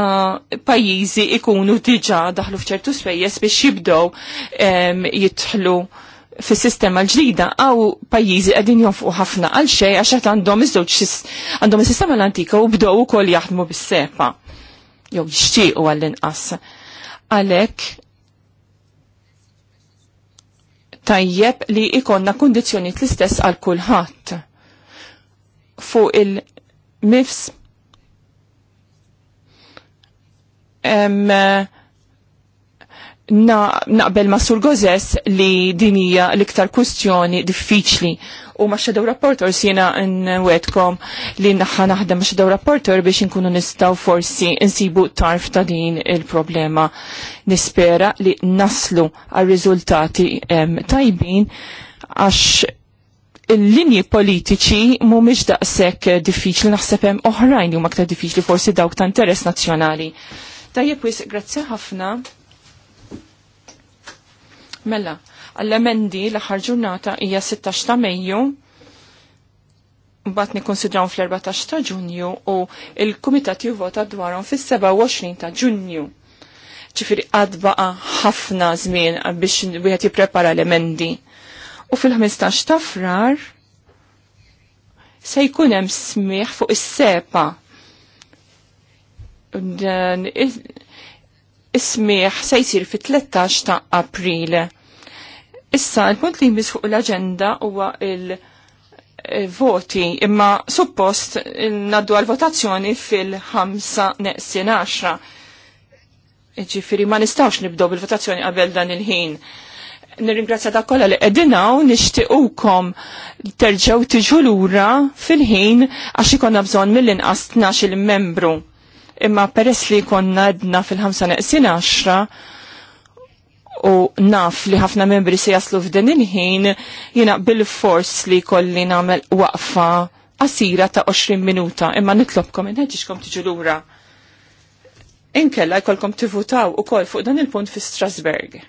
pajjiżi ikunu diġà daħlu f'ċertu spejjeż biex jibdew jitħlu fis-sistema l-ġdida għaw pajjiżi qegħdin jonfu ħafna għal xej għax qed għandhom iż-żewġ għandhom is-sistema l-antika u bdew ukoll jaħdmu bis-sepa jew jixtiequ għall-inqas. Għalhekk tajjeb li ikonna kondizjoni l-istess għal kulħadd fuq il-mifs naqbel na ma' Sur li dinija l-iktar kustjoni diffiċli u ma' Shadow Rapporters jena n-wetkom li naħħa naħdem ma' Shadow Rapporter biex nkunu nistaw forsi nsibu tarf ta' din il-problema. Nispera li naslu għal riżultati tajbin għax il-linji politiċi mumiex daqsek diffiċli naħseb hemm oħrajn li huma aktar diffiċli forsi dawk ta' interess nazzjonali. Tajjeb wis, grazzi ħafna. Mella, għall-emendi l-aħħar ġurnata hija 16 ta' Mejju mbagħad nikkonsidraw fl-14 ta' Ġunju u il-Kumitat jivvota dwarhom fis-27 ta' Ġunju. Ċifiri għad baqa ħafna żmien biex wieħed jipprepara l-emendi. U fil-15 ta' frar se jkun hemm smieħ fuq is-sepa ismiħ se jsir fit-13 ta' april. Issa, il-punt li jmiss fuq l-agenda huwa il-voti, imma suppost naddu għal-votazzjoni fil-5 neqsin 10. Ġifiri, ma nistawx nibdow bil-votazzjoni qabel dan il-ħin. Nirringrazzja da kolla li edinaw nishtiqukom terġaw tiġu lura fil-ħin għax ikonna bżon mill-inqas 12 il-membru. Imma peress li konna edna fil-5 neqsin 10, u naf li ħafna membri se jaslu f'din il-ħin jina bil-fors li kolli namel waqfa qasira ta' 20 minuta imma nitlobkom inħedġiġkom tiġu lura. Inkella jkollkom tivutaw ukoll fuq dan il-punt fi Strasberg.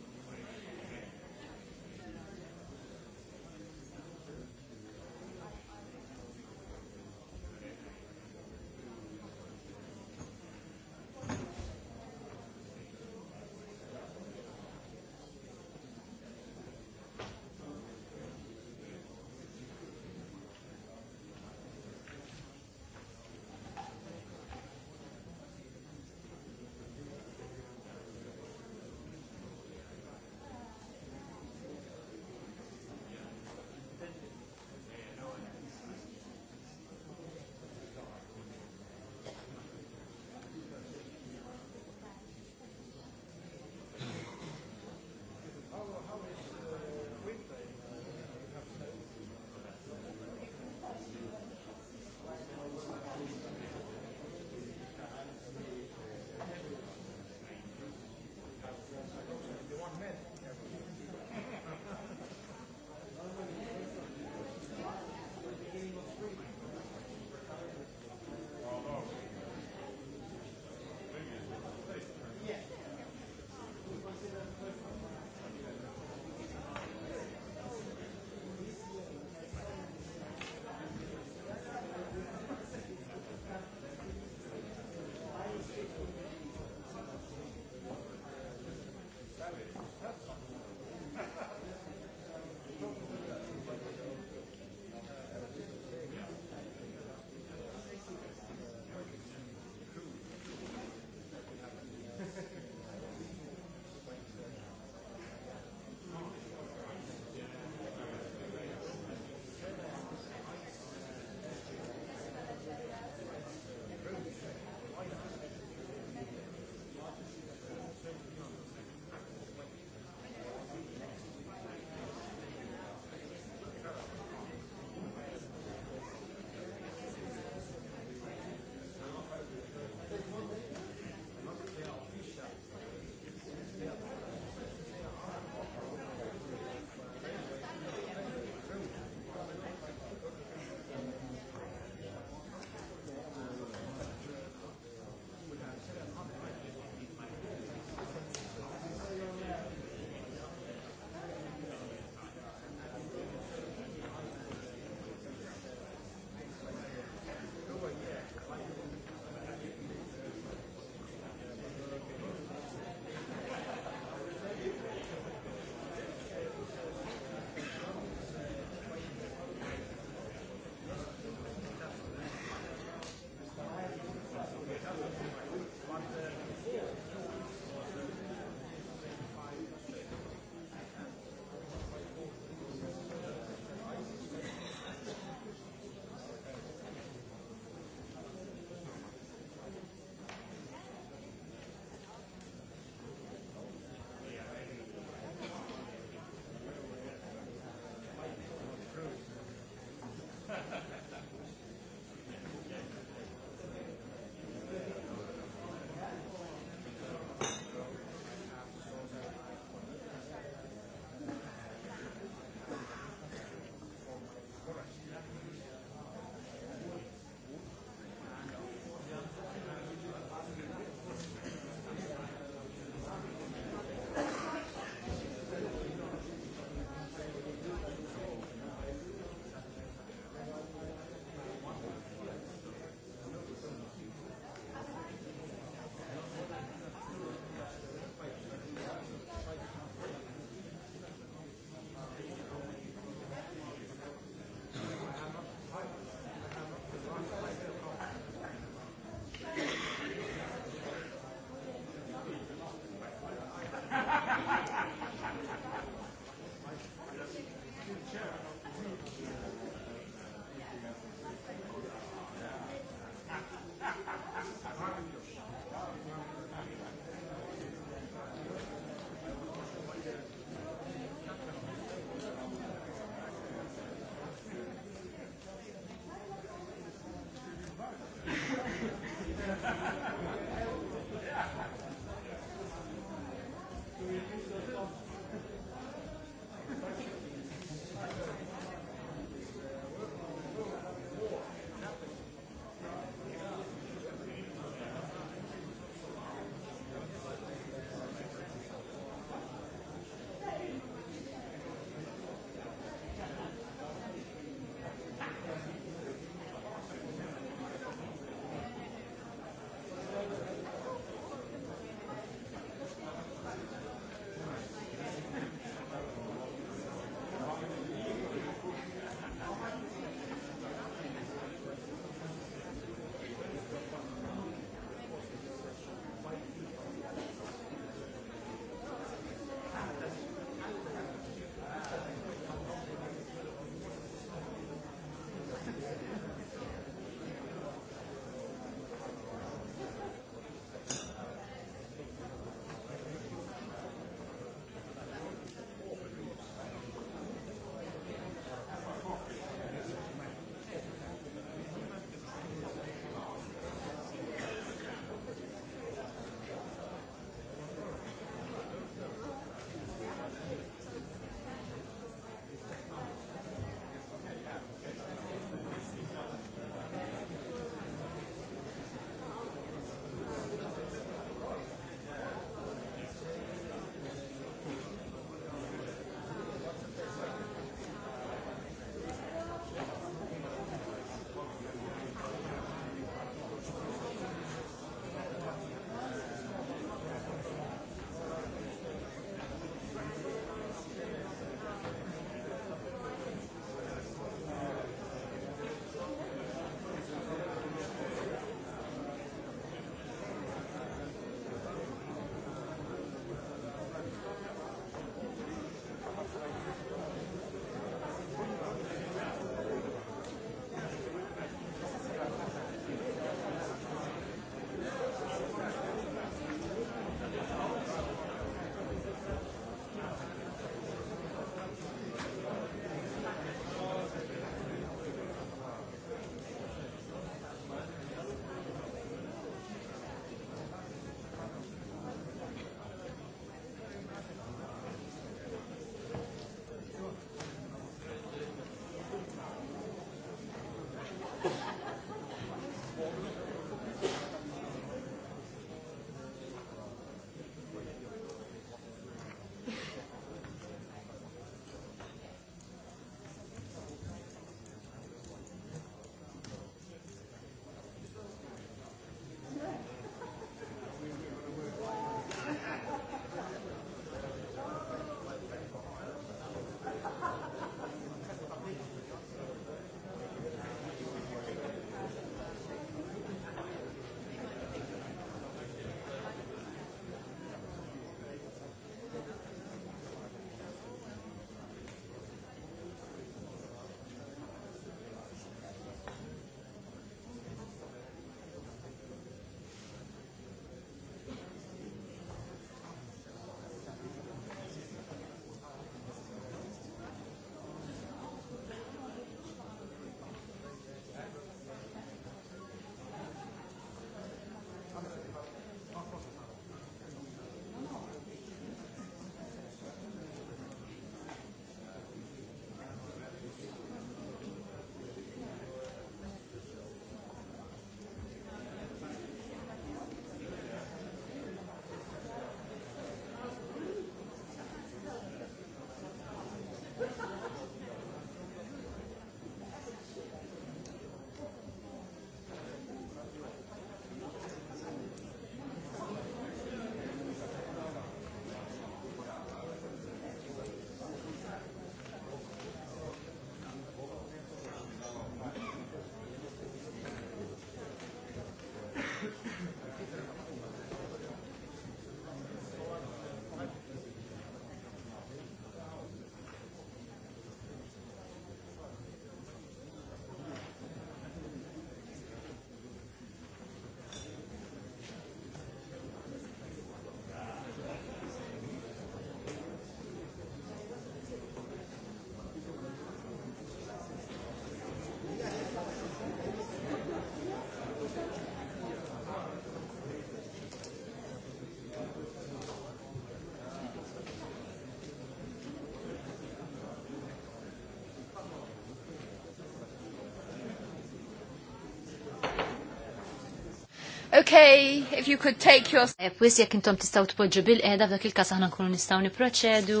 Okay, if you could take your... Pwis jek intom tistaw tpoġġu bil-qeda f'dak il-kas aħna nkunu nistaw niproċedu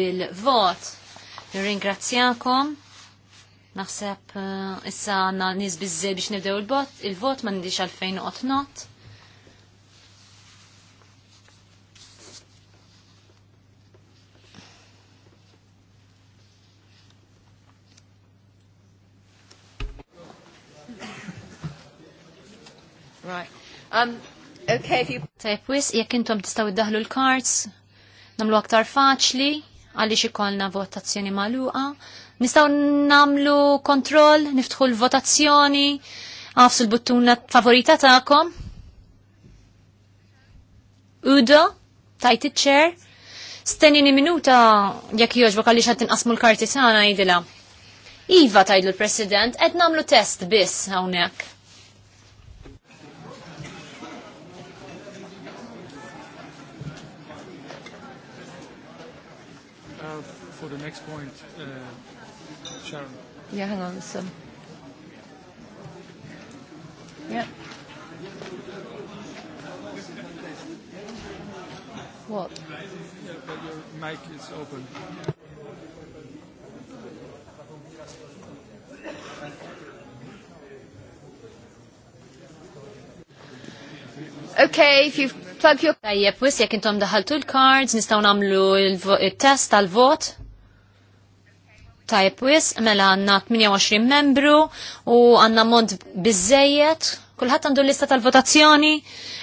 bil-vot. Ringrazzjakom. Naħseb eh, issa għanna nis biex nibdew il-vot, il-vot ma nidix għalfejn uqot not. tajb wis jekk intom id iddaħlu l kards nagħmlu aktar faċli għaliex ikollna votazzjoni magħluqa. Nistgħu nagħmlu kontroll, niftħu l-votazzjoni, għafsu l-buttuna favorita tagħkom. Udo, tajt iċċer, ċer minuta jekk joġbok għaliex qed asmu l-karti tagħna jidilha. Iva tajdlu l-President, qed nagħmlu test biss hawnhekk. the next point, uh, Sharon. Yeah, hang on. So. Yeah. What? Yeah, but your mic is open. Okay, if you plug your... Tajjeb, wis jek intom daħaltu l-cards, nistaw namlu il-test tal-vot tajb wis, mela għanna 28 membru u għanna mod bizzejiet, kullħat għandu l lista tal-votazzjoni,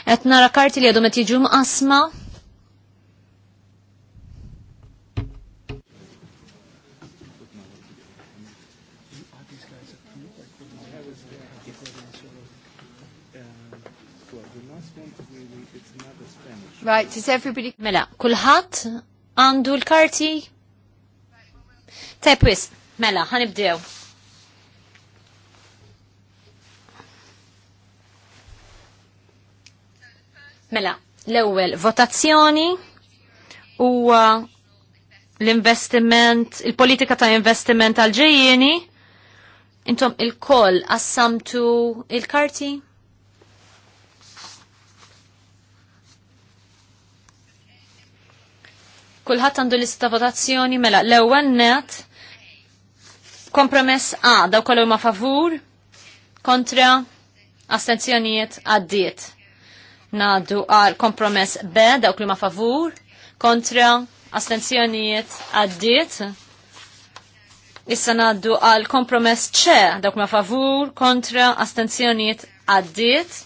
qed nara karti li għadu met jiġu mqasma. Right, is everybody... Mela, kullħat għandu l-karti Tepwis, mela, ħanibdew. Mela, l-ewwel votazzjoni u l-investiment, il-politika ta' investiment għal ġejjieni. Intom il-koll assamtu il-karti? Kulħadd għandu lista votazzjoni mela l-ewwel net kompromess A daw kollu ma favur kontra astenzjonijiet għaddiet. Nadu għal kompromess B dawk li ma favur kontra astenzjonijiet għaddiet. Issa naddu għal kompromess ċe kollu ma favur kontra astenzjonijiet għaddiet.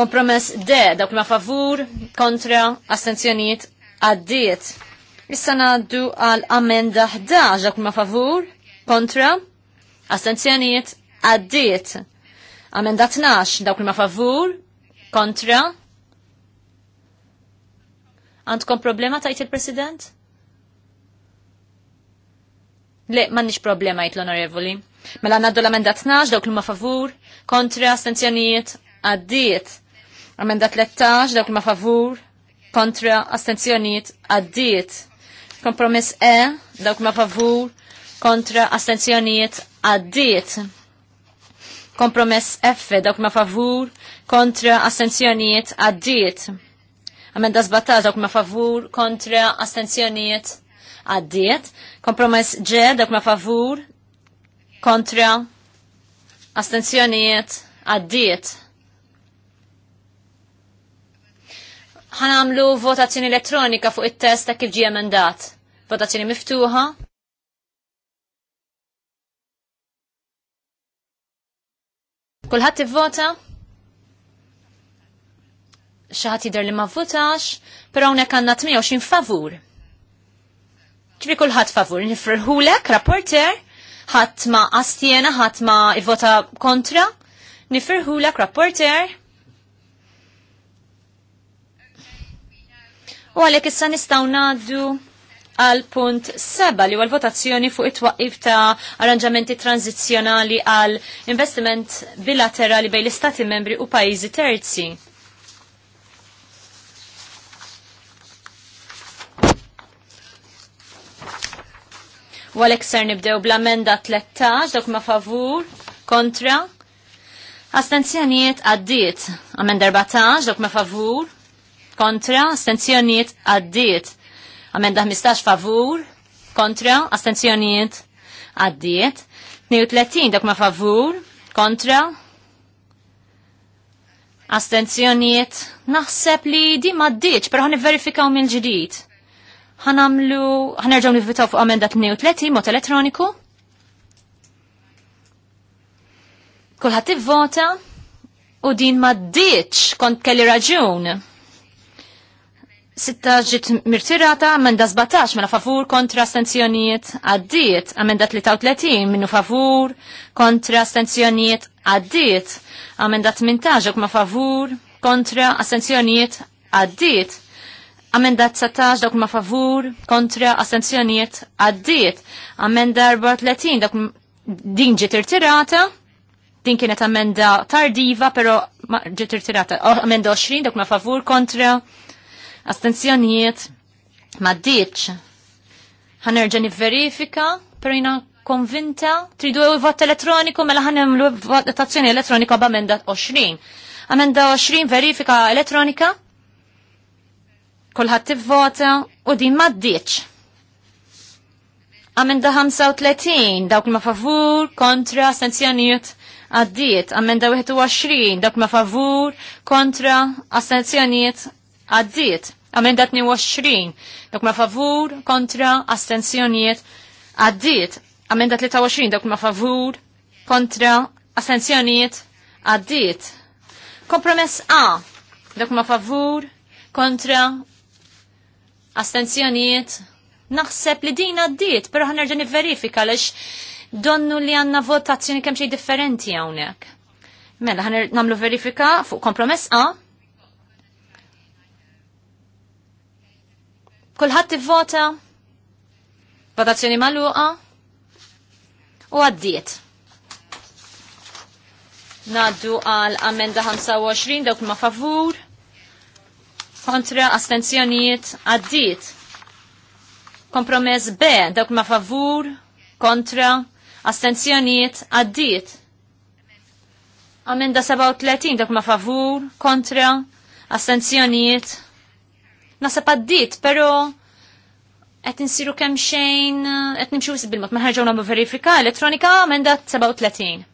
Kompromess D kollu ma favur kontra astenzjonijiet għaddiet. Issa naddu għal amenda 11 dak ma favur, kontra, astenzjoniet, għaddiet. Amenda 12 dawk ma favur, kontra. Għandkom problema tajt il-President? Le, nix problema jt l-onorevoli. Mela naddu l-amenda 12, dawk l-ma favur, kontra, astenzjoniet, għaddiet. Amenda 13, dawk l-ma favur, kontra astenzjoniet għaddiet. Kompromess E, dawk ma favur, kontra astenzjoniet għaddiet. Kompromess F, dawk ma favur, kontra astenzjoniet għaddiet. Amenda zbata, dawk ma favur, kontra astenzjoniet għaddiet. Kompromess G, dawk ma favur, kontra astenzjoniet għaddiet. ħanamlu votazzjoni elettronika fuq it-test ta' kif ġie emendat. Votazzjoni miftuħa. Kulħadd ivvota? Xi ħadd jidher li ma votax, però hawnhekk għandna 28 favur. Ġifi kulħadd favur, nifrħulek, rapporter, ħadd ma astjena, ħadd ma ivvota kontra, nifrħulek, rapporter. U għalek issa nistaw naddu għal punt seba li għal votazzjoni fuq it-twaqif ta' arranġamenti tranzizjonali għal investiment bilaterali bej l-istati membri u pajizi terzi. U għalek ser nibdew bl-amenda 13, dok ma favur, kontra, astenzjoniet għaddiet, amenda 14, dok ma favur, kontra, astenzjoniet għaddiet. Amenda 15 favur, kontra, astenzjonijiet għaddiet. 32 dak ma favur, kontra, astenzjonijiet. Naħseb li di ma pero ħan verifikaw mill ġdid ħanamlu, ħanerġaw nivvitaw fuq amenda 32 mot elettroniku. Kulħat vota u din maddiċ, kont kelli raġun. Sitta ġit mirtirata, amenda 17 mela favur kontra stenzjonijiet għaddiet, amenda 33 minnu favur kontra stenzjonijiet għaddiet, amenda 18 ma favur kontra astenzjonijiet għaddiet, amenda 19 dak ma favur kontra astenzjonijiet għaddiet, amenda 34 dak din ġiet irtirata, din kienet amenda tardiva, pero ġiet irtirata, amenda 20 dak ma favur kontra astenzjonijiet ma ddiċ. Ħanerġa nivverifika perina konvinta tridu vot elettroniku mela ħanemlu votazzjoni elettronika b'amenda 20. Amenda 20 verifika elettronika kolħat tivvota u din ma ddiċ. Amenda 35, dawk ma favur, kontra, astenzjonijiet għaddiet. Amenda 21, dawk ma favur, kontra, astenzjoniet, għaddiet. Amenda 22, dak ma favur, kontra, astenzjonijiet, għaddiet. Amenda 23, dok ma favur, kontra, astenzjonijiet, għaddiet. Kompromess A, dok ma favur, kontra, astenzjonijiet, naħseb li din għaddiet, pero ħanerġa verifika lex donnu li għanna votazzjoni kemm differenti hawnhekk. Mela ħan namlu verifika fuq kompromess A, Kulħadd ivvota. Votazzjoni magħluqa. U għaddiet. Naddu għal amenda 25 dawk ma favur. Kontra astenzjonijiet għaddiet. Kompromess B dawk ma favur. Kontra astenzjoniet għaddiet. Amenda 37 dawk ma favur. Kontra għaddiet nasab għaddit, pero qed insiru kemm xejn qed nimxu wisib bil mot ma ħarġaw nagħmlu verifika elettronika mendat 37.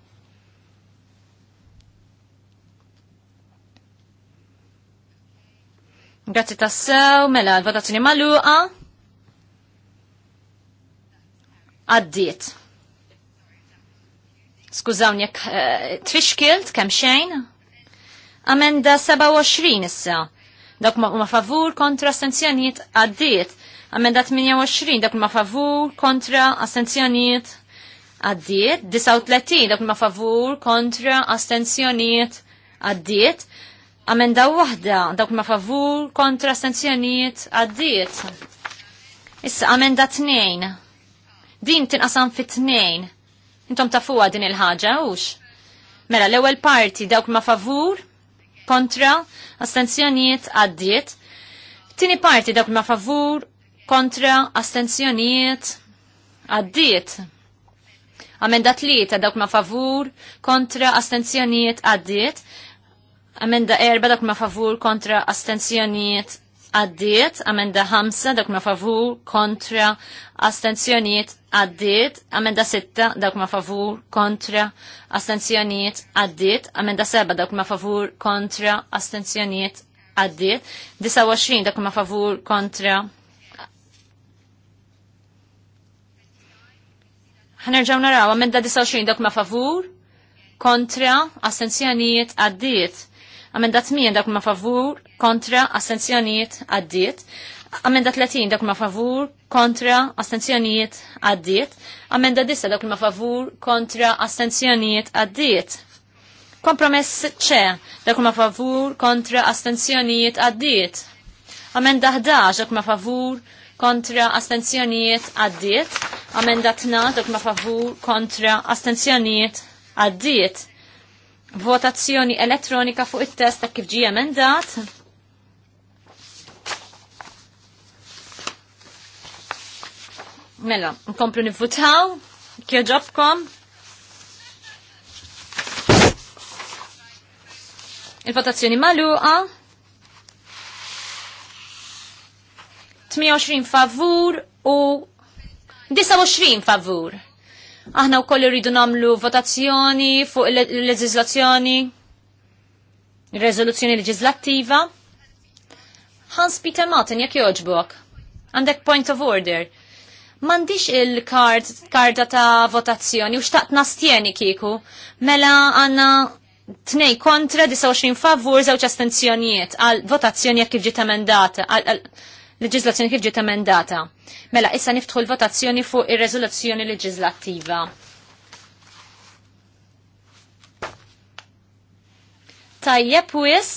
Grazzi tassew, mela l-votazzjoni magħluqa. Għaddit. Skużaw jekk uh, eh, tfixkilt kemm xejn. Amenda 27 issa Dak ma favur kontra astenzjoniet għaddiet. Amenda 28, dak ma favur kontra astenzjoniet għaddiet. 39, dak ma favur kontra astenzjoniet għaddiet. Amenda wahda, dak ma favur kontra astenzjoniet għaddiet. Issa amenda 2. Din tinqasam fit 2. Intom tafuwa din il-ħaġa, ux? Mela, l-ewel parti, dawk ma favur, kontra, astenzjonijiet għaddiet. Tini parti dak ma favur, kontra, astenzjoniet, għaddiet. Amenda tlieta dak ma favur, kontra, astenzjonijiet għaddiet. Amenda erba dak ma favur, kontra, astenzjonijiet għaddiet, amenda 5, dak ma favur, kontra, astenzjoniet, għaddiet, amenda 6, dak ma favur, kontra, astenzjoniet, għaddiet, amenda 7, dak ma favur, kontra, astenzjoniet, għaddiet, 29, dak ma favur, kontra, ħanerġaw naraw, amenda 29, dak ma favur, kontra, astenzjoniet, għaddiet, Amendat mien dak ma favur kontra astenzjonijiet għaddiet. Amenda latin dak ma favur kontra astenzjonijiet għaddiet. Amenda dissa dak ma favur kontra astenzjonijiet għaddiet. Kompromess ċe dak ma favur kontra astenzjonijiet għaddiet. Amenda 11 dak ma favur kontra astenzjonijiet għaddiet. Amenda na dak ma favur kontra astenzjonijiet għaddiet. Votazzjoni elettronika fuq it-test ta' kif ġie emendat. Mela, nkomplu nivvutaw, kjoġobkom. Il-votazzjoni maluqa. 28 favur u 29 favur. Aħna wkoll rridu nagħmlu votazzjoni fuq il-leġiżlazzjoni, rezoluzzjoni leġislattiva. Hans Peter Martin, jekk jogħġbok. Għandek point of order. M'għandix il-karta ta' votazzjoni u xtaqt nastjeni kieku. Mela għandna tnej kontra 29 favur żewġ astenzjonijiet għal votazzjoni jekk kif ġiet emendata Leġislazzjoni kif ġiet emendata. Mela, issa niftħu l-votazzjoni fuq ir reżoluzzjoni leġislattiva. Tajjeb wis.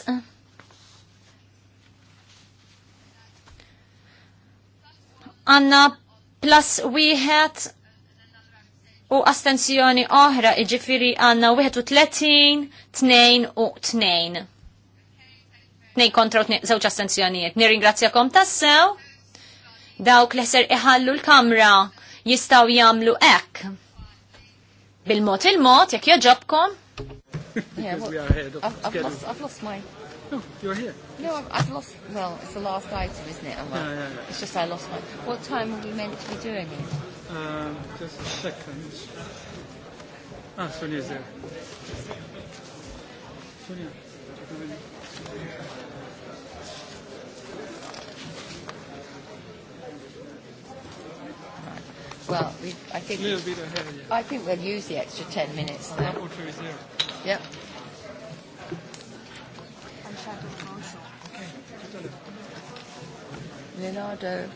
Għanna plus wieħed u astensjoni oħra iġifiri għanna 31, 2 u 2 tnej kontra u zewċ astenzjonijiet. Nirringrazzjakom tassew, dawk li ser iħallu l-kamra jistaw jamlu ek. Bil-mot il-mot, jek joġobkom. Yeah, well, I've, No, you're here. No, I've, lost... Well, it's the last item, isn't it? I'm yeah, yeah, yeah. It's just I lost my... What time were we meant to be doing it? Um, just a second. Ah, Sonia's there. Sonia. Well, we, I think a little bit ahead. Yeah. I think we'll use the extra 10 minutes. The rapporteur is there. Yep. I'm shadow Okay. Leonardo.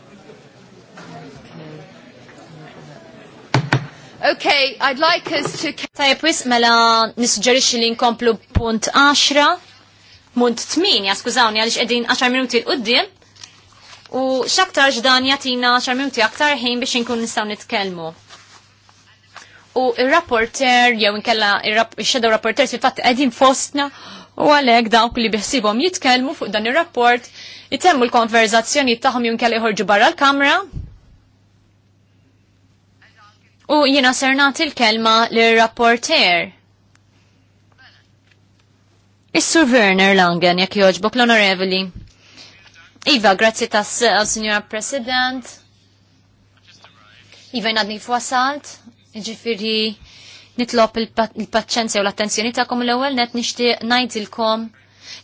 Okay, I'd like us to... Tajab, wis, mela nisġerixi li nkomplu punt 10, punt 8, skużawni, għalix edin 10 minuti l-qoddim. U xaktar ġdan jatina xarmimti aktar ħin biex nkun nistaw nitkelmu. U il-rapporter, jew nkella il-shadow rapporter, si fatt għedin fostna u għalek dawk li biħsibom jitkelmu fuq dan il-rapport, jitemmu l-konverzazzjoni taħom jew nkella jħorġu barra l-kamra. U jina sernat il-kelma l-rapporter. Is-Sur Werner Langen, jek joġbok l-onorevoli. Iva, grazzi tas eh, signora President. Iva, jnadni fwasalt, ġifiri nitlop il-paċenzja u l-attenzjoni kom l-ewel net nishti najdilkom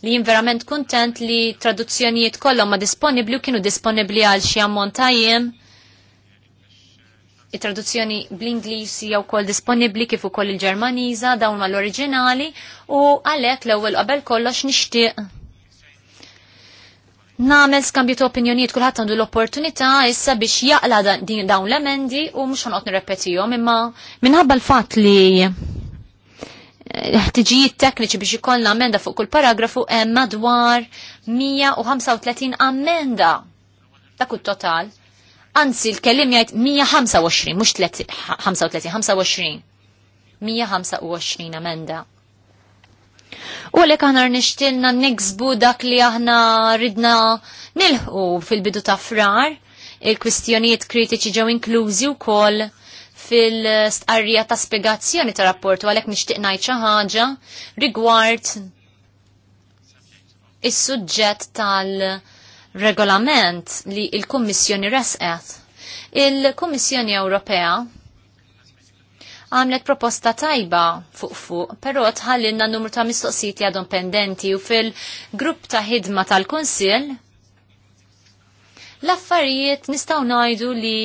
li jien verament kontent li traduzzjonijiet kollha ma disponibli u kienu disponibli għal xi ammont tajjem. Il-traduzzjoni bl-Ingliż jew kol disponibbli kif ukoll il-Ġermaniża dawn mal-oriġinali u għalhekk l-ewwel qabel kollox nixtieq namel skambju ta' opinjoniet kulħadd għandu l-opportunità issa biex jaqla dawn l-emendi u mhux ħanqod nirrepetihom imma minħabba l-fatt li eh, ħtiġijiet tekniċi biex ikollna amenda fuq kull paragrafu hemm madwar 135 amenda dak total Anzi, l-kellim jgħid 125, mux 35, 25. 125 amenda. U għalek aħna nixtilna niksbu dak li aħna ridna nilħu fil-bidu ta' frar, il-kwistjonijiet kritiċi ġew inklużi wkoll fil-stqarrija ta' spiegazzjoni ta' rapport u għalek nixtieq ngħid xi ħaġa rigward is-suġġett tal-regolament li il-Kummissjoni resqet. Il-Kummissjoni Ewropea għamlet proposta tajba fuq fuq, pero tħallinna numru ta' mistoqsijiet għadhom pendenti u fil-grupp ta' ħidma tal-Kunsill l-affarijiet nistgħu ngħidu li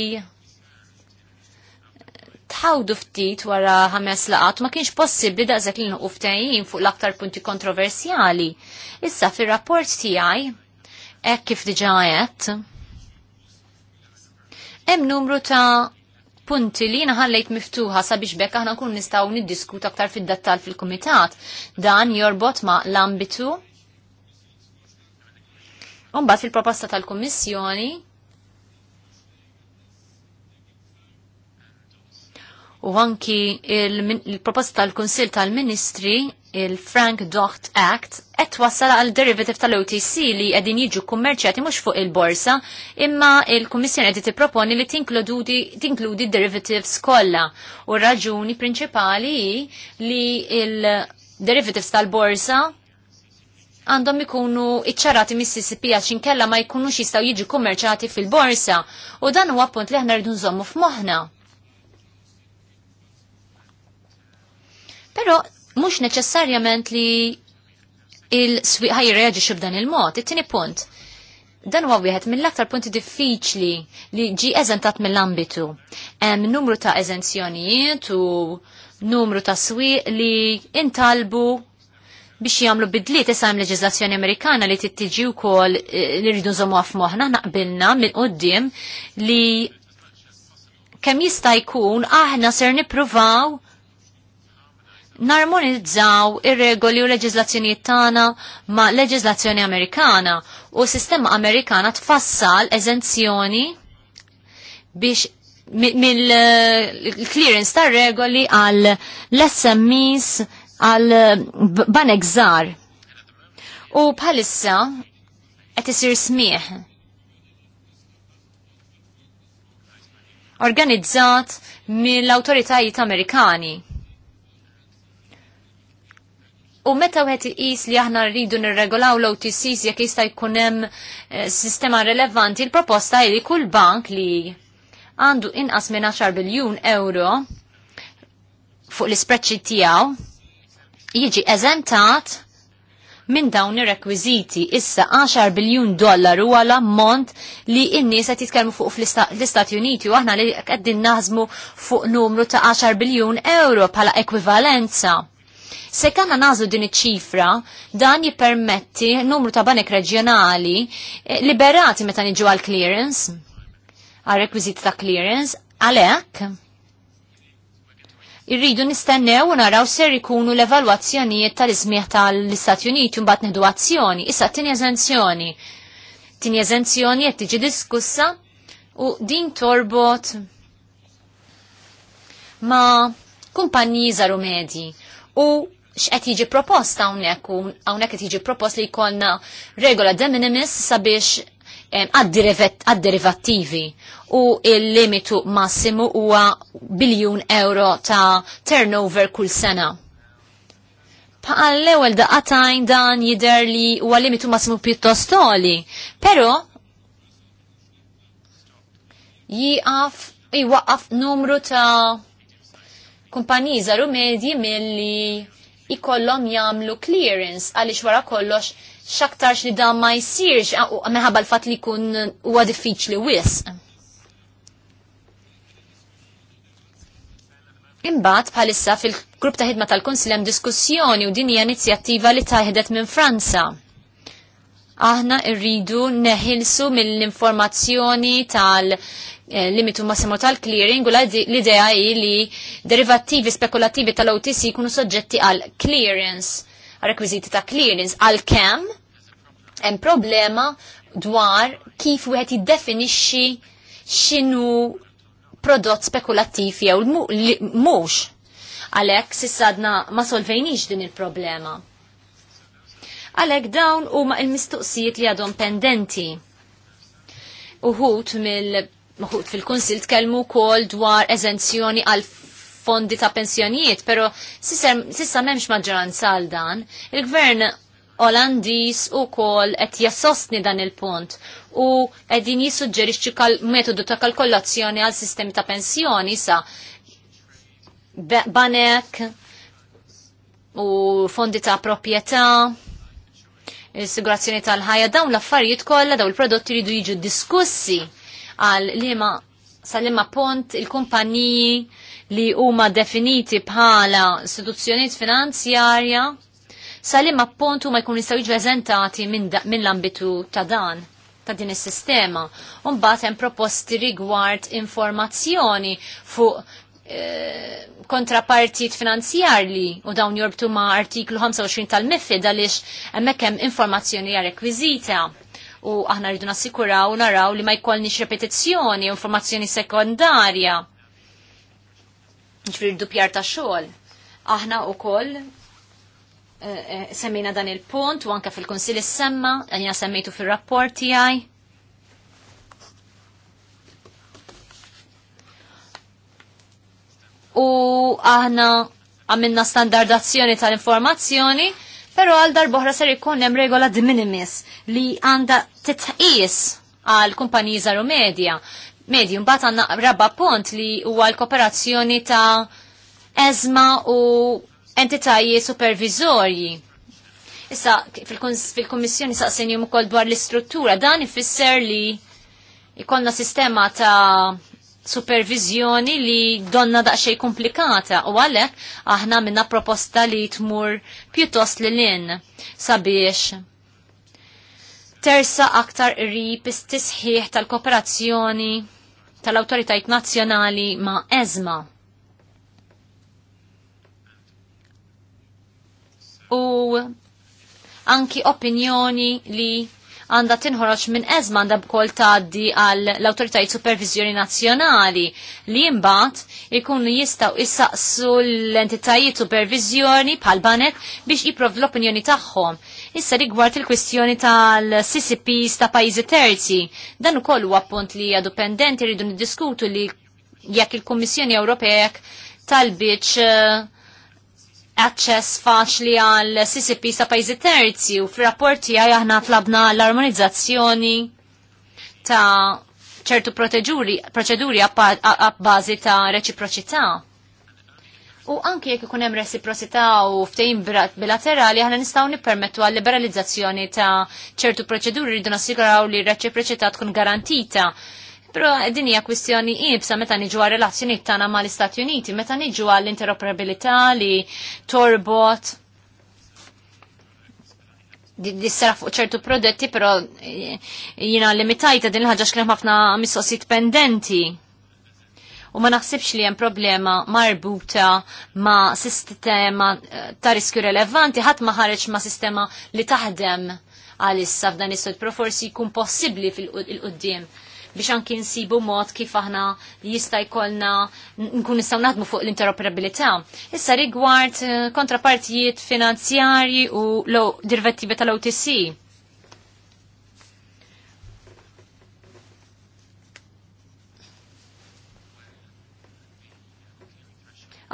tħawdu ftit wara ħames laqat ma kienx possibbli daqshekk li nħuq ftehim fuq l-aktar punti kontroversjali. Issa fir-rapport tiegħi hekk kif diġa qed hemm numru ta' punti li naħallejt miftuħa sabiex bekk aħna kun nistaw niddiskutu aktar fid-dettal fil-kumitat. Dan jorbot ma l-ambitu. Umbat fil-proposta tal-Kummissjoni u anki il-proposta tal-Kunsil tal-Ministri il-Frank Docht Act qed wassal għal derivative tal-OTC li qegħdin jiġu kummerċjati mhux fuq il-borsa, imma il-Kummissjoni qed tipproponi li tinkludi derivatives kollha. U raġuni prinċipali li il-derivatives tal-borsa għandhom ikunu iċċarati mis-CCP għax inkella ma jkunux jistgħu jiġu kummerċjati fil-borsa u dan huwa punt li aħna rridu nżommu f'moħħna. Però mhux neċessarjament li il ħaj reġi b'dan il-mod. It-tieni punt. Dan huwa wieħed mill-aktar punti diffiċli li ġi eżentat mill-ambitu. Hemm numru ta' eżenzjonijiet u numru ta' swiq li intalbu biex jagħmlu bidliet issa hemm leġiżlazzjoni Amerikana li tittiġi wkoll eh, li rridu nżommu f'moħħna naqbilna minn quddiem li kemm jista' jkun aħna ser nippruvaw narmonizzaw ir-regoli u leġizlazzjoni tagħna ma' leġizlazzjoni Amerikana u s-sistema Amerikana tfassal eżenzjoni biex mill-clearance eh, tar regoli għal l-SMEs għal banek zar. U bħalissa qed isir smieħ. Organizzat mill-awtoritajiet Amerikani U meta wieħed iqis li aħna rridu nirregolaw l-OTCs jekk jista' jkun hemm eh, sistema rilevanti, il-proposta hi li kull bank li għandu inqas minn 10 biljun euro fuq l-ispreċċi tiegħu jiġi eżentat minn dawn ir-rekwiżiti issa 10 biljun dollar huwa l-ammont li n-nies qed jitkellmu fuq fl-Istati Uniti u aħna li qegħdin naħsmu fuq numru ta' 10 biljun euro bħala ekwivalenza. Se kanna nazu din iċ-ċifra, dan jippermetti numru ta' banek reġjonali eh, liberati meta niġu għal clearance, għal rekwizit ta' clearance, għalhekk irridu nistennew u naraw ser ikunu l-evalwazzjonijiet tal izmiħ tal-Istati Uniti mbagħad neħdu azzjoni. Issa tin eżenzjoni. T-tini eżenzjoni qed tiġi diskussa u din torbot ma kumpanji żaru medji u x'qed jiġi propost hawnhekk u hawnhekk qed jiġi propost li jkollna regola de minimis sabiex għad-derivattivi u il-limitu massimu huwa biljun euro ta' turnover kull sena. Paqal l-ewel daqatajn dan jider li huwa limitu massimu pjuttost toli, pero jiqaf jiwaqaf numru ta' kumpaniji zaru medji milli ikollhom jagħmlu clearance għaliex wara kollox x'aktarx li dan ma jsirx minħabba l-fatt li jkun huwa diffiċli wisq. Imbagħad bħalissa fil-grupp ta' ħidma tal-Kunsil hemm diskussjoni u din hija inizjattiva li taħdet minn Franza aħna rridu neħilsu mill-informazzjoni tal- eh, limitu massimo tal-clearing u l-idea hi li derivattivi spekulativi tal-OTC jkunu soġġetti għal clearance, għal rekwiziti ta' clearance, għal kem, hemm problema dwar kif wieħed jiddefinixxi x'inhu prodott spekulattiv jew mhux. Għalhekk sissadna ma solvejnix din il-problema. Għalhekk dawn huma l-mistoqsijiet li għadhom pendenti. Uħut mill Maħut fil-Kunsil tkellmu wkoll dwar eżenzjoni għal fondi ta' pensjonijiet, pero sissa memx maġġoranza għal dan. Il-gvern Olandis u kol et jassostni dan il-punt u edin jissuġġerixxi metodu ta' kalkolazzjoni għal sistemi ta' pensjoni sa banek u fondi ta' propieta il-sigurazzjoni tal-ħajja, dawn l-affarijiet kollha daw il-prodotti jridu jiġu diskussi għal liema sal imma pont il-kumpaniji li huma definiti bħala istituzzjonijiet finanzjarja sal imma pont huma jkunu jistgħu jiġu eżentati minn l-ambitu ta' dan ta' din is-sistema. Mbagħad hemm proposti rigward informazzjoni fuq Eh, kontrapartit finanzjarli u dawn jorbtu ma' artiklu 25 tal-MIFID għaliex hemmhekk hemm informazzjoni ja rekwiżita u aħna rridu nassikuraw naraw li ma jkollniex repetizzjoni u informazzjoni sekondarja. Ġifieri dupjar ta' xogħol. Aħna wkoll e, semmejna dan il-punt u anke fil-Kunsill is-semma, għanina semmejtu fir-rapport tiegħi u aħna għamilna standardazzjoni tal-informazzjoni, pero għal darboħra ser ikun hemm regola de minimis li għanda titqis għal kumpaniji żaru medja. Medium bat għanna rabba punt li huwa l-kooperazzjoni ta' ezma u entitajiet supervizorji. Issa, fil-Kommissjoni saqsenjum ukoll dwar l-istruttura, dan ifisser li jkollna sistema ta' supervizjoni li donna daqxej komplikata u għalek aħna minna proposta li tmur pjuttost li in sabiex tersa aktar rip istisħiħ tal-kooperazzjoni tal-autoritajt nazzjonali ma' ezma. U anki opinjoni li għandha tinħoroġ minn eżma għandha bkoll tgħaddi għal l-awtoritajiet supervizjoni nazzjonali li mbagħad ikunu jistgħu issaqsu l-entitajiet supervizjoni bħal banek biex jiprov l-opinjoni tagħhom. Issa rigward il-kwistjoni tal-CCPs ta' pajjiżi terzi, dan ukoll huwa punt li hija pendenti rridu niddiskutu li jekk il-Kummissjoni Ewropea tal talbiċ uh, eh, access faċli għal CCP sa' pajzi terzi u fil-rapporti għaj aħna tlabna l-armonizzazzjoni ta' ċertu proċeduri għab-bazi ta' reċiproċità. U anki jekk ikun hemm u ftejn bilaterali aħna nistgħu nippermettu għal liberalizzazzjoni ta' ċertu proċeduri rridu nassigraw li r reċiproċità tkun garantita Pero din hija kwistjoni ibsa meta niġu għal relazzjonijiet tagħna mal-Istati Uniti, meta niġu għal interoperabilità li torbot dissera fuq ċertu prodotti, però eh, jina limitajta din l-ħagġa xkrem ħafna mistoqsijiet pendenti. U ma naħsibx li hemm problema marbuta ma sistema eh, ta' riskju relevanti, ħadd ma ħareġ ma sistema li taħdem għalissa f'dan is-sod, pro forsi jkun possibbli fil-qudiem biex anki nsibu mod kif aħna jista' jkollna nkun nistgħu naħdmu fuq l-interoperabilità. Issa rigward eh, kontrapartijiet finanzjarji u direttivi tal-OTC.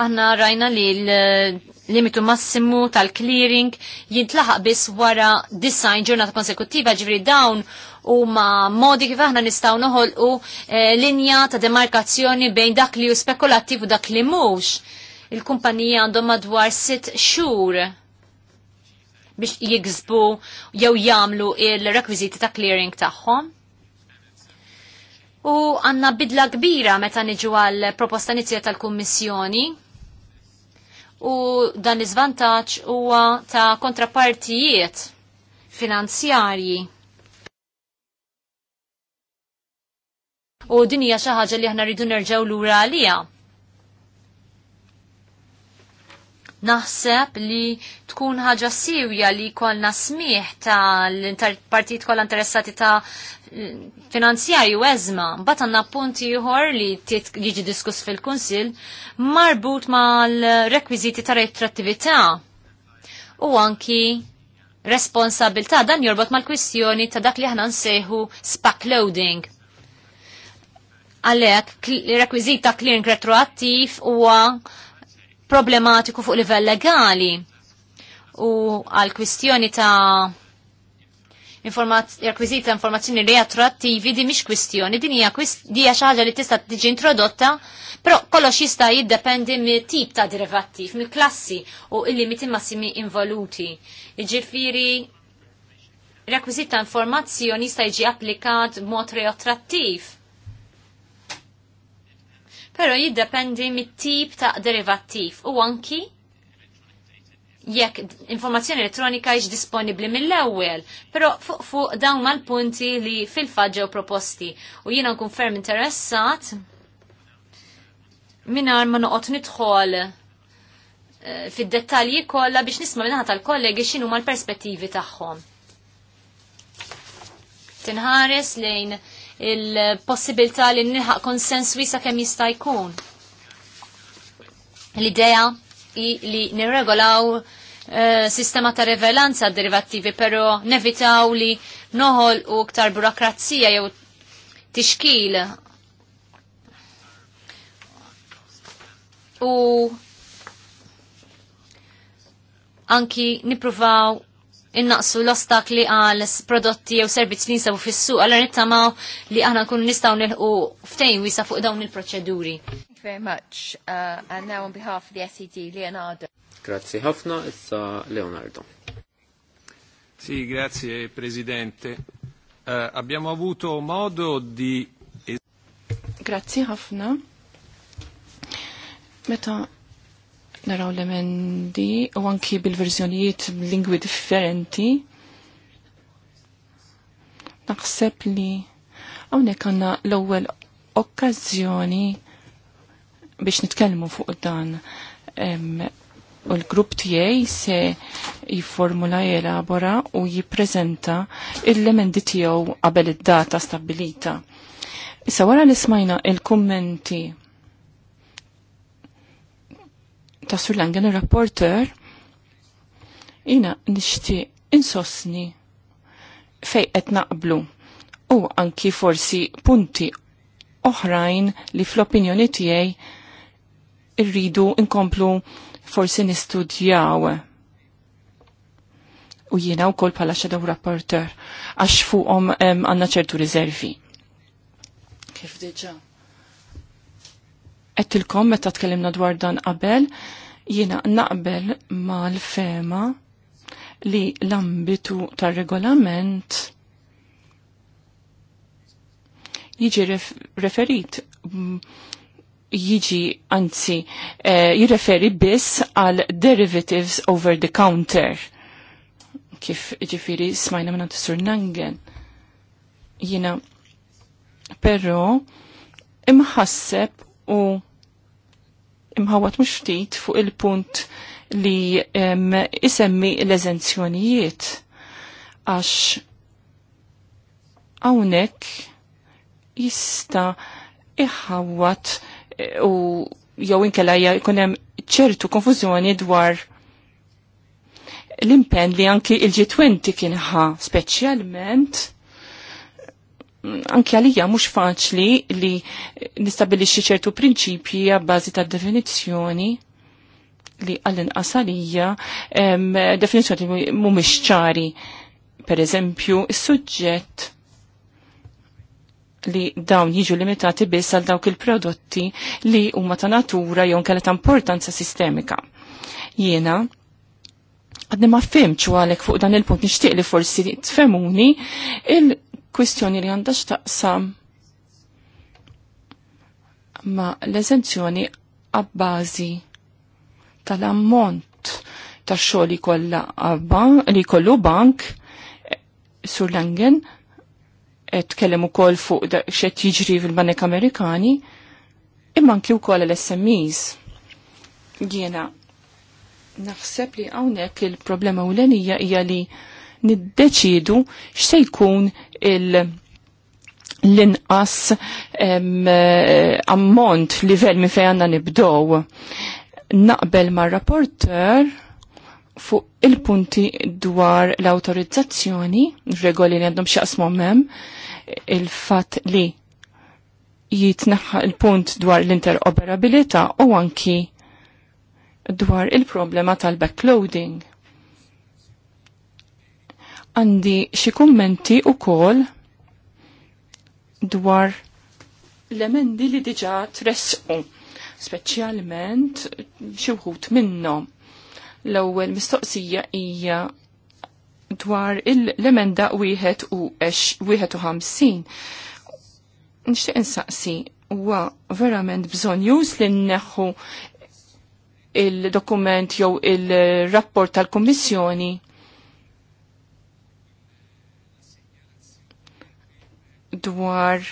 Aħna rajna li l limitu massimu tal-clearing jintlaħaq biss wara design ġurnata konsekuttiva ġifri dawn u ma modi kif aħna nistaw noħol u e, eh, linja ta' demarkazzjoni bejn dak li ju spekulattiv u dak li mux. Il-kumpanija għandhom madwar sitt xhur biex jigzbu jew jamlu il-rekwiziti ta' clearing tagħhom. U għanna bidla kbira meta niġu għal proposta inizjat tal-Kummissjoni u dan iżvantaġġ huwa ta' kontrapartijiet finanzjarji. U din hija xi ħaġa li aħna rridu nerġgħu lura għalija. Naħseb li tkun ħaġa siwja li kolna smieħ tal-partijiet kollha interessati ta' finanzjarju eżma, bat għanna punti juħor li jiġi diskus fil-Kunsil marbut mal-rekwiziti ta' retrattività u anki responsabilta dan jorbot mal-kwistjoni ta' dak li ħna nsejħu loading. Għalek, rekwiziti ta' clearing retroattiv huwa problematiku fuq livell legali u għal kwistjoni ta' jakkwizita informazzjoni reattrattivi di mish kwistjoni, din hija dija xi ħaġa li tista' tiġi introdotta, però kollox jista' jiddependi mit tip ta' derivattiv, mill klassi u il-limiti massimi involuti. Jiġifieri rekwiżit ta' informazzjoni jista' jiġi applikat b'mod reattrattiv. Però jiddependi mit tip ta' derivattiv u anki jekk informazzjoni elettronika jiex disponibli mill-ewwel, però fuq fuq dawn mal-punti li fil-faġġew proposti u jiena nkun ferm interessat minar ma noqgħod nidħol eh, fid-dettalji kollha biex nisma' minnaħa tal-kollegi x'inhu mal-perspettivi tagħhom. Tinħares lejn il-possibilità li nilħaq konsens wisa kemm jista' jkun. L-idea li nirregolaw eh, sistema ta' revelanza derivativi, pero nevitaw li noħol u ktar burokrazija jew tixkil u anki nipruvaw innaqsu l-ostakli għal prodotti jew servizz li nisabu fis-suq, għal nittamaw li aħna nkunu nistgħu nilħu ftejn wisa fuq dawn il-proċeduri very much. Uh, and now on behalf of the SED, Leonardo. Grazie Hafna, it's uh, Leonardo. Sì, grazie Presidente. Uh, abbiamo avuto modo di... Grazie Hafna. Meta naraw l-emendi u anki bil-verżjonijiet lingwi differenti, naħseb li hawnhekk għanna l ewel okkazzjoni biex nitkellmu fuq dan u l-grupp tiegħi se jiformula jelabora u jippreżenta l-emendi tiegħu qabel id-data stabbilita. Issa wara li smajna il-kummenti ta' Sur Langen il-rapporter, jina nishti insosni fej qed naqblu u anki forsi punti oħrajn li fl-opinjoni tiegħi irridu inkomplu forsi nistudjaw. U jiena wkoll bħala xadaw rapporter għax fuqhom għandna ċertu riservi. Kif diġà? Qedtilkom meta tkellimna dwar dan qabel, jiena naqbel mal-fema li l-ambitu tar-regolament jiġi referit jiġi anzi eh, jirreferi biss għal derivatives over the counter. Kif ġifiri smajna minna t-sur nangen. Jina, pero imħasseb u imħawat mux ftit fuq il-punt li um, isemmi l-eżenzjonijiet għax għawnek jista iħawat u jew inkella jkun hemm ċertu konfużjoni dwar l-impenn li anki il-G20 kienħa speċjalment anki għalija mhux faċli li nistabilixxi ċertu prinċipji għabbażi ta' definizzjoni li għall-inqas għalija definizzjoni mhumiex ċari. Per eżempju, is-suġġett li dawn jiġu limitati biss għal dawk il-prodotti li huma ta' natura jew kellha ta' importanza sistemika. Jiena għadni ma fimċu għalek fuq dan il-punt nixtieq li forsi tfemuni il-kwistjoni li għandha x'taqsam ma l-eżenzjoni għabbażi tal-ammont tax xogħol li kollha li kollu bank sur Langen tkellem ukoll fuq xed jiġri fil-Banek Amerikani, imma anki wkoll l-SMEs. Jiena naħseb li hawnhekk il-problema l-enija hija li niddeċidu x'se jkun il- l-inqas eh, ammont livell minn fejn għandna nibdow. Naqbel ma' rapporter fuq il-punti dwar l-autorizzazzjoni, regoli li għandhom xaqsmu mem, il-fat li jitnaħħa il-punt dwar l-interoperabilita u anki dwar il-problema tal-backloading. Għandi xi kummenti u kol dwar l-emendi li diġa tresqu, speċjalment xi wħud minnhom. L-ewwel mistoqsija hija dwar l-emenda wieħed u wieħed u ħamsin. Nixtieq insaqsi huwa verament bżonn już li nneħħu il-dokument jew il-rapport tal-Kummissjoni dwar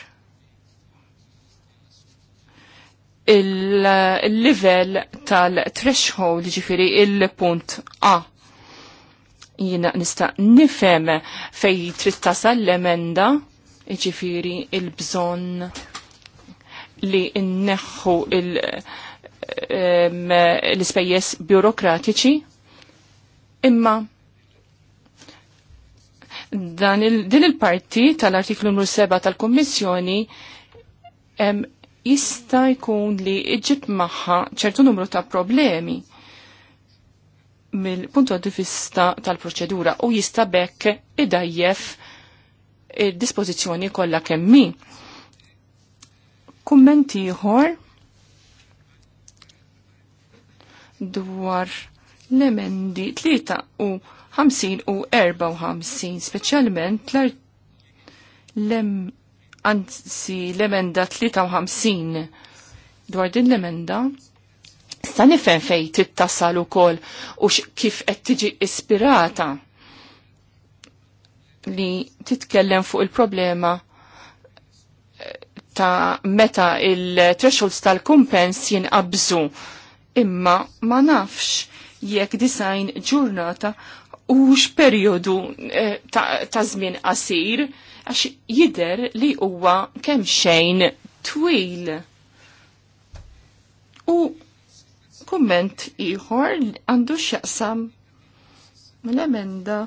il-level tal-threshold ġifiri il-punt A jina nista nifem fej trid tasal l-emenda, iġifiri il-bżon li inneħu l-ispejjeż burokratiċi, imma dan il, din il-parti tal-artiklu nr 7 tal-Kommissjoni jista' jkun li iġib magħha ċertu numru ta' problemi mill-punto di vista tal-proċedura u jista' bekk dajjef id-dispożizzjoni kollha kemmi. Kummenti ieħor dwar l-emendi 3 u 50 u 54, specialment l-emenda 53 dwar din l-emenda Sta nifhem fejn tittasal ukoll u kif qed tiġi ispirata li titkellem fuq il-problema eh, ta' meta il-thresholds tal-kumpens jinqabżu imma ma nafx jekk design ġurnata u periodu eh, ta' żmien qasir għax jider li huwa kemm xejn twil. U Kumment iħor għandu xaqsam l-emenda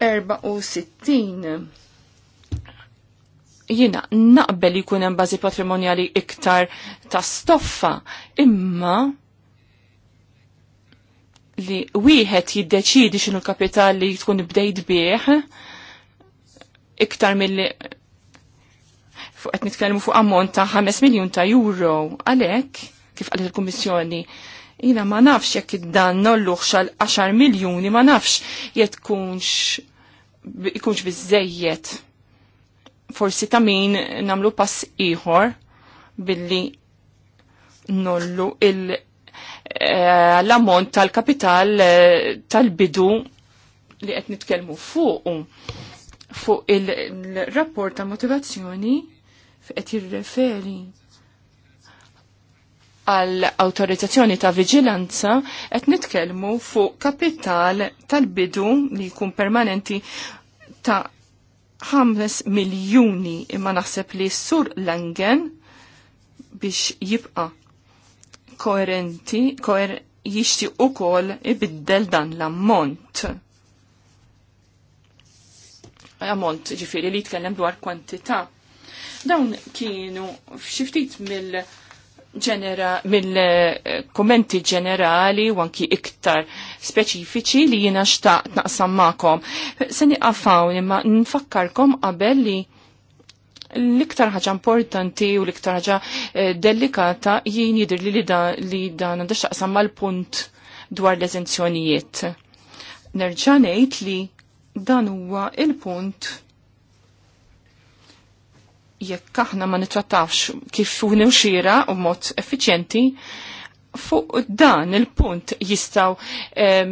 64 jina naqbel jkun hemm bażi patrimonjali iktar ta' stoffa, imma li wieħed jiddeċidi x'inhu l-kapital li tkun bdejt bih iktar mill fuq qed nitkellmu fuq ammont ta' 5 miljun ta' euro għalhekk kif għalet il-Kummissjoni. Jina ma nafx jekk id-dan nolluħ xal 10 miljoni, ma nafx jekk kunx ikunx bizzejiet. Forsi ta' min namlu pass iħor billi nollu eh, l-ammont tal-kapital eh, tal-bidu li qed nitkellmu fuq fuq il-rapport ta' motivazzjoni qed jirreferi għal autorizzazzjoni ta' viġilanza qed nitkellmu fuq kapital tal-bidu li jkun permanenti ta' 5 miljuni imma naħseb li sur Langen biex jibqa koerenti, koer jixti u kol ibiddel dan l-ammont. Ammont ġifiri li jitkellem dwar kwantità. Dawn kienu fxiftit mill- ġenera mill-kommenti ġenerali u anki iktar speċifiċi li jina xtaqt naqsam ma'kom. Seni għafaw imma nfakkarkom qabel li l-iktar ħaġa importanti u l-iktar ħaġa eh, delikata jien jidir li li dan għandax taqsam mal-punt dwar l-eżenzjonijiet. Nerġanejt li dan huwa il-punt jekk aħna ma nitrattawx kif nimxira u mod effiċjenti, fuq dan il-punt jistaw eh,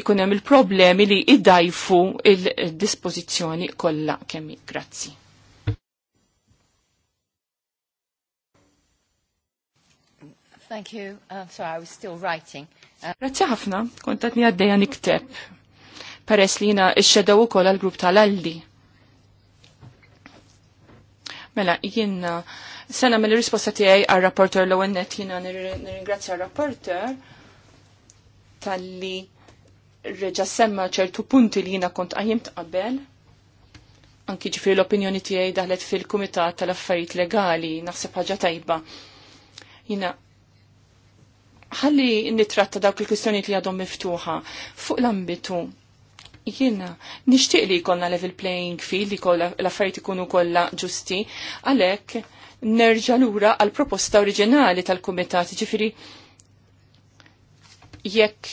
ikunem il-problemi li iddajfu il-dispozizjoni kollha kemmi. Grazzi. Thank you. I'm uh, sorry, I was still writing. Uh, Grazzi ħafna, kontatni għaddeja nikteb. Peress li jina ix-xedaw ukoll għal-grupp tal alli Mela, jienna, sena mill-risposta tiegħi għal-rapporter l nett jiena nirringrazzja għal-rapporter tal-li reġa semma ċertu punti li jiena kont għajjimt qabel. Anki ġifri l-opinjoni tiegħi daħlet fil-Kumitat tal-Affarijiet Legali, naħseb ħaġa tajba. Jiena ħalli nitratta dawk il-kwistjonijiet li għadhom miftuħa fuq l-ambitu Jiena, nixtieq li jkollna level playing field li kolla l-affarijiet ikunu kollha ġusti, għalhekk nerġa' lura għall proposta oriġinali tal-kumitat, ġifieri jekk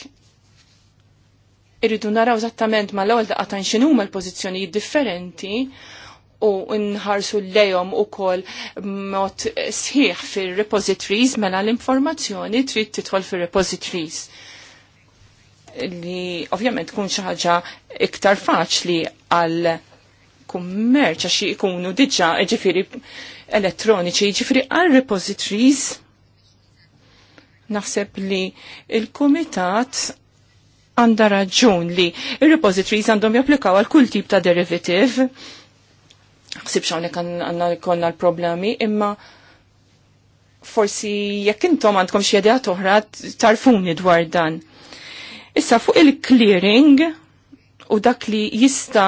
irridu naraw eżattament ma l-ewwel daqatan x'inhu huma l-pożizzjonijiet differenti u nħarsu lejhom ukoll mod sħiħ fir-repositories mela l-informazzjoni trid tidħol fir-repositories li ovvjament tkun xi ħaġa iktar faċli għal kummerċ għax ikunu diġà ġifiri elettroniċi, ġifiri għal repositories. Naħseb li il-kumitat għanda raġun li il-repositories għandhom japplikaw għal kull tip ta' derivative. Ħsib xawnek għanna konna l-problemi, imma forsi jekk intom għandkom xi idea toħra tarfuni dwar dan Issa fuq il-clearing u dak li jista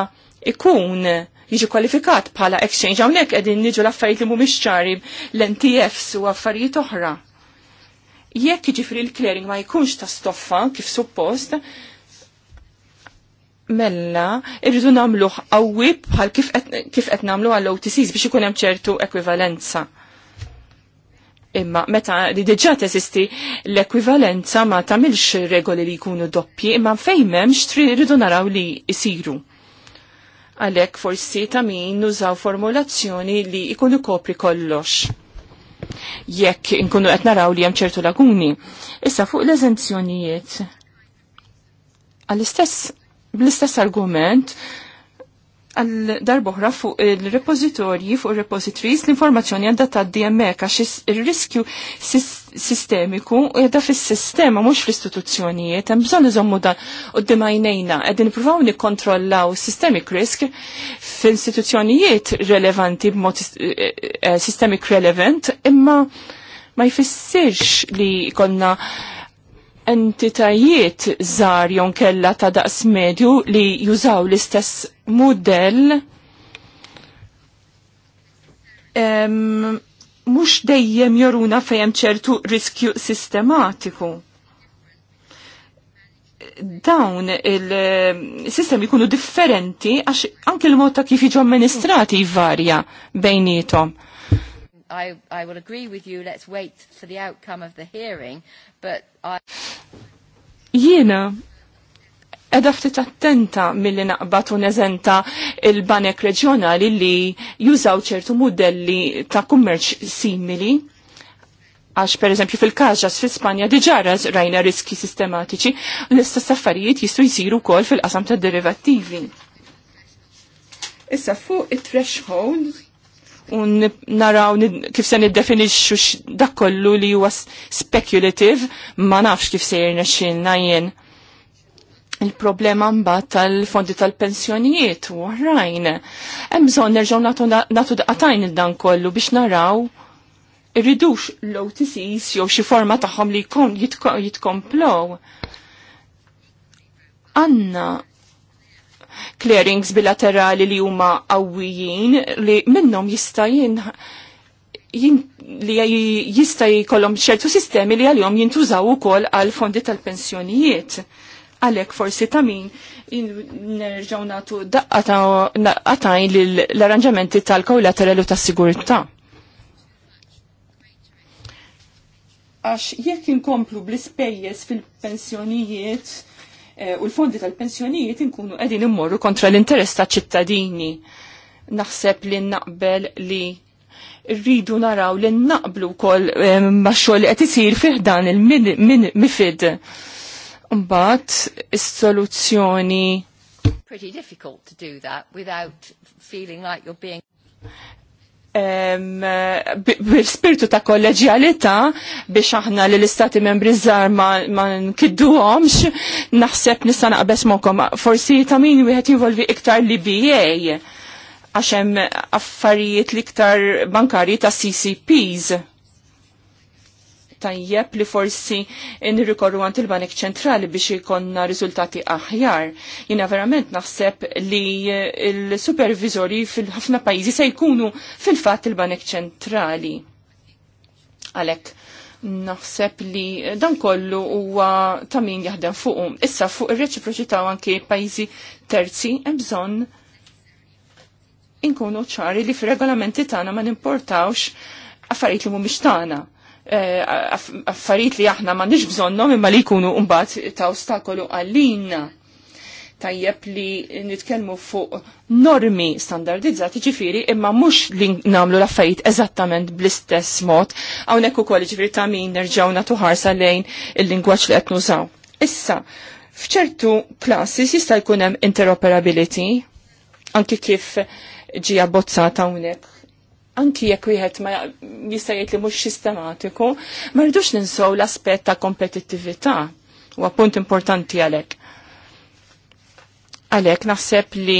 ikun jiġi kwalifikat bħala exchange hawnhekk edin niġu l-affarijiet li mhumiex ċari l-NTFs u affarijiet oħra. Jekk jiġifri l-clearing ma jkunx ta' stoffa kif suppost, mella irridu namluħ għawib bħal kif qed nagħmlu għall-OTCs biex ikun hemm ċertu ekwivalenza. Imma meta li diġa teżisti l-ekwivalenza ma tamilx regoli li jkunu doppji, imma fejn memx tridu naraw li jisiru. Għalek forsi ta' min nużaw formulazzjoni li jkunu kopri kollox. Jekk inkunu qed naraw li hemm ċertu laguni. Issa fuq l-eżenzjonijiet. Għall-istess bl-istess argument għal darboħra fuq il-repozitorji fuq il-repositories l-informazzjoni għadda ta' DMK e, għax il-riskju sistemiku għadda fis sistema mux fl-istituzzjonijiet, hemm bżonn iżommu dan u d-dimajnejna għedin provaw nikkontrollaw systemic risk fil-istituzzjonijiet relevanti b'mod systemic eh, eh, eh, relevant imma ma jfissirx li konna entitajiet żar jonkella ta' daqs medju li jużaw l-istess model mux dejjem joruna fejem ċertu riskju sistematiku. Dawn il-sistemi eh, jkunu differenti għax anke l-mod ta' kif jiġu amministrati varja bejnietom. I, I will agree with you, let's wait for the outcome of the hearing, but I... Jiena, edha ftit attenta mill-li u neżenta il-banek reġjonali li jużaw ċertu modelli ta' kummerċ simili għax per eżempju fil-kaġas fil-Spanja diġara rajna riski sistematiċi, l-istess affarijiet jistu jisiru kol fil-qasam ta' derivattivi. Issa fuq it-threshold un naraw kif se niddefinixxu dak kollu li huwa speculative ma nafx kif se jirnexxilna jien. Il-problema mbagħad tal-fondi tal-pensjonijiet u oħrajn. Hemm bżonn nerġgħu nagħtu daqatajn dan kollu biex naraw irridux l-OTCs jew xi forma tagħhom li jitkomplow. Anna clearings bilaterali li huma qawwijin li minnhom jista' li jistaj kolom ċertu sistemi li għal-jom jintużaw ukoll għal fondi tal-pensjonijiet għalek forsi ta' min nerġaw natu daqqatajn l-arranġamenti tal-kawlaterali ta' sigurta. Għax jekk inkomplu bl-ispejjeż fil-pensjonijiet Eh, u l-fondi tal-pensjonijiet inkunu qegħdin immorru kontra l-interess ta' ċittadini. Naħseb li naqbel li rridu naraw li naqblu wkoll eh, ma' xogħol qed isir fih dan il-mifid. Mbagħad is-soluzzjoni pretty difficult to do that without feeling like you're being bil-spirtu ta' kolleġjalità biex aħna li l-istati membri żgħar ma nkidduhomx, naħseb nista' naqbes mokom forsi ta' min wieħed jinvolvi iktar li BA għax hemm affarijiet l-iktar bankarji ta' CCPs tajjeb li forsi nirrikorru għant il-Banek Ċentrali biex ikonna riżultati aħjar. Jina verament naħseb li il-supervizori fil-ħafna pajjiżi se jkunu fil-fatt il-Banek Ċentrali. Għalek, naħseb li dan kollu huwa ta' min jaħdem fuqhom. Issa fuq ir-reċiproċità anke pajjiżi terzi hemm bżonn inkunu ċari li fir-regolamenti tagħna ma nimportawx affarijiet li mhumiex tagħna. Eh, affarijiet li aħna m'għandix bżonnhom imma li jkunu mbagħad ta' ostakolu għalina. Tajjeb li nitkellmu fuq normi standardizzati ġifiri imma mhux li nagħmlu l-affarijiet eżattament bl-istess mod hawnhekk ukoll ġifiri ta' min nerġgħu natu ħarsa lejn il-lingwaġġ li qed nużaw. Issa, fċertu klassis jista' jkun hemm interoperability, anki kif ġija abbozzata hawnhekk anki jekk wieħed ma jista' jgħid li mhux sistematiku, ma rridux ninsew l-aspett ta' kompetittività huwa punt importanti għalhekk. Għalhekk naħseb li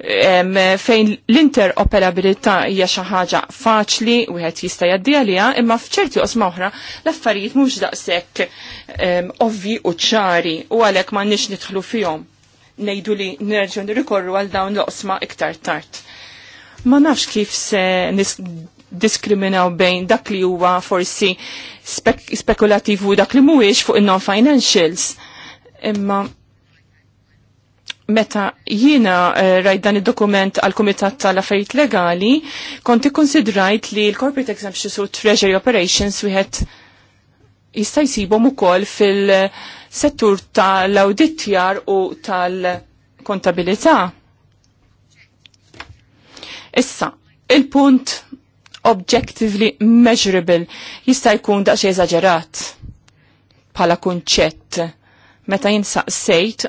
em, fejn l-interoperabilità hija xi ħaġa faċli wieħed jista' jgħaddi għaliha, imma f'ċerti osma oħra l-affarijiet mhux daqshekk ovvi u ċari u għalhekk m'għandniex nidħlu fihom ngħidu li nerġgħu nirrikorru għal dawn l-oqsma iktar tard Ma nafx kif se diskriminaw bejn dak li huwa forsi spek spekulativu dak li mhuwiex fuq in-non-financials. Imma meta jiena uh, rajt dan id-dokument għal kumitat tal-affarijiet legali, konti konsidrajt li l-corporate exemptions u treasury operations wieħed jista' jsibhom ukoll fil-settur tal auditjar u tal-kontabilità Issa, il-punt objectively measurable jista' jkun daċi eżaġerat bħala kunċett meta jinsaqsejt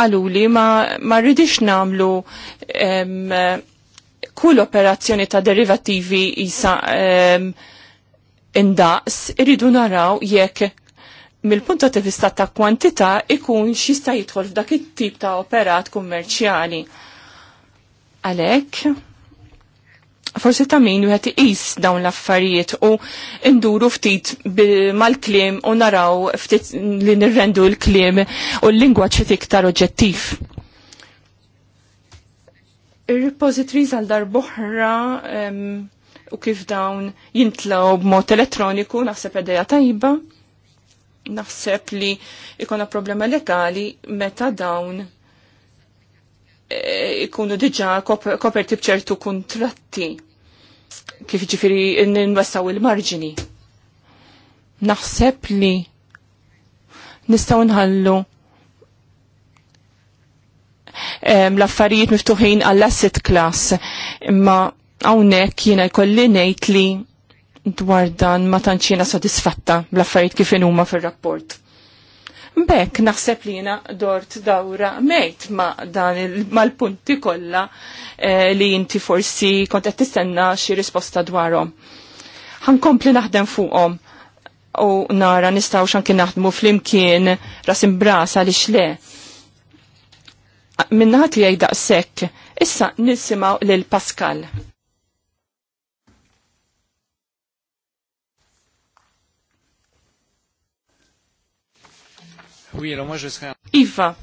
għaluli ma, ma rridix namlu um, kull operazzjoni ta' derivativi jisa um, indaqs irridu naraw jekk mill-punt ta' vista ta' kwantita ikun xista jidħol f'dak it-tip ta' operat kummerċjali. Għalhekk, forsi ta' min wieħed iqis dawn l-affarijiet u nduru ftit mal-kliem u naraw ftit li nirrendu l-kliem u l lingwa ftit iktar oġġettiv. Ir-repositories għal darboħra u kif dawn jintlaw b'mod elettroniku naħseb għadeja tajba, naħseb li ikona problema legali meta dawn eh, ikunu diġa koperti bċertu kontratti kif ġifiri n-investaw il-marġini. Naħseb li nistaw nħallu l-affarijiet miftuħin għall-asset class, imma għawnek jina jkolli nejt li dwar dan ma tantx sodisfatta bl-affarijiet kif huma fir-rapport. Bekk naħseb li jina dort dawra mejt ma dan mal-punti kollha eh, li inti forsi kont qed tistenna xi risposta dwarhom. kompli naħdem fuqhom u nara xan kien naħdmu flimkien rasim brasa li xle. Minnaħat li jgħidaq sekk, issa nisimaw l Pascal. Iva,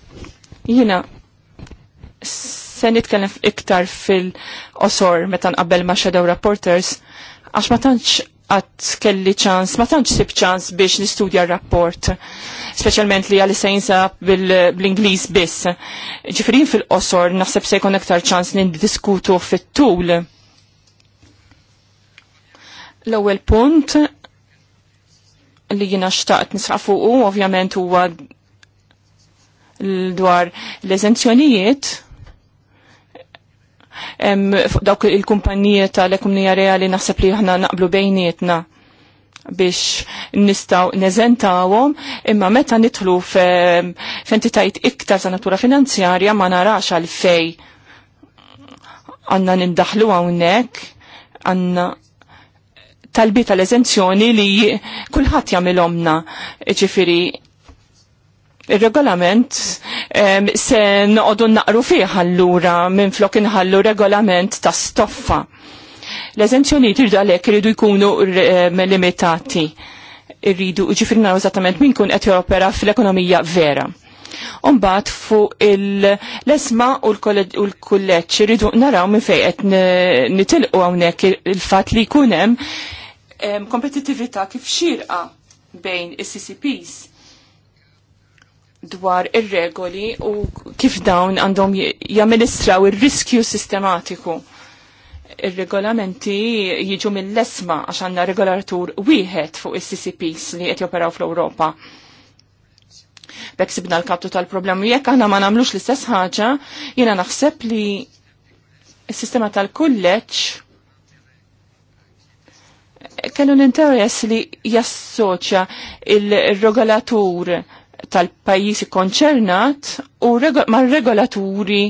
jina, se nitkellem iktar fil-osor meta nqabbel ma' Shadow Reporters, għax ma tantx għat kelli ċans, ma tantx sib ċans biex nistudja rapport, specialment li għalli sejnsa bil-Inglis biss. Ġifirin fil-qosor, naħseb se jkun iktar ċans nindiskutu fit-tul. L-ewwel punt li jina xtaqt nisraq fuqu, ovvjament huwa dwar l ezenzjonijiet dawk il-kumpanija tal ekumnija reali naħseb li aħna naqblu bejnietna biex nistaw neżentawhom imma meta nidħlu fentitajiet iktar ta' natura finanzjarja ma narax għal fej għanna nindaħlu hawnhekk għanna talbita l eżenzjoni li kullħat jagħmilhomna ġifieri il-regolament um, se noqogħdu naqru fih allura minn flok inħallu regolament ta' stoffa. L-eżenzjonijiet tirdu għalhekk iridu jkunu limitati. Irridu ġifir naraw eżattament min kun qed jopera fl-ekonomija vera. Umbat fuq l-esma u l kolleċ irridu naraw minn fejn qed nitilqu hawnhekk il-fatt li jkun hemm kompetitività kif xirqa bejn is-CCPs dwar ir-regoli u kif dawn għandhom jamministraw ir-riskju sistematiku. Ir-regolamenti jiġu mill-esma għax għandna regolatur wieħed fuq is-CCPs li qed joperaw fl-Ewropa. Bek sibna l-kaptu tal-problemi jekk aħna ma nagħmlux l-istess ħaġa, jiena naħseb li s-sistema tal-kulleġġ kellu l-interess li jassoċja il-regolatur tal-pajjiżi konċernat u rego mar-regolaturi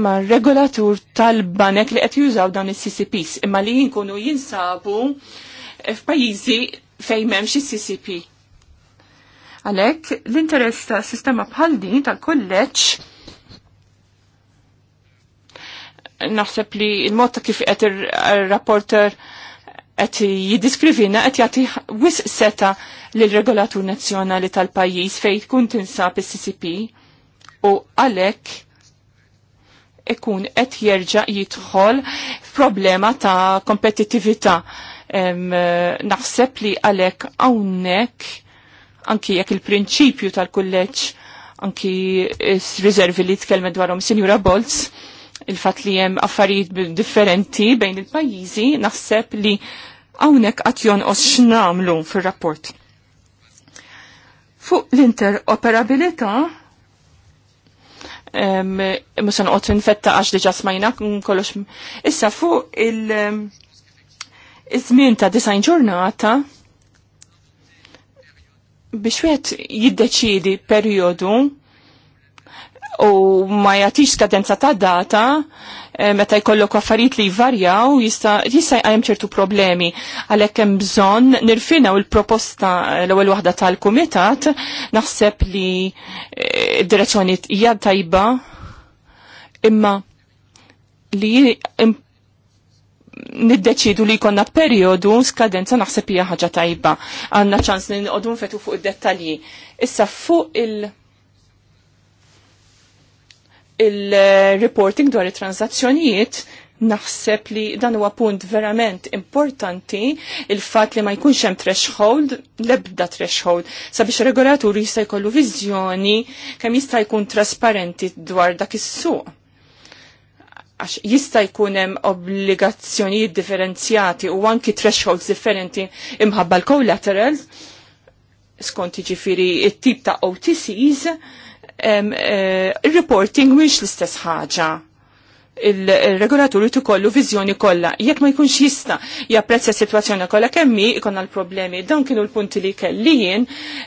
ma' regolatur tal-banek li qed jużaw dawn is-CCPs imma li jinkunu jinsabu f'pajjiżi fejn m'hemmx is-CCP. Għalhekk l-interess ta' sistema bħal din tal-kolleġġ naħseb li il-mod ta' kif qed ir-rapporter qed jidiskrivina qed jagħti wis seta l regolatur nazzjonali tal-pajjiż fejn tkun tinsab is-CCP u għalhekk ikun qed jerġa' jidħol f'problema ta' kompetittività. Naħseb li għalhekk hawnhekk anki jekk il-prinċipju tal-kulleġġ anki s-riservi li t-kelme dwarhom Sinjura Bolz, il-fat li hemm affarijiet differenti bejn il-pajjiżi, naħseb li hawnhekk għatjon os x'namlu fir-rapport. Fuq l-interoperabilità musan għot noqgħod infetta għax diġà smajna kollox. Issa fuq il- zmin żmien ta' disajn ġurnata biex wieħed jiddeċidi perjodu u ma jagħtix skadenza ta' data Eh, meta jkollok affarijiet li jvarjaw jista' jista' jqajjem ċertu problemi għalhekk hemm bżonn nirfinaw il-proposta l-ewwel waħda tal-kumitat naħseb li d-direzzjoni eh, hija tajba imma li niddeċidu li konna periodu skadenza naħseb hija ħaġa tajba. Għandna ċans li nqogħdu nfetu fuq id-dettalji. Issa fuq il- il-reporting dwar it-transazzjonijiet naħseb li dan huwa punt verament importanti il-fatt li ma jkunx hemm threshold, l-ebda threshold, sabiex regolatur jista' jkollu viżjoni kemm jista' jkun trasparenti dwar dak is-suq. Għax jista' jkun hemm obbligazzjonijiet differenzjati u anki thresholds differenti imħabba l-collaterals skont jiġifieri it-tip ta' OTCs Eh, il-reporting mhix l-istess ħaġa il-regolaturi kollu viżjoni kollha. Jekk ma jkunx jista' japprezza s-sitwazzjoni kollha kemm hi ikonna l-problemi. Dawn kienu l-punti li kelli jien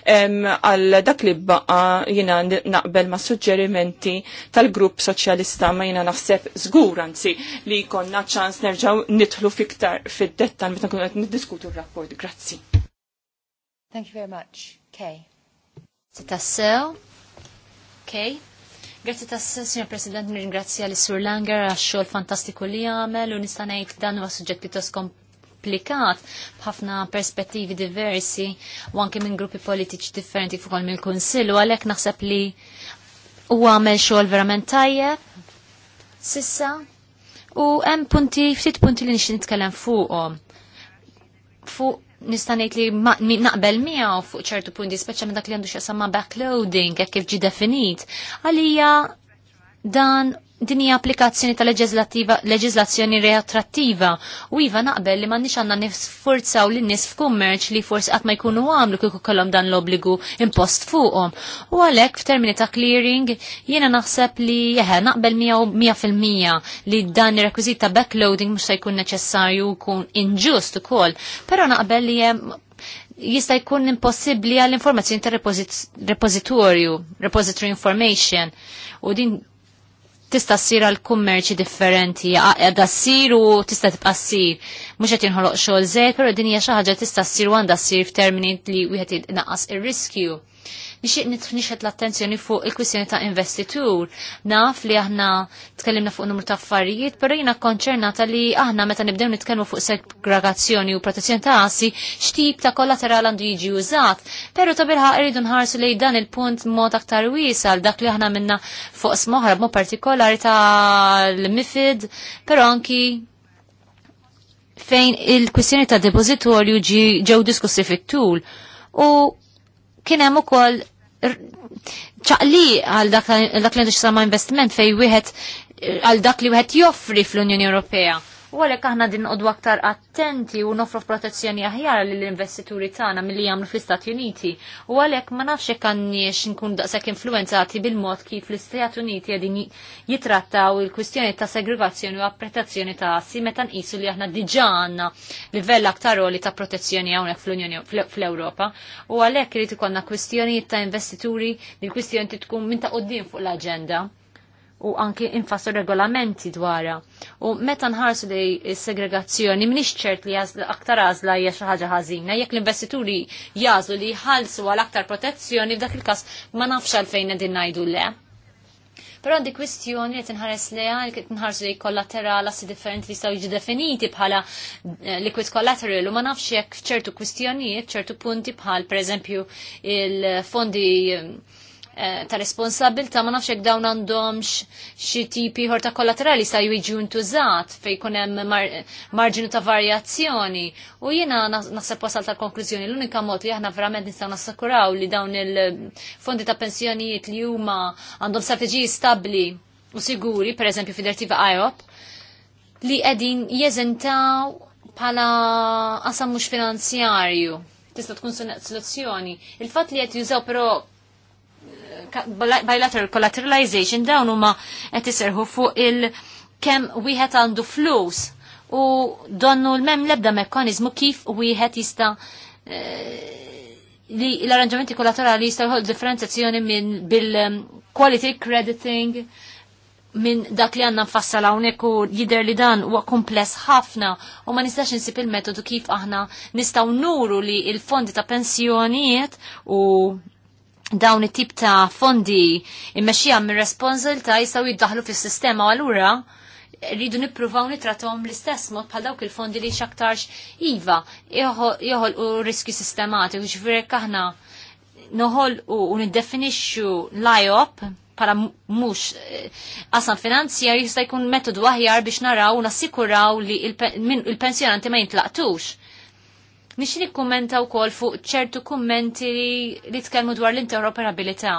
għal dak li baqa' jiena naqbel ma' suġġerimenti tal-grupp soċjalista ma jiena naħseb zgur anzi li jkollna ċans nerġgħu nidħlu fiktar fid-dettal meta nkunu qed niddiskutu r-rapport. Grazzi. Thank you very much. Kay. Sitassew. Okay. Grazzi ta' Signor President, ringrazzja li Sur Langer għax-xogħol fantastiku li għamel u nista' ngħid dan huwa suġġett pjuttost komplikat b'ħafna perspettivi diversi u anke minn gruppi politiċi differenti fuq mill-Kunsill u għalhekk naħseb li huwa għamel xogħol verament tajjeb. Sissa, u hemm punti, ftit punti li nixtieq nitkellem fuqhom. Fuq nista' ngħid li naqbel miegħu fuq ċertu punti, minn dak li għandu xi ma' backloading hekk kif ġi definit, għalija dan dinja applikazzjoni ta' leġizlazzjoni reattrattiva u iva naqbel li nix għanna u l nis f'kummerċ li forsi qatt ma jkunu għamlu kiku kollhom dan l-obbligu impost fuqhom. U għalhekk f'termini ta' clearing jiena naħseb li jeħe naqbel 100% li dan ir-rekwiżit ta' backloading mhux se jkun neċessarju jkun inġust ukoll, però naqbel li hemm jista' jkun impossibbli għall-informazzjoni ta' repozitorju, repository information u din tista' ssir għal kummerċi differenti, għadda ssir u tista' tibqa' ssir. Mhux qed jinħoloq xogħol żejt, però din hija xi ħaġa tista' ssir u għandha ssir f'termini li wieħed inqas ir-riskju. Nixiq nitfnixet l-attenzjoni fuq il-kwissjoni ta' investitur. Naf li aħna tkellimna fuq numru ta' affarijiet, pero jina konċernata li aħna meta nibdew nitkellmu fuq segregazzjoni u protezzjoni ta' assi, xtip ta' kollateral għandu jiġi użat. Pero ta' bilħa irridu nħarsu li dan il-punt mod aktar wisal dak li aħna minna fuq smoħra b'mod partikolari ta' l-mifid, pero anki fejn il-kwissjoni ta' depozitorju ġew diskussi fit-tul u kien hemm ukoll ċaqli għal dak li għandu xisama investiment fej wieħed għal dak li wieħed joffri fl-Unjoni Ewropea. U għalhekk aħna din qogħdu aktar attenti u nofru protezzjoni aħjar lill investituri tagħna milli jagħmlu fl-Istati Uniti. U għalhekk ma nafx hekk għandniex nkun daqshekk influenzati bil-mod kif l-Istati Uniti qegħdin jitrattaw il-kwistjoni ta' segregazzjoni u appretazzjoni ta' assi meta nqisu li aħna diġà għandna livell aktar li ta' protezzjoni hawnhekk fl-Unjoni fl-Ewropa. U għalhekk irid ikollna kwistjonijiet ta' investituri, l kwistjoni tkun minn ta' quddiem fuq l-aġenda u anki infassu regolamenti dwarha. U meta nħarsu li segregazzjoni minix ċert li aktar għażla hija xi ħaġa ħażina, jekk l-investituri jażlu li jħallsu għal aktar protezzjoni f'dak il-każ ma nafx għalfejn qegħdin ngħidu le. Però għandi kwistjoni li tinħares għal, li tinħarsu li kollateral assi differenti li staw jiġu definiti bħala eh, liquid collateral u ma nafx jekk f'ċertu kwistjonijiet, ċertu punti bħal pereżempju il-fondi Eh, ta' responsabilta ma nafx jekk dawn għandhomx xi tipi ħor ta' kollaterali sa' jiġu ntużat fej kunem hemm marġinu ta' varjazzjoni. U jiena naħseb wasal tal-konklużjoni l-unika mod li aħna verament nistgħu nassakuraw li dawn il-fondi ta' pensjonijiet li huma għandhom strateġiji stabbli u siguri, pereżempju eżempju direttiva IOP, li qegħdin jeżentaw bħala għasam mhux finanzjarju tista' tkun soluzzjoni. Il-fatt li qed jużaw però bilateral collateralization dawn huma qed iserħu fuq il kemm wieħed għandu flus u donnu l-mem lebda mekkanizmu kif wieħed jista' eh, li l-arranġamenti kollaterali jista' jħol differenzjazzjoni minn bil-quality crediting minn dak li għanna nfassal hawnhekk u jidher li dan huwa kumpless ħafna u ma nistax insib il-metodu kif aħna nistgħu nuru li il-fondi ta' pensjonijiet u dawn it-tip ta' fondi immexxija minn ta' jistgħu jiddaħlu fis-sistema allura rridu nippruvaw nitratom l-istess mod bħal dawk il-fondi li xaktarx iva joħol u riskju sistematiku ġifirek aħna noħol u niddefinixxu l-IOP bħala mhux eh, qasam finanzjar jista' jkun metodu aħjar biex naraw nassikuraw li il-pensjonanti ma jintlaqtux. Nix nikkummenta u kol fuq ċertu kummenti li tkellmu dwar l-interoperabilità.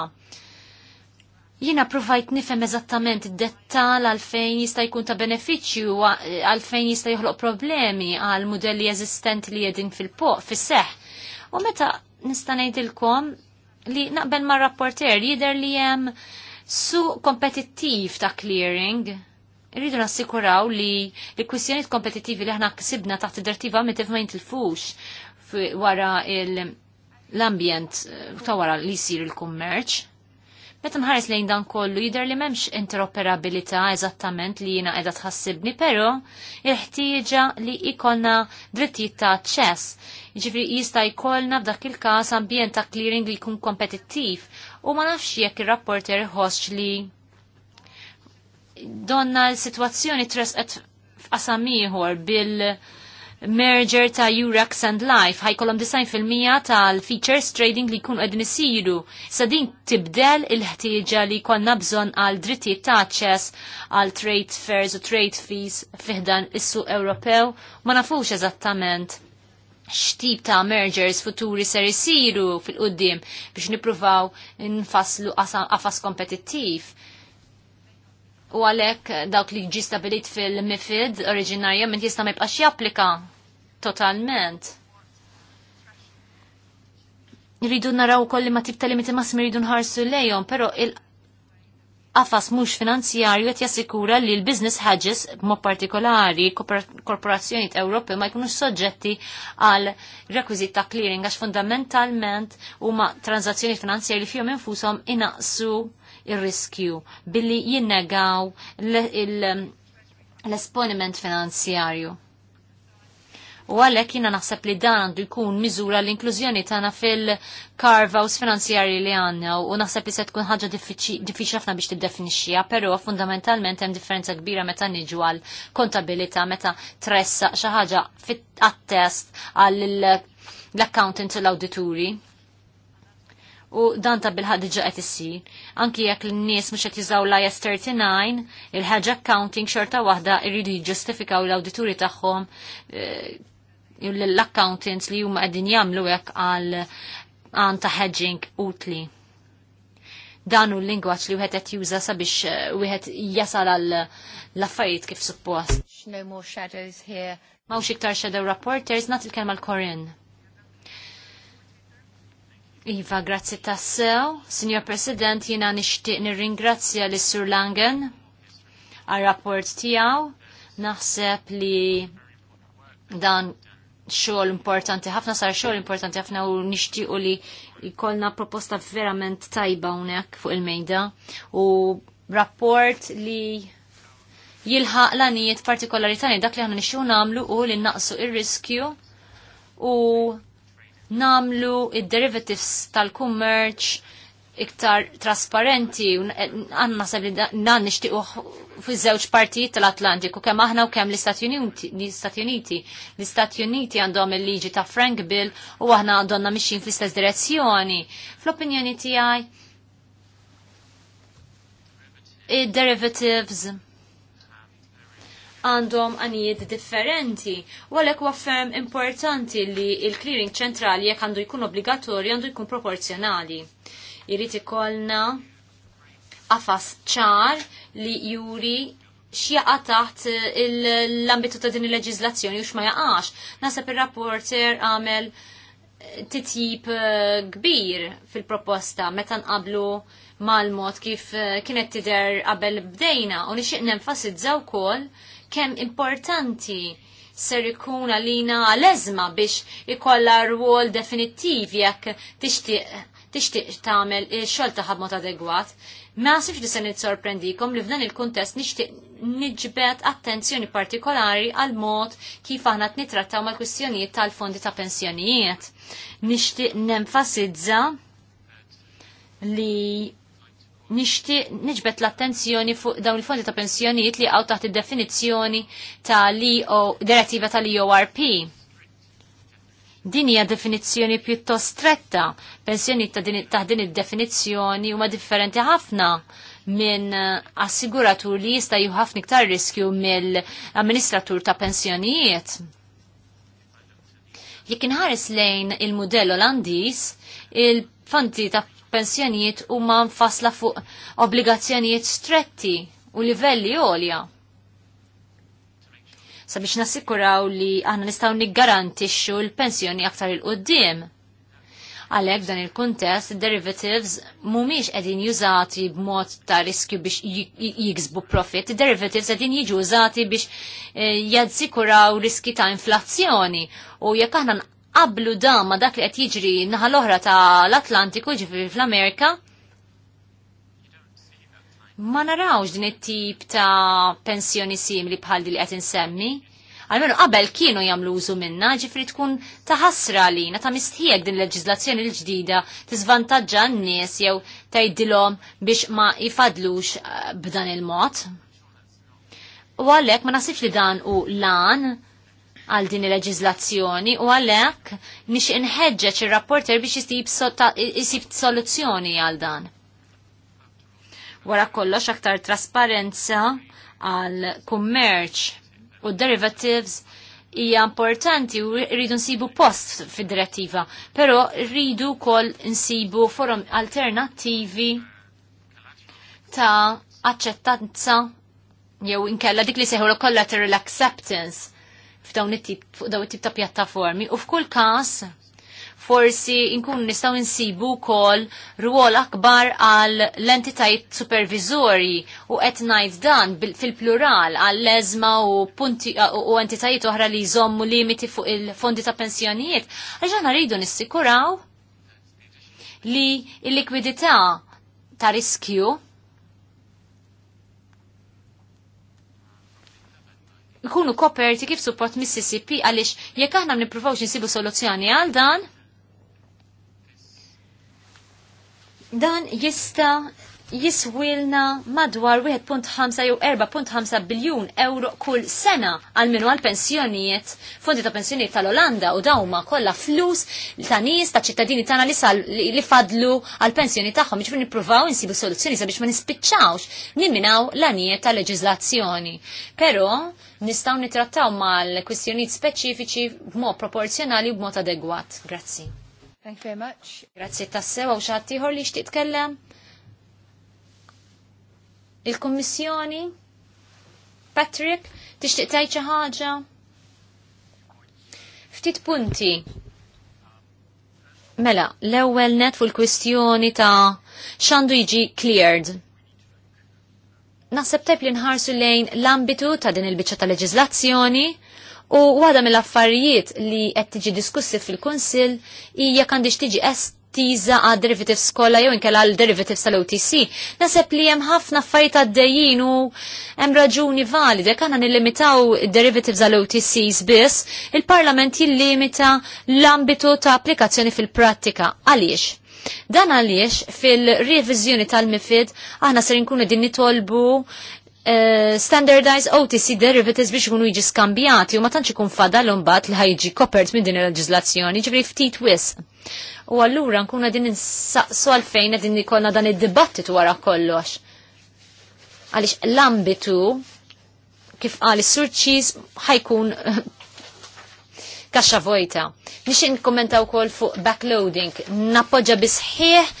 Jina provajt nifem eżattament dettal għalfejn jista' jkun ta' benefiċċju għalfejn jista' joħloq problemi għal modelli eżistenti li jedin fil-poq, fis-seħ. U meta nista' ngħidilkom li naqbel ma' rapporter jider li hemm su kompetittiv ta' clearing Irridu nassikuraw li l-kwistjoniet kompetitivi li aħna ksibna taħt id-direttiva ma tifma jintilfux wara l-ambjent eh, ta' wara li jsir il-kummerċ. Meta nħares lejn dan kollu jidher li m'hemmx interoperabilità eżattament li jiena qiegħda tħassibni, però il-ħtieġa li ikolna drittijiet ta' aċċess. Jiġifieri jista' jkollna f'dak il-każ ambjent ta' clearing li jkun kompetittiv u ma nafx jekk ir-rapporter ħoss li donna l-situazzjoni tresqet f'qasam ieħor bil-merger ta' Urax and Life ħajkolhom 90% tal-features trading li jkunu għedni isiru. Sa din tibdel il-ħtieġa li konna bżonn għal drittijiet ta' aċċess għal trade fairs u trade fees fiħdan is-suq Ewropew ma nafux eżattament xtib ta' mergers futuri ser isiru fil-qoddim biex nipruvaw nfasslu qafas kompetittiv u għalhekk dawk li ġi stabilit fil-MIFID minn jista' ma jibqax japplika totalment. Rridu naraw kolli ma tibta ta' limiti massimi rridu nħarsu lejon, però il qafas mhux finanzjarju qed jassikura li l-business ħagġis b'mod partikolari korporazzjonijiet Ewropi ma jkunux soġġetti għal rekwiżit ta' clearing għax fundamentalment huma tranzazzjoni finanzjarji li fihom infushom inaqsu il riskju billi jinnegaw l-esponiment finanzjarju. U għalhekk jiena naħseb li dan għandu jkun miżura l-inklużjoni tagħna fil carve finanzjarji li għandna u naħseb li se tkun ħaġa diffiċli ħafna biex tiddefinixxiha, però fundamentalment hemm differenza kbira meta niġu għal kontabilità meta tressa xi ħaġa fit-attest għall l-accountant u l-awdituri u dan ta' bil-ħadġa qed issir. Anki jekk l-nies mhux qed jużaw l-IS 39, il-ħaġa accounting xorta waħda jridu jiġġustifikaw l-awdituri tagħhom eh, l-accountants li huma qegħdin jagħmlu hekk għal għan ta' hedging utli. Dan hu l-lingwaġġ li wieħed qed juża sabiex eh, wieħed jasal għal l-affarijiet kif suppost. No more shadows here. Mawx iktar shadow reporters, nagħti il korin Iva, grazzi tassew. Signor President, jina nishtiq nirringrazzja li Sur Langen għal rapport tijaw. Naħseb li dan xogħol importanti ħafna sar xogħol importanti ħafna u nixtiequ li jkollna proposta verament tajba hawnhekk fuq il-mejda u rapport li jilħaq l-anijiet partikolari tani dak li ħana nixtiequ nagħmlu u li naqsu ir-riskju u namlu id-derivatives tal-kummerċ iktar trasparenti eh, għanna sab li dan nishtiqu fi żewġ partijiet tal-Atlantiku kemm aħna u kemm l-Istati Uniti. L-Istati Uniti għandhom il-liġi ta' Frank Bill u aħna għandhom mixin fl-istess direzzjoni. Fl-opinjoni tiegħi il derivatives għandhom għanijiet differenti. U għalek waffem importanti li il-clearing ċentrali jek għandu jkun obbligatorju għandu jkun proporzjonali. Irrit ikollna għafas ċar li juri xjaqa taħt l-ambitu ta' din il-leġizlazzjoni u xma jaqax. Nasab il-rapporter għamel titjib eh, kbir fil-proposta meta nqablu mal-mod kif eh, kienet tider qabel bdejna u nixtieq nenfasizza wkoll kemm importanti ser ikun għalina għal-ezma biex ikolla rwol definitiv jekk tixtieq tagħmel ix-xogħol taħab mot adegwat. Ma sifx li se sorprendikom li f'dan il-kuntest nixtieq niġbed attenzjoni partikolari għal mod kif aħna tnitrattaw mal-kwistjonijiet tal-fondi ta' pensjonijiet. Nixtieq nenfasizza li nixtieq niġbet l-attenzjoni fuq dawn il-fondi ta' pensjonijiet li għaw taħt id-definizzjoni ta' direttiva tal-EORP. Din hija definizzjoni pjuttost stretta. Pensjonijiet ta' din id-definizzjoni huma differenti ħafna minn eh, assiguratur li jista' ħafna iktar riskju mill-amministratur ta' pensjonijiet. Jekk inħares lejn il-mudell Olandiż, il-fondi ta' pensjonijiet huma mfassla fuq obbligazzjonijiet stretti u livelli għolja. Sabiex nasikuraw li aħna nistgħu niggarantixxu l-pensjoni aktar il-qoddim. Għalhekk dan il-kuntest, derivatives mhumiex edin jużati b'mod ta' riskju biex jiksbu profit, derivatives qegħdin jiġu użati biex eh, jadzikuraw riski ta' inflazzjoni u jekk aħna qablu dan ma dak li qed jiġri naħa l-oħra tal-Atlantiku ġifi fl-Amerika, ma narawx din it-tip ta' pensjoni simili bħal li qed insemmi. Almenu qabel kienu jagħmlu użu minna, ġifri tkun ta' ħasra lina ta' mistħieg din leġiżlazzjoni l-ġdida tiżvantaġġa n-nies jew tgħidilhom biex ma jifadlux eh, b'dan il-mod. U għalhekk ma nasibx li dan u lan għal din il-leġizlazzjoni u għalhekk nix inħeġġeġ ir-rapporter biex jisib soluzzjoni għal dan. Wara kollox aktar trasparenza għal kummerċ u derivatives hija importanti u rridu nsibu post fid-direttiva, però rridu kol nsibu forum alternattivi ta' aċċettanza jew inkella dik li seħu collateral acceptance f'dawn it-tip fuq dawn it-tip ta' pjattaformi u f'kull każ forsi nkun nistgħu insibu wkoll rwol akbar għal l-entitajt supervizori u qed ngħid dan fil-plural għal leżma u punti u entitajiet oħra li jżommu limiti fuq il-fondi ta' pensjonijiet. Għaxan rridu nissikuraw li l-likwidità ta' riskju ikunu koperti kif support Mississippi għalix għaliex jekk aħna nippruvawx nsibu soluzzjoni għal dan, dan jista' jiswilna madwar 1.5 jew 4.5 biljun euro kull sena għal minu għal pensjonijiet, fondi ta' pensjonijiet tal-Olanda u dawma kollha flus ta' nies ta' ċittadini tagħna li, sal, li fadlu għal pensjoni tagħhom biex nippruvaw insibu soluzzjoni sabiex ma nispiċċawx niminaw l-anijiet ta' leġiżlazzjoni. Però nistgħu nitrattaw mal-kwistjonijiet speċifiċi b'mod proporzjonali u b'mod adegwat. Grazzi. Thank you very much. Grazzi tassew għaw xattiħor li xtitkellem. Il-Kummissjoni? Patrick, tixtieq tgħid xi ħaġa? Ftit punti. Mela, l-ewwel net fuq il-kwistjoni ta' x'għandu jiġi cleared. Naħseb tajb li nħarsu lejn l-ambitu ta' din il-biċċa ta' leġiżlazzjoni u waħda mill-affarijiet li qed tiġi diskussi fil-Kunsill hija kandix tiġi est tiża għad derivative skola jew inkella għal derivative tal-OTC. Naseb li hemm ħafna affarijiet għaddejjin u hemm raġuni validi kanna għandna nillimitaw derivatives għal OTCs biss, il-Parlament jillimita l-ambitu ta' applikazzjoni fil-prattika. Għaliex? Dan għaliex fil-revizjoni tal-mifid aħna ser nkunu din nitolbu Eh, standardized OTC derivatives biex kunu jiġi skambjati u ma tantx ikun fada l mbagħad li ħajġi kopert minn din il-leġiżlazzjoni ġifri ftit wis. U allura nkunu din insaqsu għalfejn qegħdin ikollna dan id-dibattitu wara kollox. Għaliex l-ambitu kif qal is-surċiż ħajkun kaxa vojta. Nix inkommenta wkoll fuq backloading, nappoġġa bisħieħ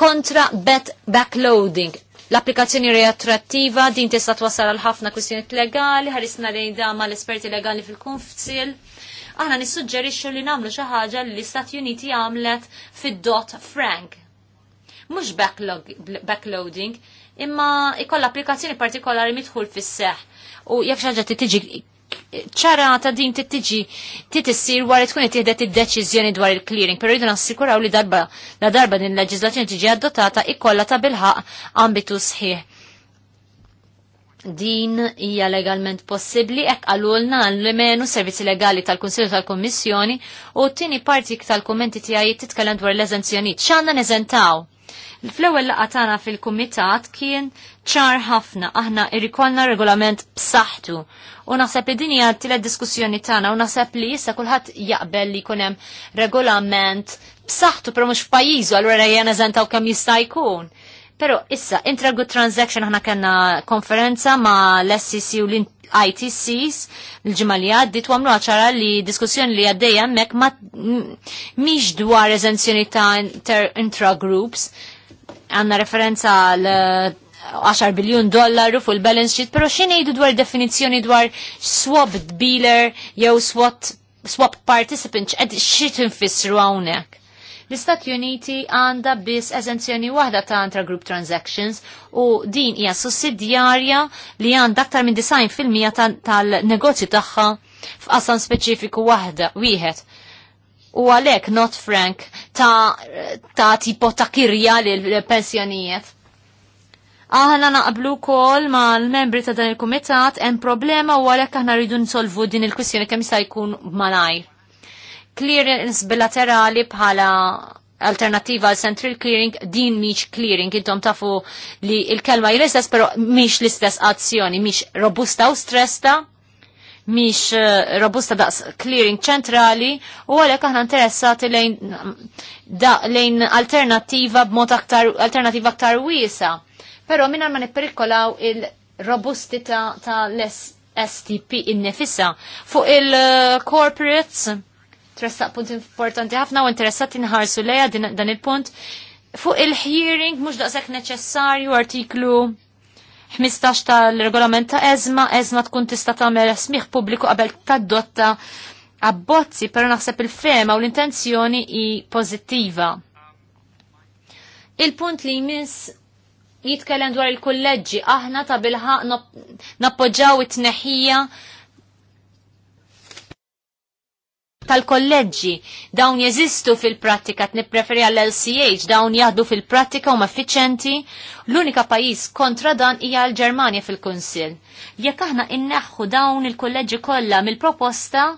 kontra bet backloading l-applikazzjoni reattrattiva din tista' twassal għal ħafna kwistjonijiet legali, ħarisna da mal-esperti legali fil-kunfsil. Aħna nissuġġerixxu li nagħmlu xi ħaġa li l-Istati Uniti għamlet fid-dot Frank. Mhux backloading, imma ikolla applikazzjoni partikolari midħul fis-seħ u jekk xi ħaġa tiġi Ċara ta' din tittiġi titissir wara tkun qed tieħdet id-deċiżjoni dwar il-clearing, però jridu nassikuraw li darba la darba din l-leġiżlazzjoni tiġi adottata ikkolla ta' bilħaq ambitu sħiħ. Din hija legalment possibbli hekk għalulna li menu servizzi legali tal konsilju tal-Kommissjoni u t-tieni parti tal-kummenti tiegħi titkellem dwar l-eżenzjonijiet. X'għandna neżentaw? Fl-ewwel laqgħa tagħna fil-kumitat kien ċar ħafna aħna irrikolna regolament b'saħħtu u naħseb li din hija għat-tilet diskussjoni tagħna u naħseb li issa kulħadd jaqbel li jkun hemm regolament b'saħħtu però mhux f'pajjiżu allura jgħan eżentaw kemm jista' jkun. Pero issa, intra-good transaction ħana kena konferenza ma l-SCC u l-ITCs l ġimgħa li għaddit u għamlu ċara li diskussjoni li għaddeja mek ma mhix dwar eżenzjoni ta' intra-groups, għanna referenza għal 10 eh, biljun dollaru fuq il-balance sheet, pero xin jgħidu dwar definizjoni dwar swap dealer jew swap, swap participant, xed xit infissru għawnek. L-Istati Uniti għanda biss eżenzjoni waħda ta' antra group transactions u din hija sussidjarja li għanda aktar minn 90% tal-negozju ta tagħha f'qasam speċifiku waħda wieħed. U għalhekk Not Frank ta', ta tipo ta' kirja l-pensjonijiet. Aħna naqblu kol ma l-membri ta' dan il-komitat hemm problema u għalhekk aħna rridu nsolvu din il kwissjoni kemm jista' jkun malajr. Clearance bilaterali bħala alternativa għal central clearing din miex clearing intom tafu li il-kelma jil-istess pero miex l-istess azzjoni miex robusta u stresta miex eh, robusta daqs clearing ċentrali u għalek aħna interessati lejn, da, lejn alternativa b'mod aktar, alternativa aktar wiesa. Pero minna ma nipperikolaw il-robustita ta' l-STP innifissa fuq il-corporates. tressa punt importanti ħafna u interessati nħarsu leja dan il-punt fuq il-hearing mux daqsek neċessarju artiklu 15 tal-regolament ta' ezma, ezma tkun tista' tagħmel smih pubbliku qabel tad-dotta abbozzi, però naħseb il-fema u l-intenzjoni hi pożittiva. Il-punt li jmiss jitkellem dwar il-kolleġġi, aħna ta' bilħaq nappoġġaw it-tneħħija tal-kolleġġi. Dawn jeżistu fil-prattika, t nippreferi għall-LCH, dawn jaħdu fil-prattika u effiċenti. L-unika pajis kontra dan hija l-Ġermanja fil-Kunsil. Jekk aħna inneħħu dawn il-kolleġġi kollha mill-proposta,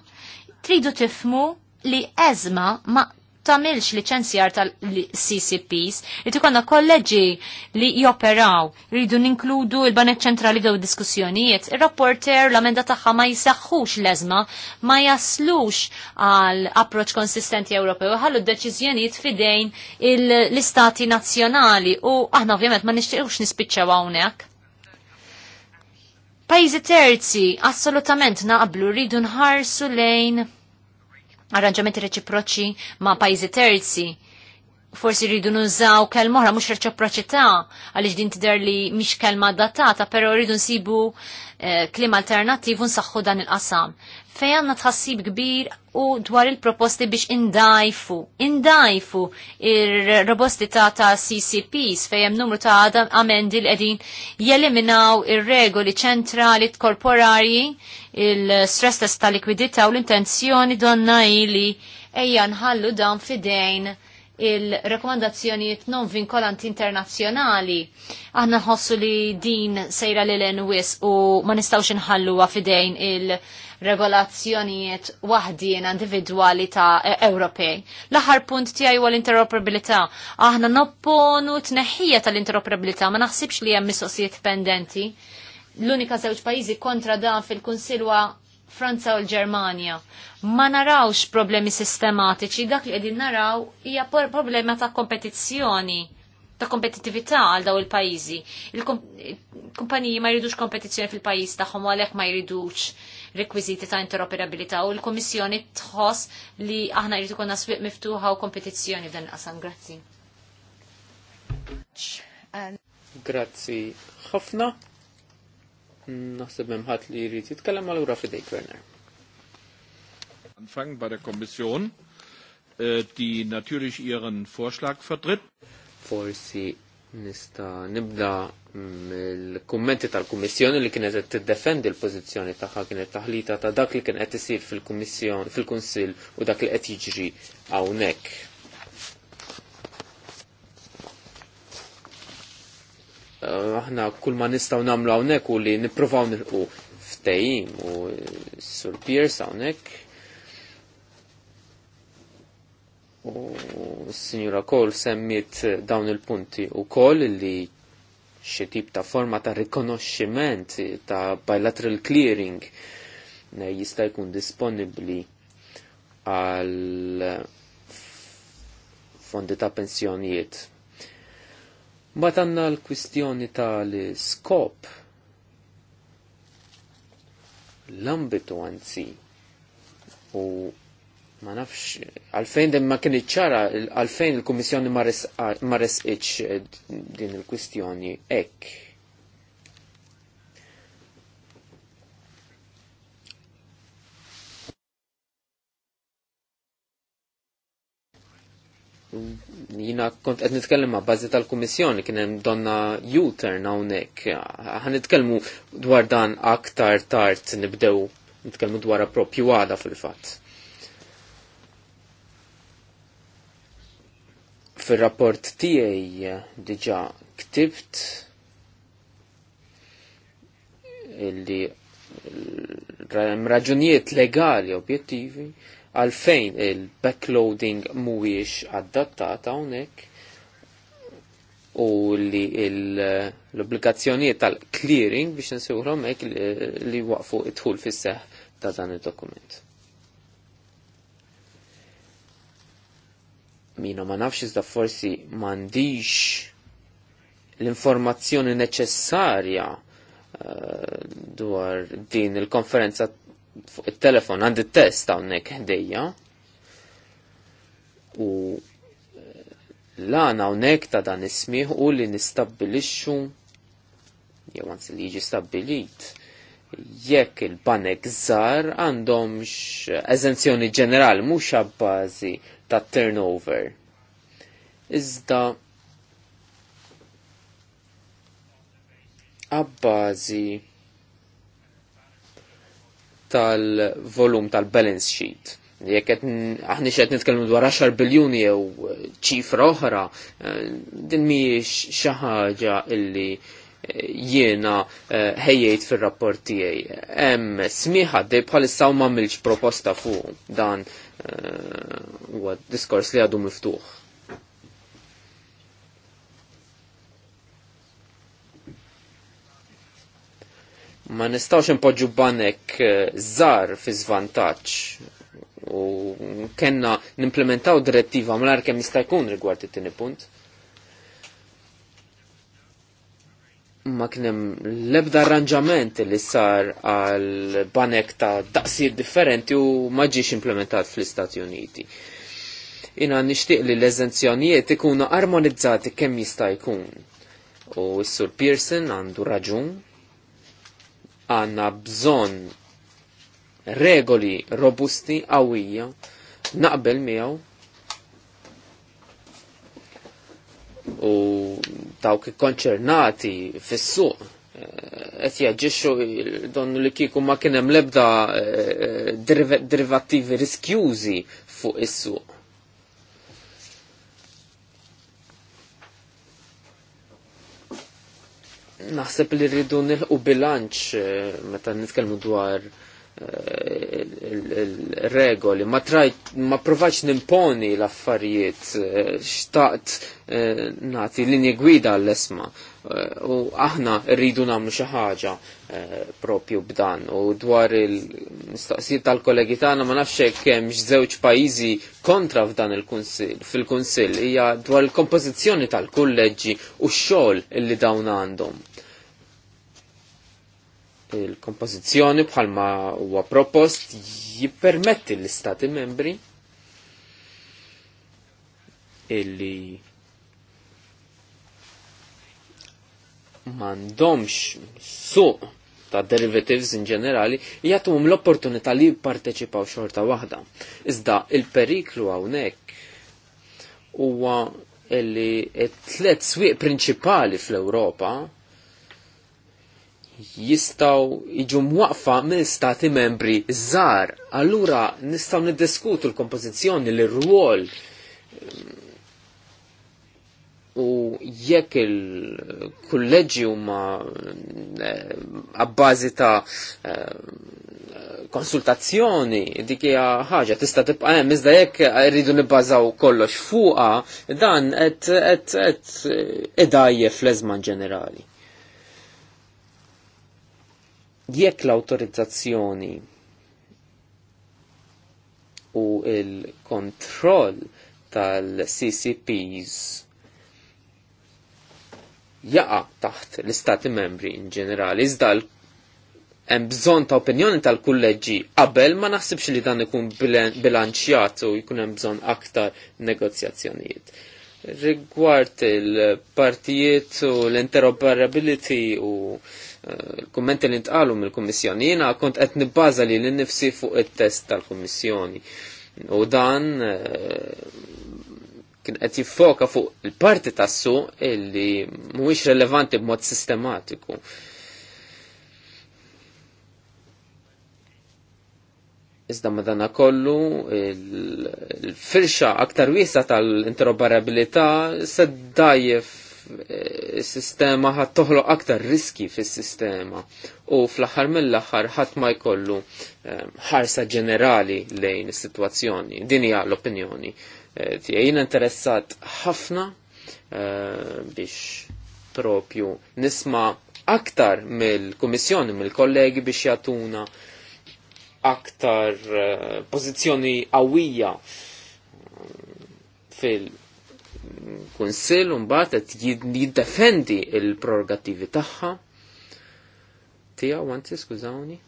tridu tifmu li eżma ma tamilx licenzjar tal-CCPs, li tikonna kolleġi li joperaw, rridu ninkludu il-banet ċentrali daw diskussjonijiet, il-rapporter l-amenda taħħa ma jisaxħux lezma, ma jaslux għal approċ konsistenti Ewropew, għallu d-deċizjonijiet fidejn l-istati nazjonali u aħna ovvjament ma nishtiqux nispiċċaw hawnhekk. Pajzi terzi assolutament naqblu rridu nħarsu lejn arranġamenti reċiproċi ma' pajjiżi terzi forsi rridu nużaw kelma oħra mhux reċiproċità għaliex din tidher li mhix kelma datata, però rridu nsibu eh, kliem alternattiv u nsaħħu dan il-qasam. Fejn għandna tħassib kbir u dwar il-proposti biex indajfu, indajfu ir-robosti ta' ta' CCPs fejn numru ta' għadam amendi l-edin jeliminaw ir-regoli ċentrali korporari il-stress test ta' likwidita u l-intenzjoni donna ili ejja nħallu dan fidejn il-rekomandazzjonijiet non vinkolanti internazzjonali. Aħna nħossu li din sejra li l-enwis u ma nistawx nħallu fidejn il-regolazzjonijiet waħdien individwali ta' e- Ewropej. L-aħħar punt tiegħi huwa l-interoperabilità. Aħna nopponu tneħħija tal-interoperabilità, ma naħsibx li hemm mistoqsijiet pendenti. L-unika żewġ pajjiżi kontra dan fil-Kunsilwa Franza u l-Ġermanja. Ma narawx problemi sistematiċi, dak li qegħdin naraw hija problema ta' kompetizzjoni ta' kompetitività għal daw il-pajizi. Il-kumpaniji ma jridux kompetizzjoni fil-pajiz tagħhom għalhekk ma jridux rekwiziti ta' interoperabilità u l-Komissjoni tħoss li aħna jridu konna swieq miftuħa u kompetizzjoni f'dan qasam. Grazzi. Grazzi ħafna. Naħseb memħat li jrid jitkellem għal-ura fidejk, Werner. Anfang bei der Kommission, äh, die natürlich ihren Vorschlag vertritt. Forsi nista nibda mill-kummenti tal-Kummissjoni li kienet qed tiddefendi l-pożizzjoni tagħha kienet taħlita ta' dak li kien qed isir fil-Kummissjoni fil-Kunsill u dak li qed jiġri hawnhekk. Eh, aħna kull ma nistaw namlu hawnhekk u li nippruvaw nilqu ftehim u sur Pierce hawnhekk. U s-Sinjura Kol semmit eh, dawn il-punti u kol li xi tip ta' forma ta' rikonoxximent eh, ta' bilateral clearing jista' jkun disponibbli għal fondi ta' pensjonijiet Matanna l-kwistjoni tal-iskop l-ambitu anzi u ma nafx għalfejn dem ma kien ċara għalfejn il-Kummissjoni ma resqiċ eh, din il-kwistjoni hekk jina kont qed nitkellem ma' bażi tal-Kummissjoni kien hemm donna U-turn għawnek. Għan nitkellmu dwar dan aktar tard nibdew nitkellmu dwar propju għada fil-fatt. Fil-rapport tiegħi diġa' ktibt illi raġunijiet legali objettivi għalfejn il-backloading mhuwiex adattata hawnhekk u li l-obbligazzjonijiet tal-clearing biex nsewrom hekk li waqfu idħul fis-seħ ta' dan id-dokument. Mina ma nafx iżda forsi m'għandix l-informazzjoni neċessarja eh, dwar din il-konferenza fuq il-telefon għandi test hawnhekk ħdejja u eh, l-għana hawnhekk ta' dan ismiħ u li nistabbilixxu jew għans li jiġi stabbilit jekk il-banek żar għandhomx eżenzjoni ġenerali mhux għabbażi ta' turnover. Iżda għabbażi tal-volum tal-balance sheet. Jekk qed aħna qed nitkellmu dwar 10 biljuni jew eh, ċifra oħra, eh, din mhijiex xi ħaġa illi eh, jiena ħejjejt fir-rapport tiegħi. Hemm smieħa dej bħalissa ma milx proposta fuq dan huwa diskors li għadu miftuħ. ma nistawx impoġġu banek eh, żgħar fi żvantaġġ u kellna nimplementaw direttiva mlar kemm jista' jkun rigward it-tieni punt. Ma kien hemm l-ebda arranġament li sar għal banek ta' daqsir differenti u ma ġiex implementat fl-Istati Uniti. Ina nixtieq li l-eżenzjonijiet ikunu armonizzati kemm jista' jkun. U s-Sur Pearson għandu raġun għanna bżon regoli robusti għawija naqbel miegħu u dawk konċernati fis-suq eh, qed jaġixxu donnu li kieku ma kien hemm lebda eh, eh, derivattivi riskjużi fuq is-suq. Naħseb li rridu nilqu bilanċ eh, meta nitkellmu dwar regoli, ma trajt, ma provaċ nimponi l-affarijiet, eh, xtaqt eh, nati linje gwida l-esma. Eh, u aħna rridu namlu xaħġa propju b'dan. U dwar il-mistaqsijiet tal-kollegi tagħna ma nafx kemm x'żewġ pajjiżi kontra f'dan il-kunsill fil-kunsill hija dwar il-kompożizzjoni tal-kulleġġi u x-xogħol li dawn għandhom Il-kompożizzjoni bħalma huwa propost jippermetti l-istati membri illi mandomx suq ta' derivatives in ġenerali jgħatum l-opportunità li jipparteċipaw xorta waħda. Iżda il-periklu hawnhekk huwa illi t tlet swieq prinċipali fl-Ewropa jistaw iġu mwaqfa minn stati membri zar. allura nistaw niddiskutu l-kompożizzjoni l ruol u jekk il-kolleġi huma għabbażi eh, ta' eh, konsultazzjoni dik hija ħaġa tista' tibqa' hemm iżda jekk rridu nibbażaw kollox fuqha dan qed qed qed idajjef fl eżman ġenerali. Jekk l-autorizzazzjoni u il-kontroll tal-CCPs jaqa taħt l-istati membri in ġenerali, iżda hemm bżonn ta' opinjoni tal-kulleġġi qabel ma naħsibx li dan ikun bilanċjat u jkun hemm bżonn aktar negozjazzjonijiet. Rigward il-partijiet u l-interoperability u il kummenti li ntqalu mill-Kummissjoni. Jiena kont qed nibbaża li nnifsi nifsi fuq it-test tal-Kummissjoni. U dan eh, kien qed jiffoka fuq il-parti tassu illi mhuwiex relevanti b'mod sistematiku. Iżda madana kollu il-firxa aktar wiesa tal-interoperabilità se dajjef sistema ħat toħloq aktar riski fis sistema u fl-axar mill-axar ħat ma jkollu ehm, ħarsa ġenerali lejn is-sitwazzjoni. Din hija l-opinjoni. Eh, Jien interessat ħafna ehm, biex propju nisma aktar mill-Kummissjoni, mill-kollegi biex jatuna aktar eh, pożizzjoni qawwija ehm, fil- kunsil mbagħad qed jiddefendi l-prerogattivi tagħha tiegħu anzi skużawni.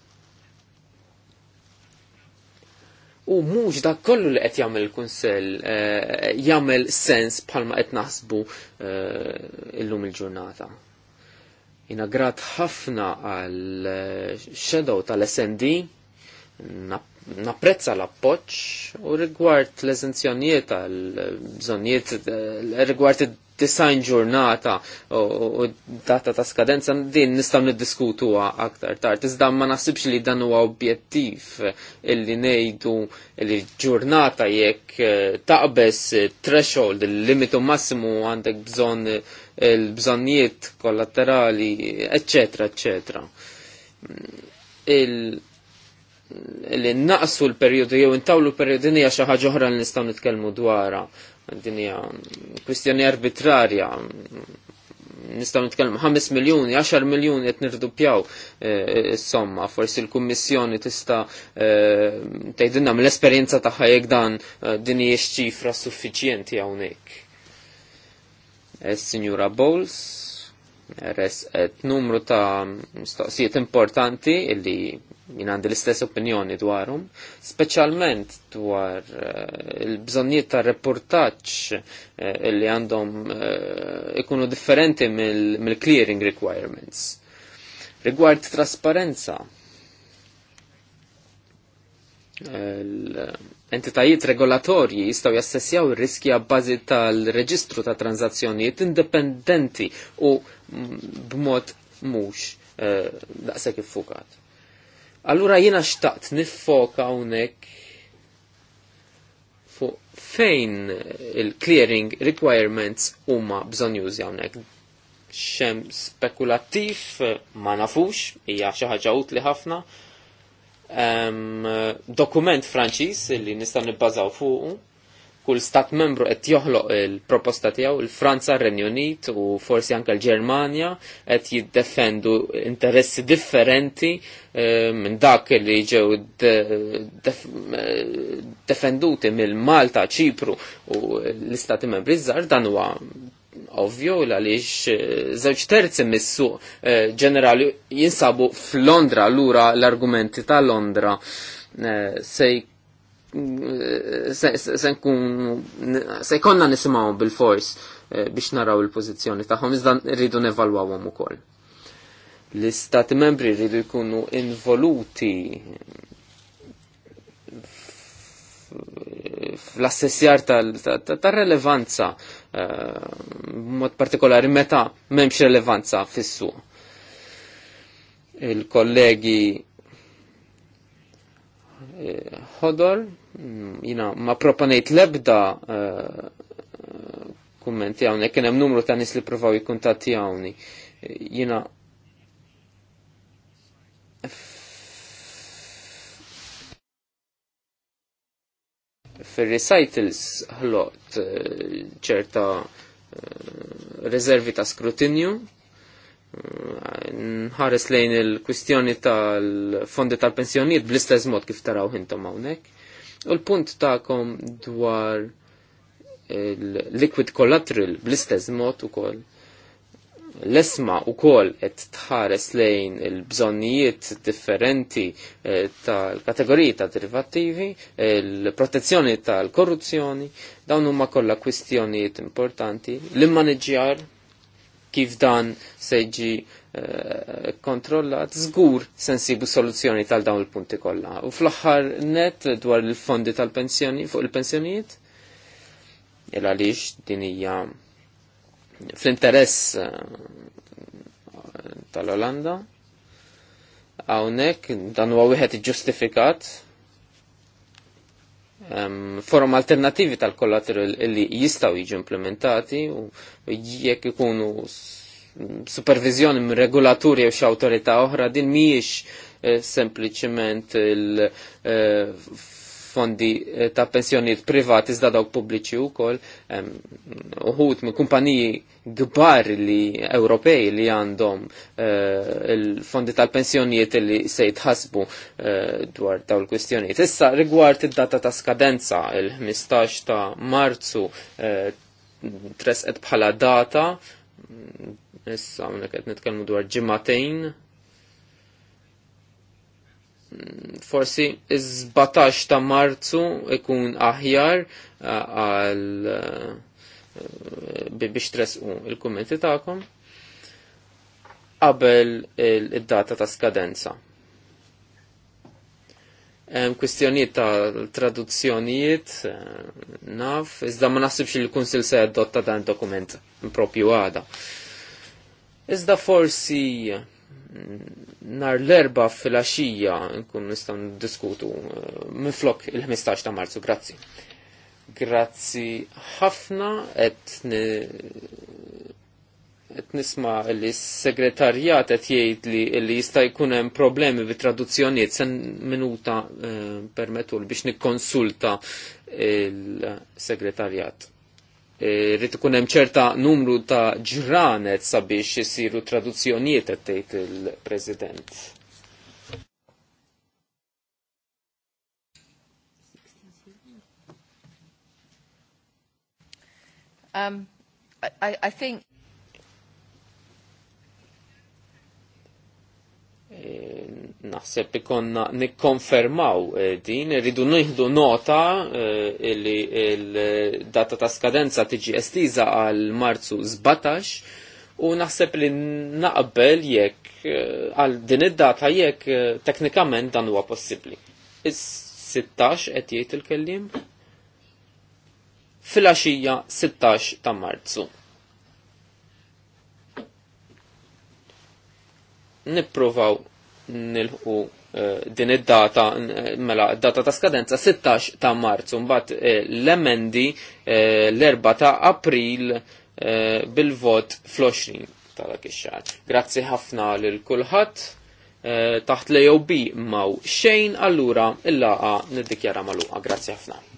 U mhux dak kollu li qed jagħmel il-kunsell eh, jagħmel sens bħalma qed naħsbu eh, illum il-ġurnata. Jina grat ħafna għal eh, shadow tal-SND napprezza l-appoċ u rigward l ezenzjonijiet għal eh, bżonijiet eh, rigward design ġurnata u data ta' skadenza din nistgħu niddiskutuha aktar tard. Iżda ma nasibx li dan huwa objettiv illi ngħidu li ġurnata jekk eh, taqbes threshold il-limitu massimu għandek bżonn il-bżonnijiet kollaterali, eccetera, eccetera li naqsu l-periodu jew intawlu l-periodu dinja xi ħaġa oħra li nistgħu nitkellmu dwarha. Dinja kwistjoni arbitrarja. Nistgħu nitkellmu 5 miljuni, 10 miljuni qed nirdupjaw eh, is-somma, forsi l-Kummissjoni tista' eh, tgħidilna mill-esperjenza tagħha jekk dan eh, din hija ċifra suffiċjenti hawnhekk. Signora Bowles, res e numru ta' mistoqsijiet importanti illi jien għandi l-istess opinjoni dwarhom, speċjalment dwar eh, il-bżonnijiet ta' reportaġġ eh, li għandhom eh, ikunu differenti mill-clearing requirements. Rigward trasparenza, l-entitajiet regolatorji jistaw jassessjaw il-riski għabbażi tal-reġistru ta' tranzazzjonijiet indipendenti u b'mod mux daqsek iffukat. Allura jiena xtaqt niffoka hawnhekk fuq fejn il-clearing requirements huma bżonn jużi hawnhekk. Xem spekulattiv ma nafux, hija xi ħaġa utli ħafna. Um, dokument Franċiż illi nista' nibbażaw fuqu kull stat membru qed joħloq il-proposta tiegħu il-Franza, renju Unit u forsi anke l-Ġermanja qed jiddefendu interessi differenti eh, minn dak li ġew defenduti mill-Malta, Ċipru u l-Istati Membri żgħar dan huwa ovvju għaliex eh, żewġ terzi mis-suq eh, ġenerali jinsabu f'Londra lura l-argumenti ta' Londra se se nkun se jkollna nisimgħu bil-fors eh, biex naraw il-pożizzjoni tagħhom iżda rridu nevalwawhom ukoll. L-istati membri rridu jkunu involuti fl-assessjar tal-relevanza eh, mod partikolari meta memx relevanza fissu. Il-kollegi ħodor eh, Mm, jina ma proponejt lebda eh, kumment jawni, kien hemm numru ta' nis li provaw jikuntatti jawni. Jina fil-recitals ħlot eh, ċerta eh, rezervi ta' skrutinju, nħares lejn il-kwistjoni tal-fondi tal-pensjoniet bl-istess mod kif taraw hintom hawnhekk U l-punt ta'kom dwar il-liquid collateral bl-istess mod ukoll l-esma u kol et tħares lejn il-bżonnijiet differenti eh, tal-kategoriji ta' derivativi, il-protezzjoni tal-korruzzjoni, dawn huma kollha kwistjonijiet importanti, l-immaneġġjar kif dan se jġi. Eh, kontrollat, zgur sensibu soluzzjoni tal dawn il-punti kollha. U fl-aħħar net dwar il-fondi tal-pensjoni fuq il-pensjonijiet, il għaliex din hija fl-interess eh, tal-Olanda. Hawnhekk dan huwa wieħed iġġustifikat forum alternativi tal-kollateral li jistaw jiġu implementati u jekk ikunu supervizjoni regulaturi jew xi awtorità oħra din mhijiex eh, sempliċement il-fondi eh, eh, ta' pensjonijiet privati iżda dawk pubbliċi wkoll uħud minn kumpaniji kbar li Ewropej li għandhom il-fondi tal-pensjonijiet li se jitħasbu dwar daw il-kwistjonijiet. Issa rigward id-data ta' skadenza il-15 ta' Marzu tresqet bħala data Issa hawnhekk qed nitkellmu dwar ġimagħtejn. Forsi iz 17 ta' Marzu ikun aħjar għal biex tresqu il-kummenti tagħkom qabel id-data ta' skadenza. Kwistjonijiet ta' traduzzjonijiet e, naf, iżda ma naħsibx il kunsil se jadotta dan dokument propju għada. Iżda forsi nar l-erba fil-axija nkun nistan diskutu eh, minflok il-15 ta' marzu. Grazzi. Grazzi ħafna et nisma li segretarjat qed jgħid li li jista' jkun hemm problemi bi traduzzjonijiet sen minuta eh, permetul biex nikkonsulta il-segretarjat. E, rrit ikun hemm ċerta numru ta' ġranet sabiex isiru traduzzjonijiet qed tgħid il-President. Um, I, I think Eh, naħseb ikonna nikkonfermaw eh, din, rridu nieħdu nota eh, li il-data ta' skadenza tiġi estiza għal Marzu 17 u naħseb li naqbel jekk għal din id-data jekk teknikament dan huwa possibbli. Is-16 qed jgħid il-kellim? Fil-għaxija 16 ta' Marzu. nippruvaw nilħu eh, din id-data, eh, mela data ta' skadenza 16 ta' marzu, mbagħad eh, l-emendi l-4 ta' april bil-vot fl-20 ta' dak ix-xahar. Grazzi ħafna lil kulħadd taħt l bi maw xejn allura illaqa' niddikjara maluqa. Grazzi ħafna.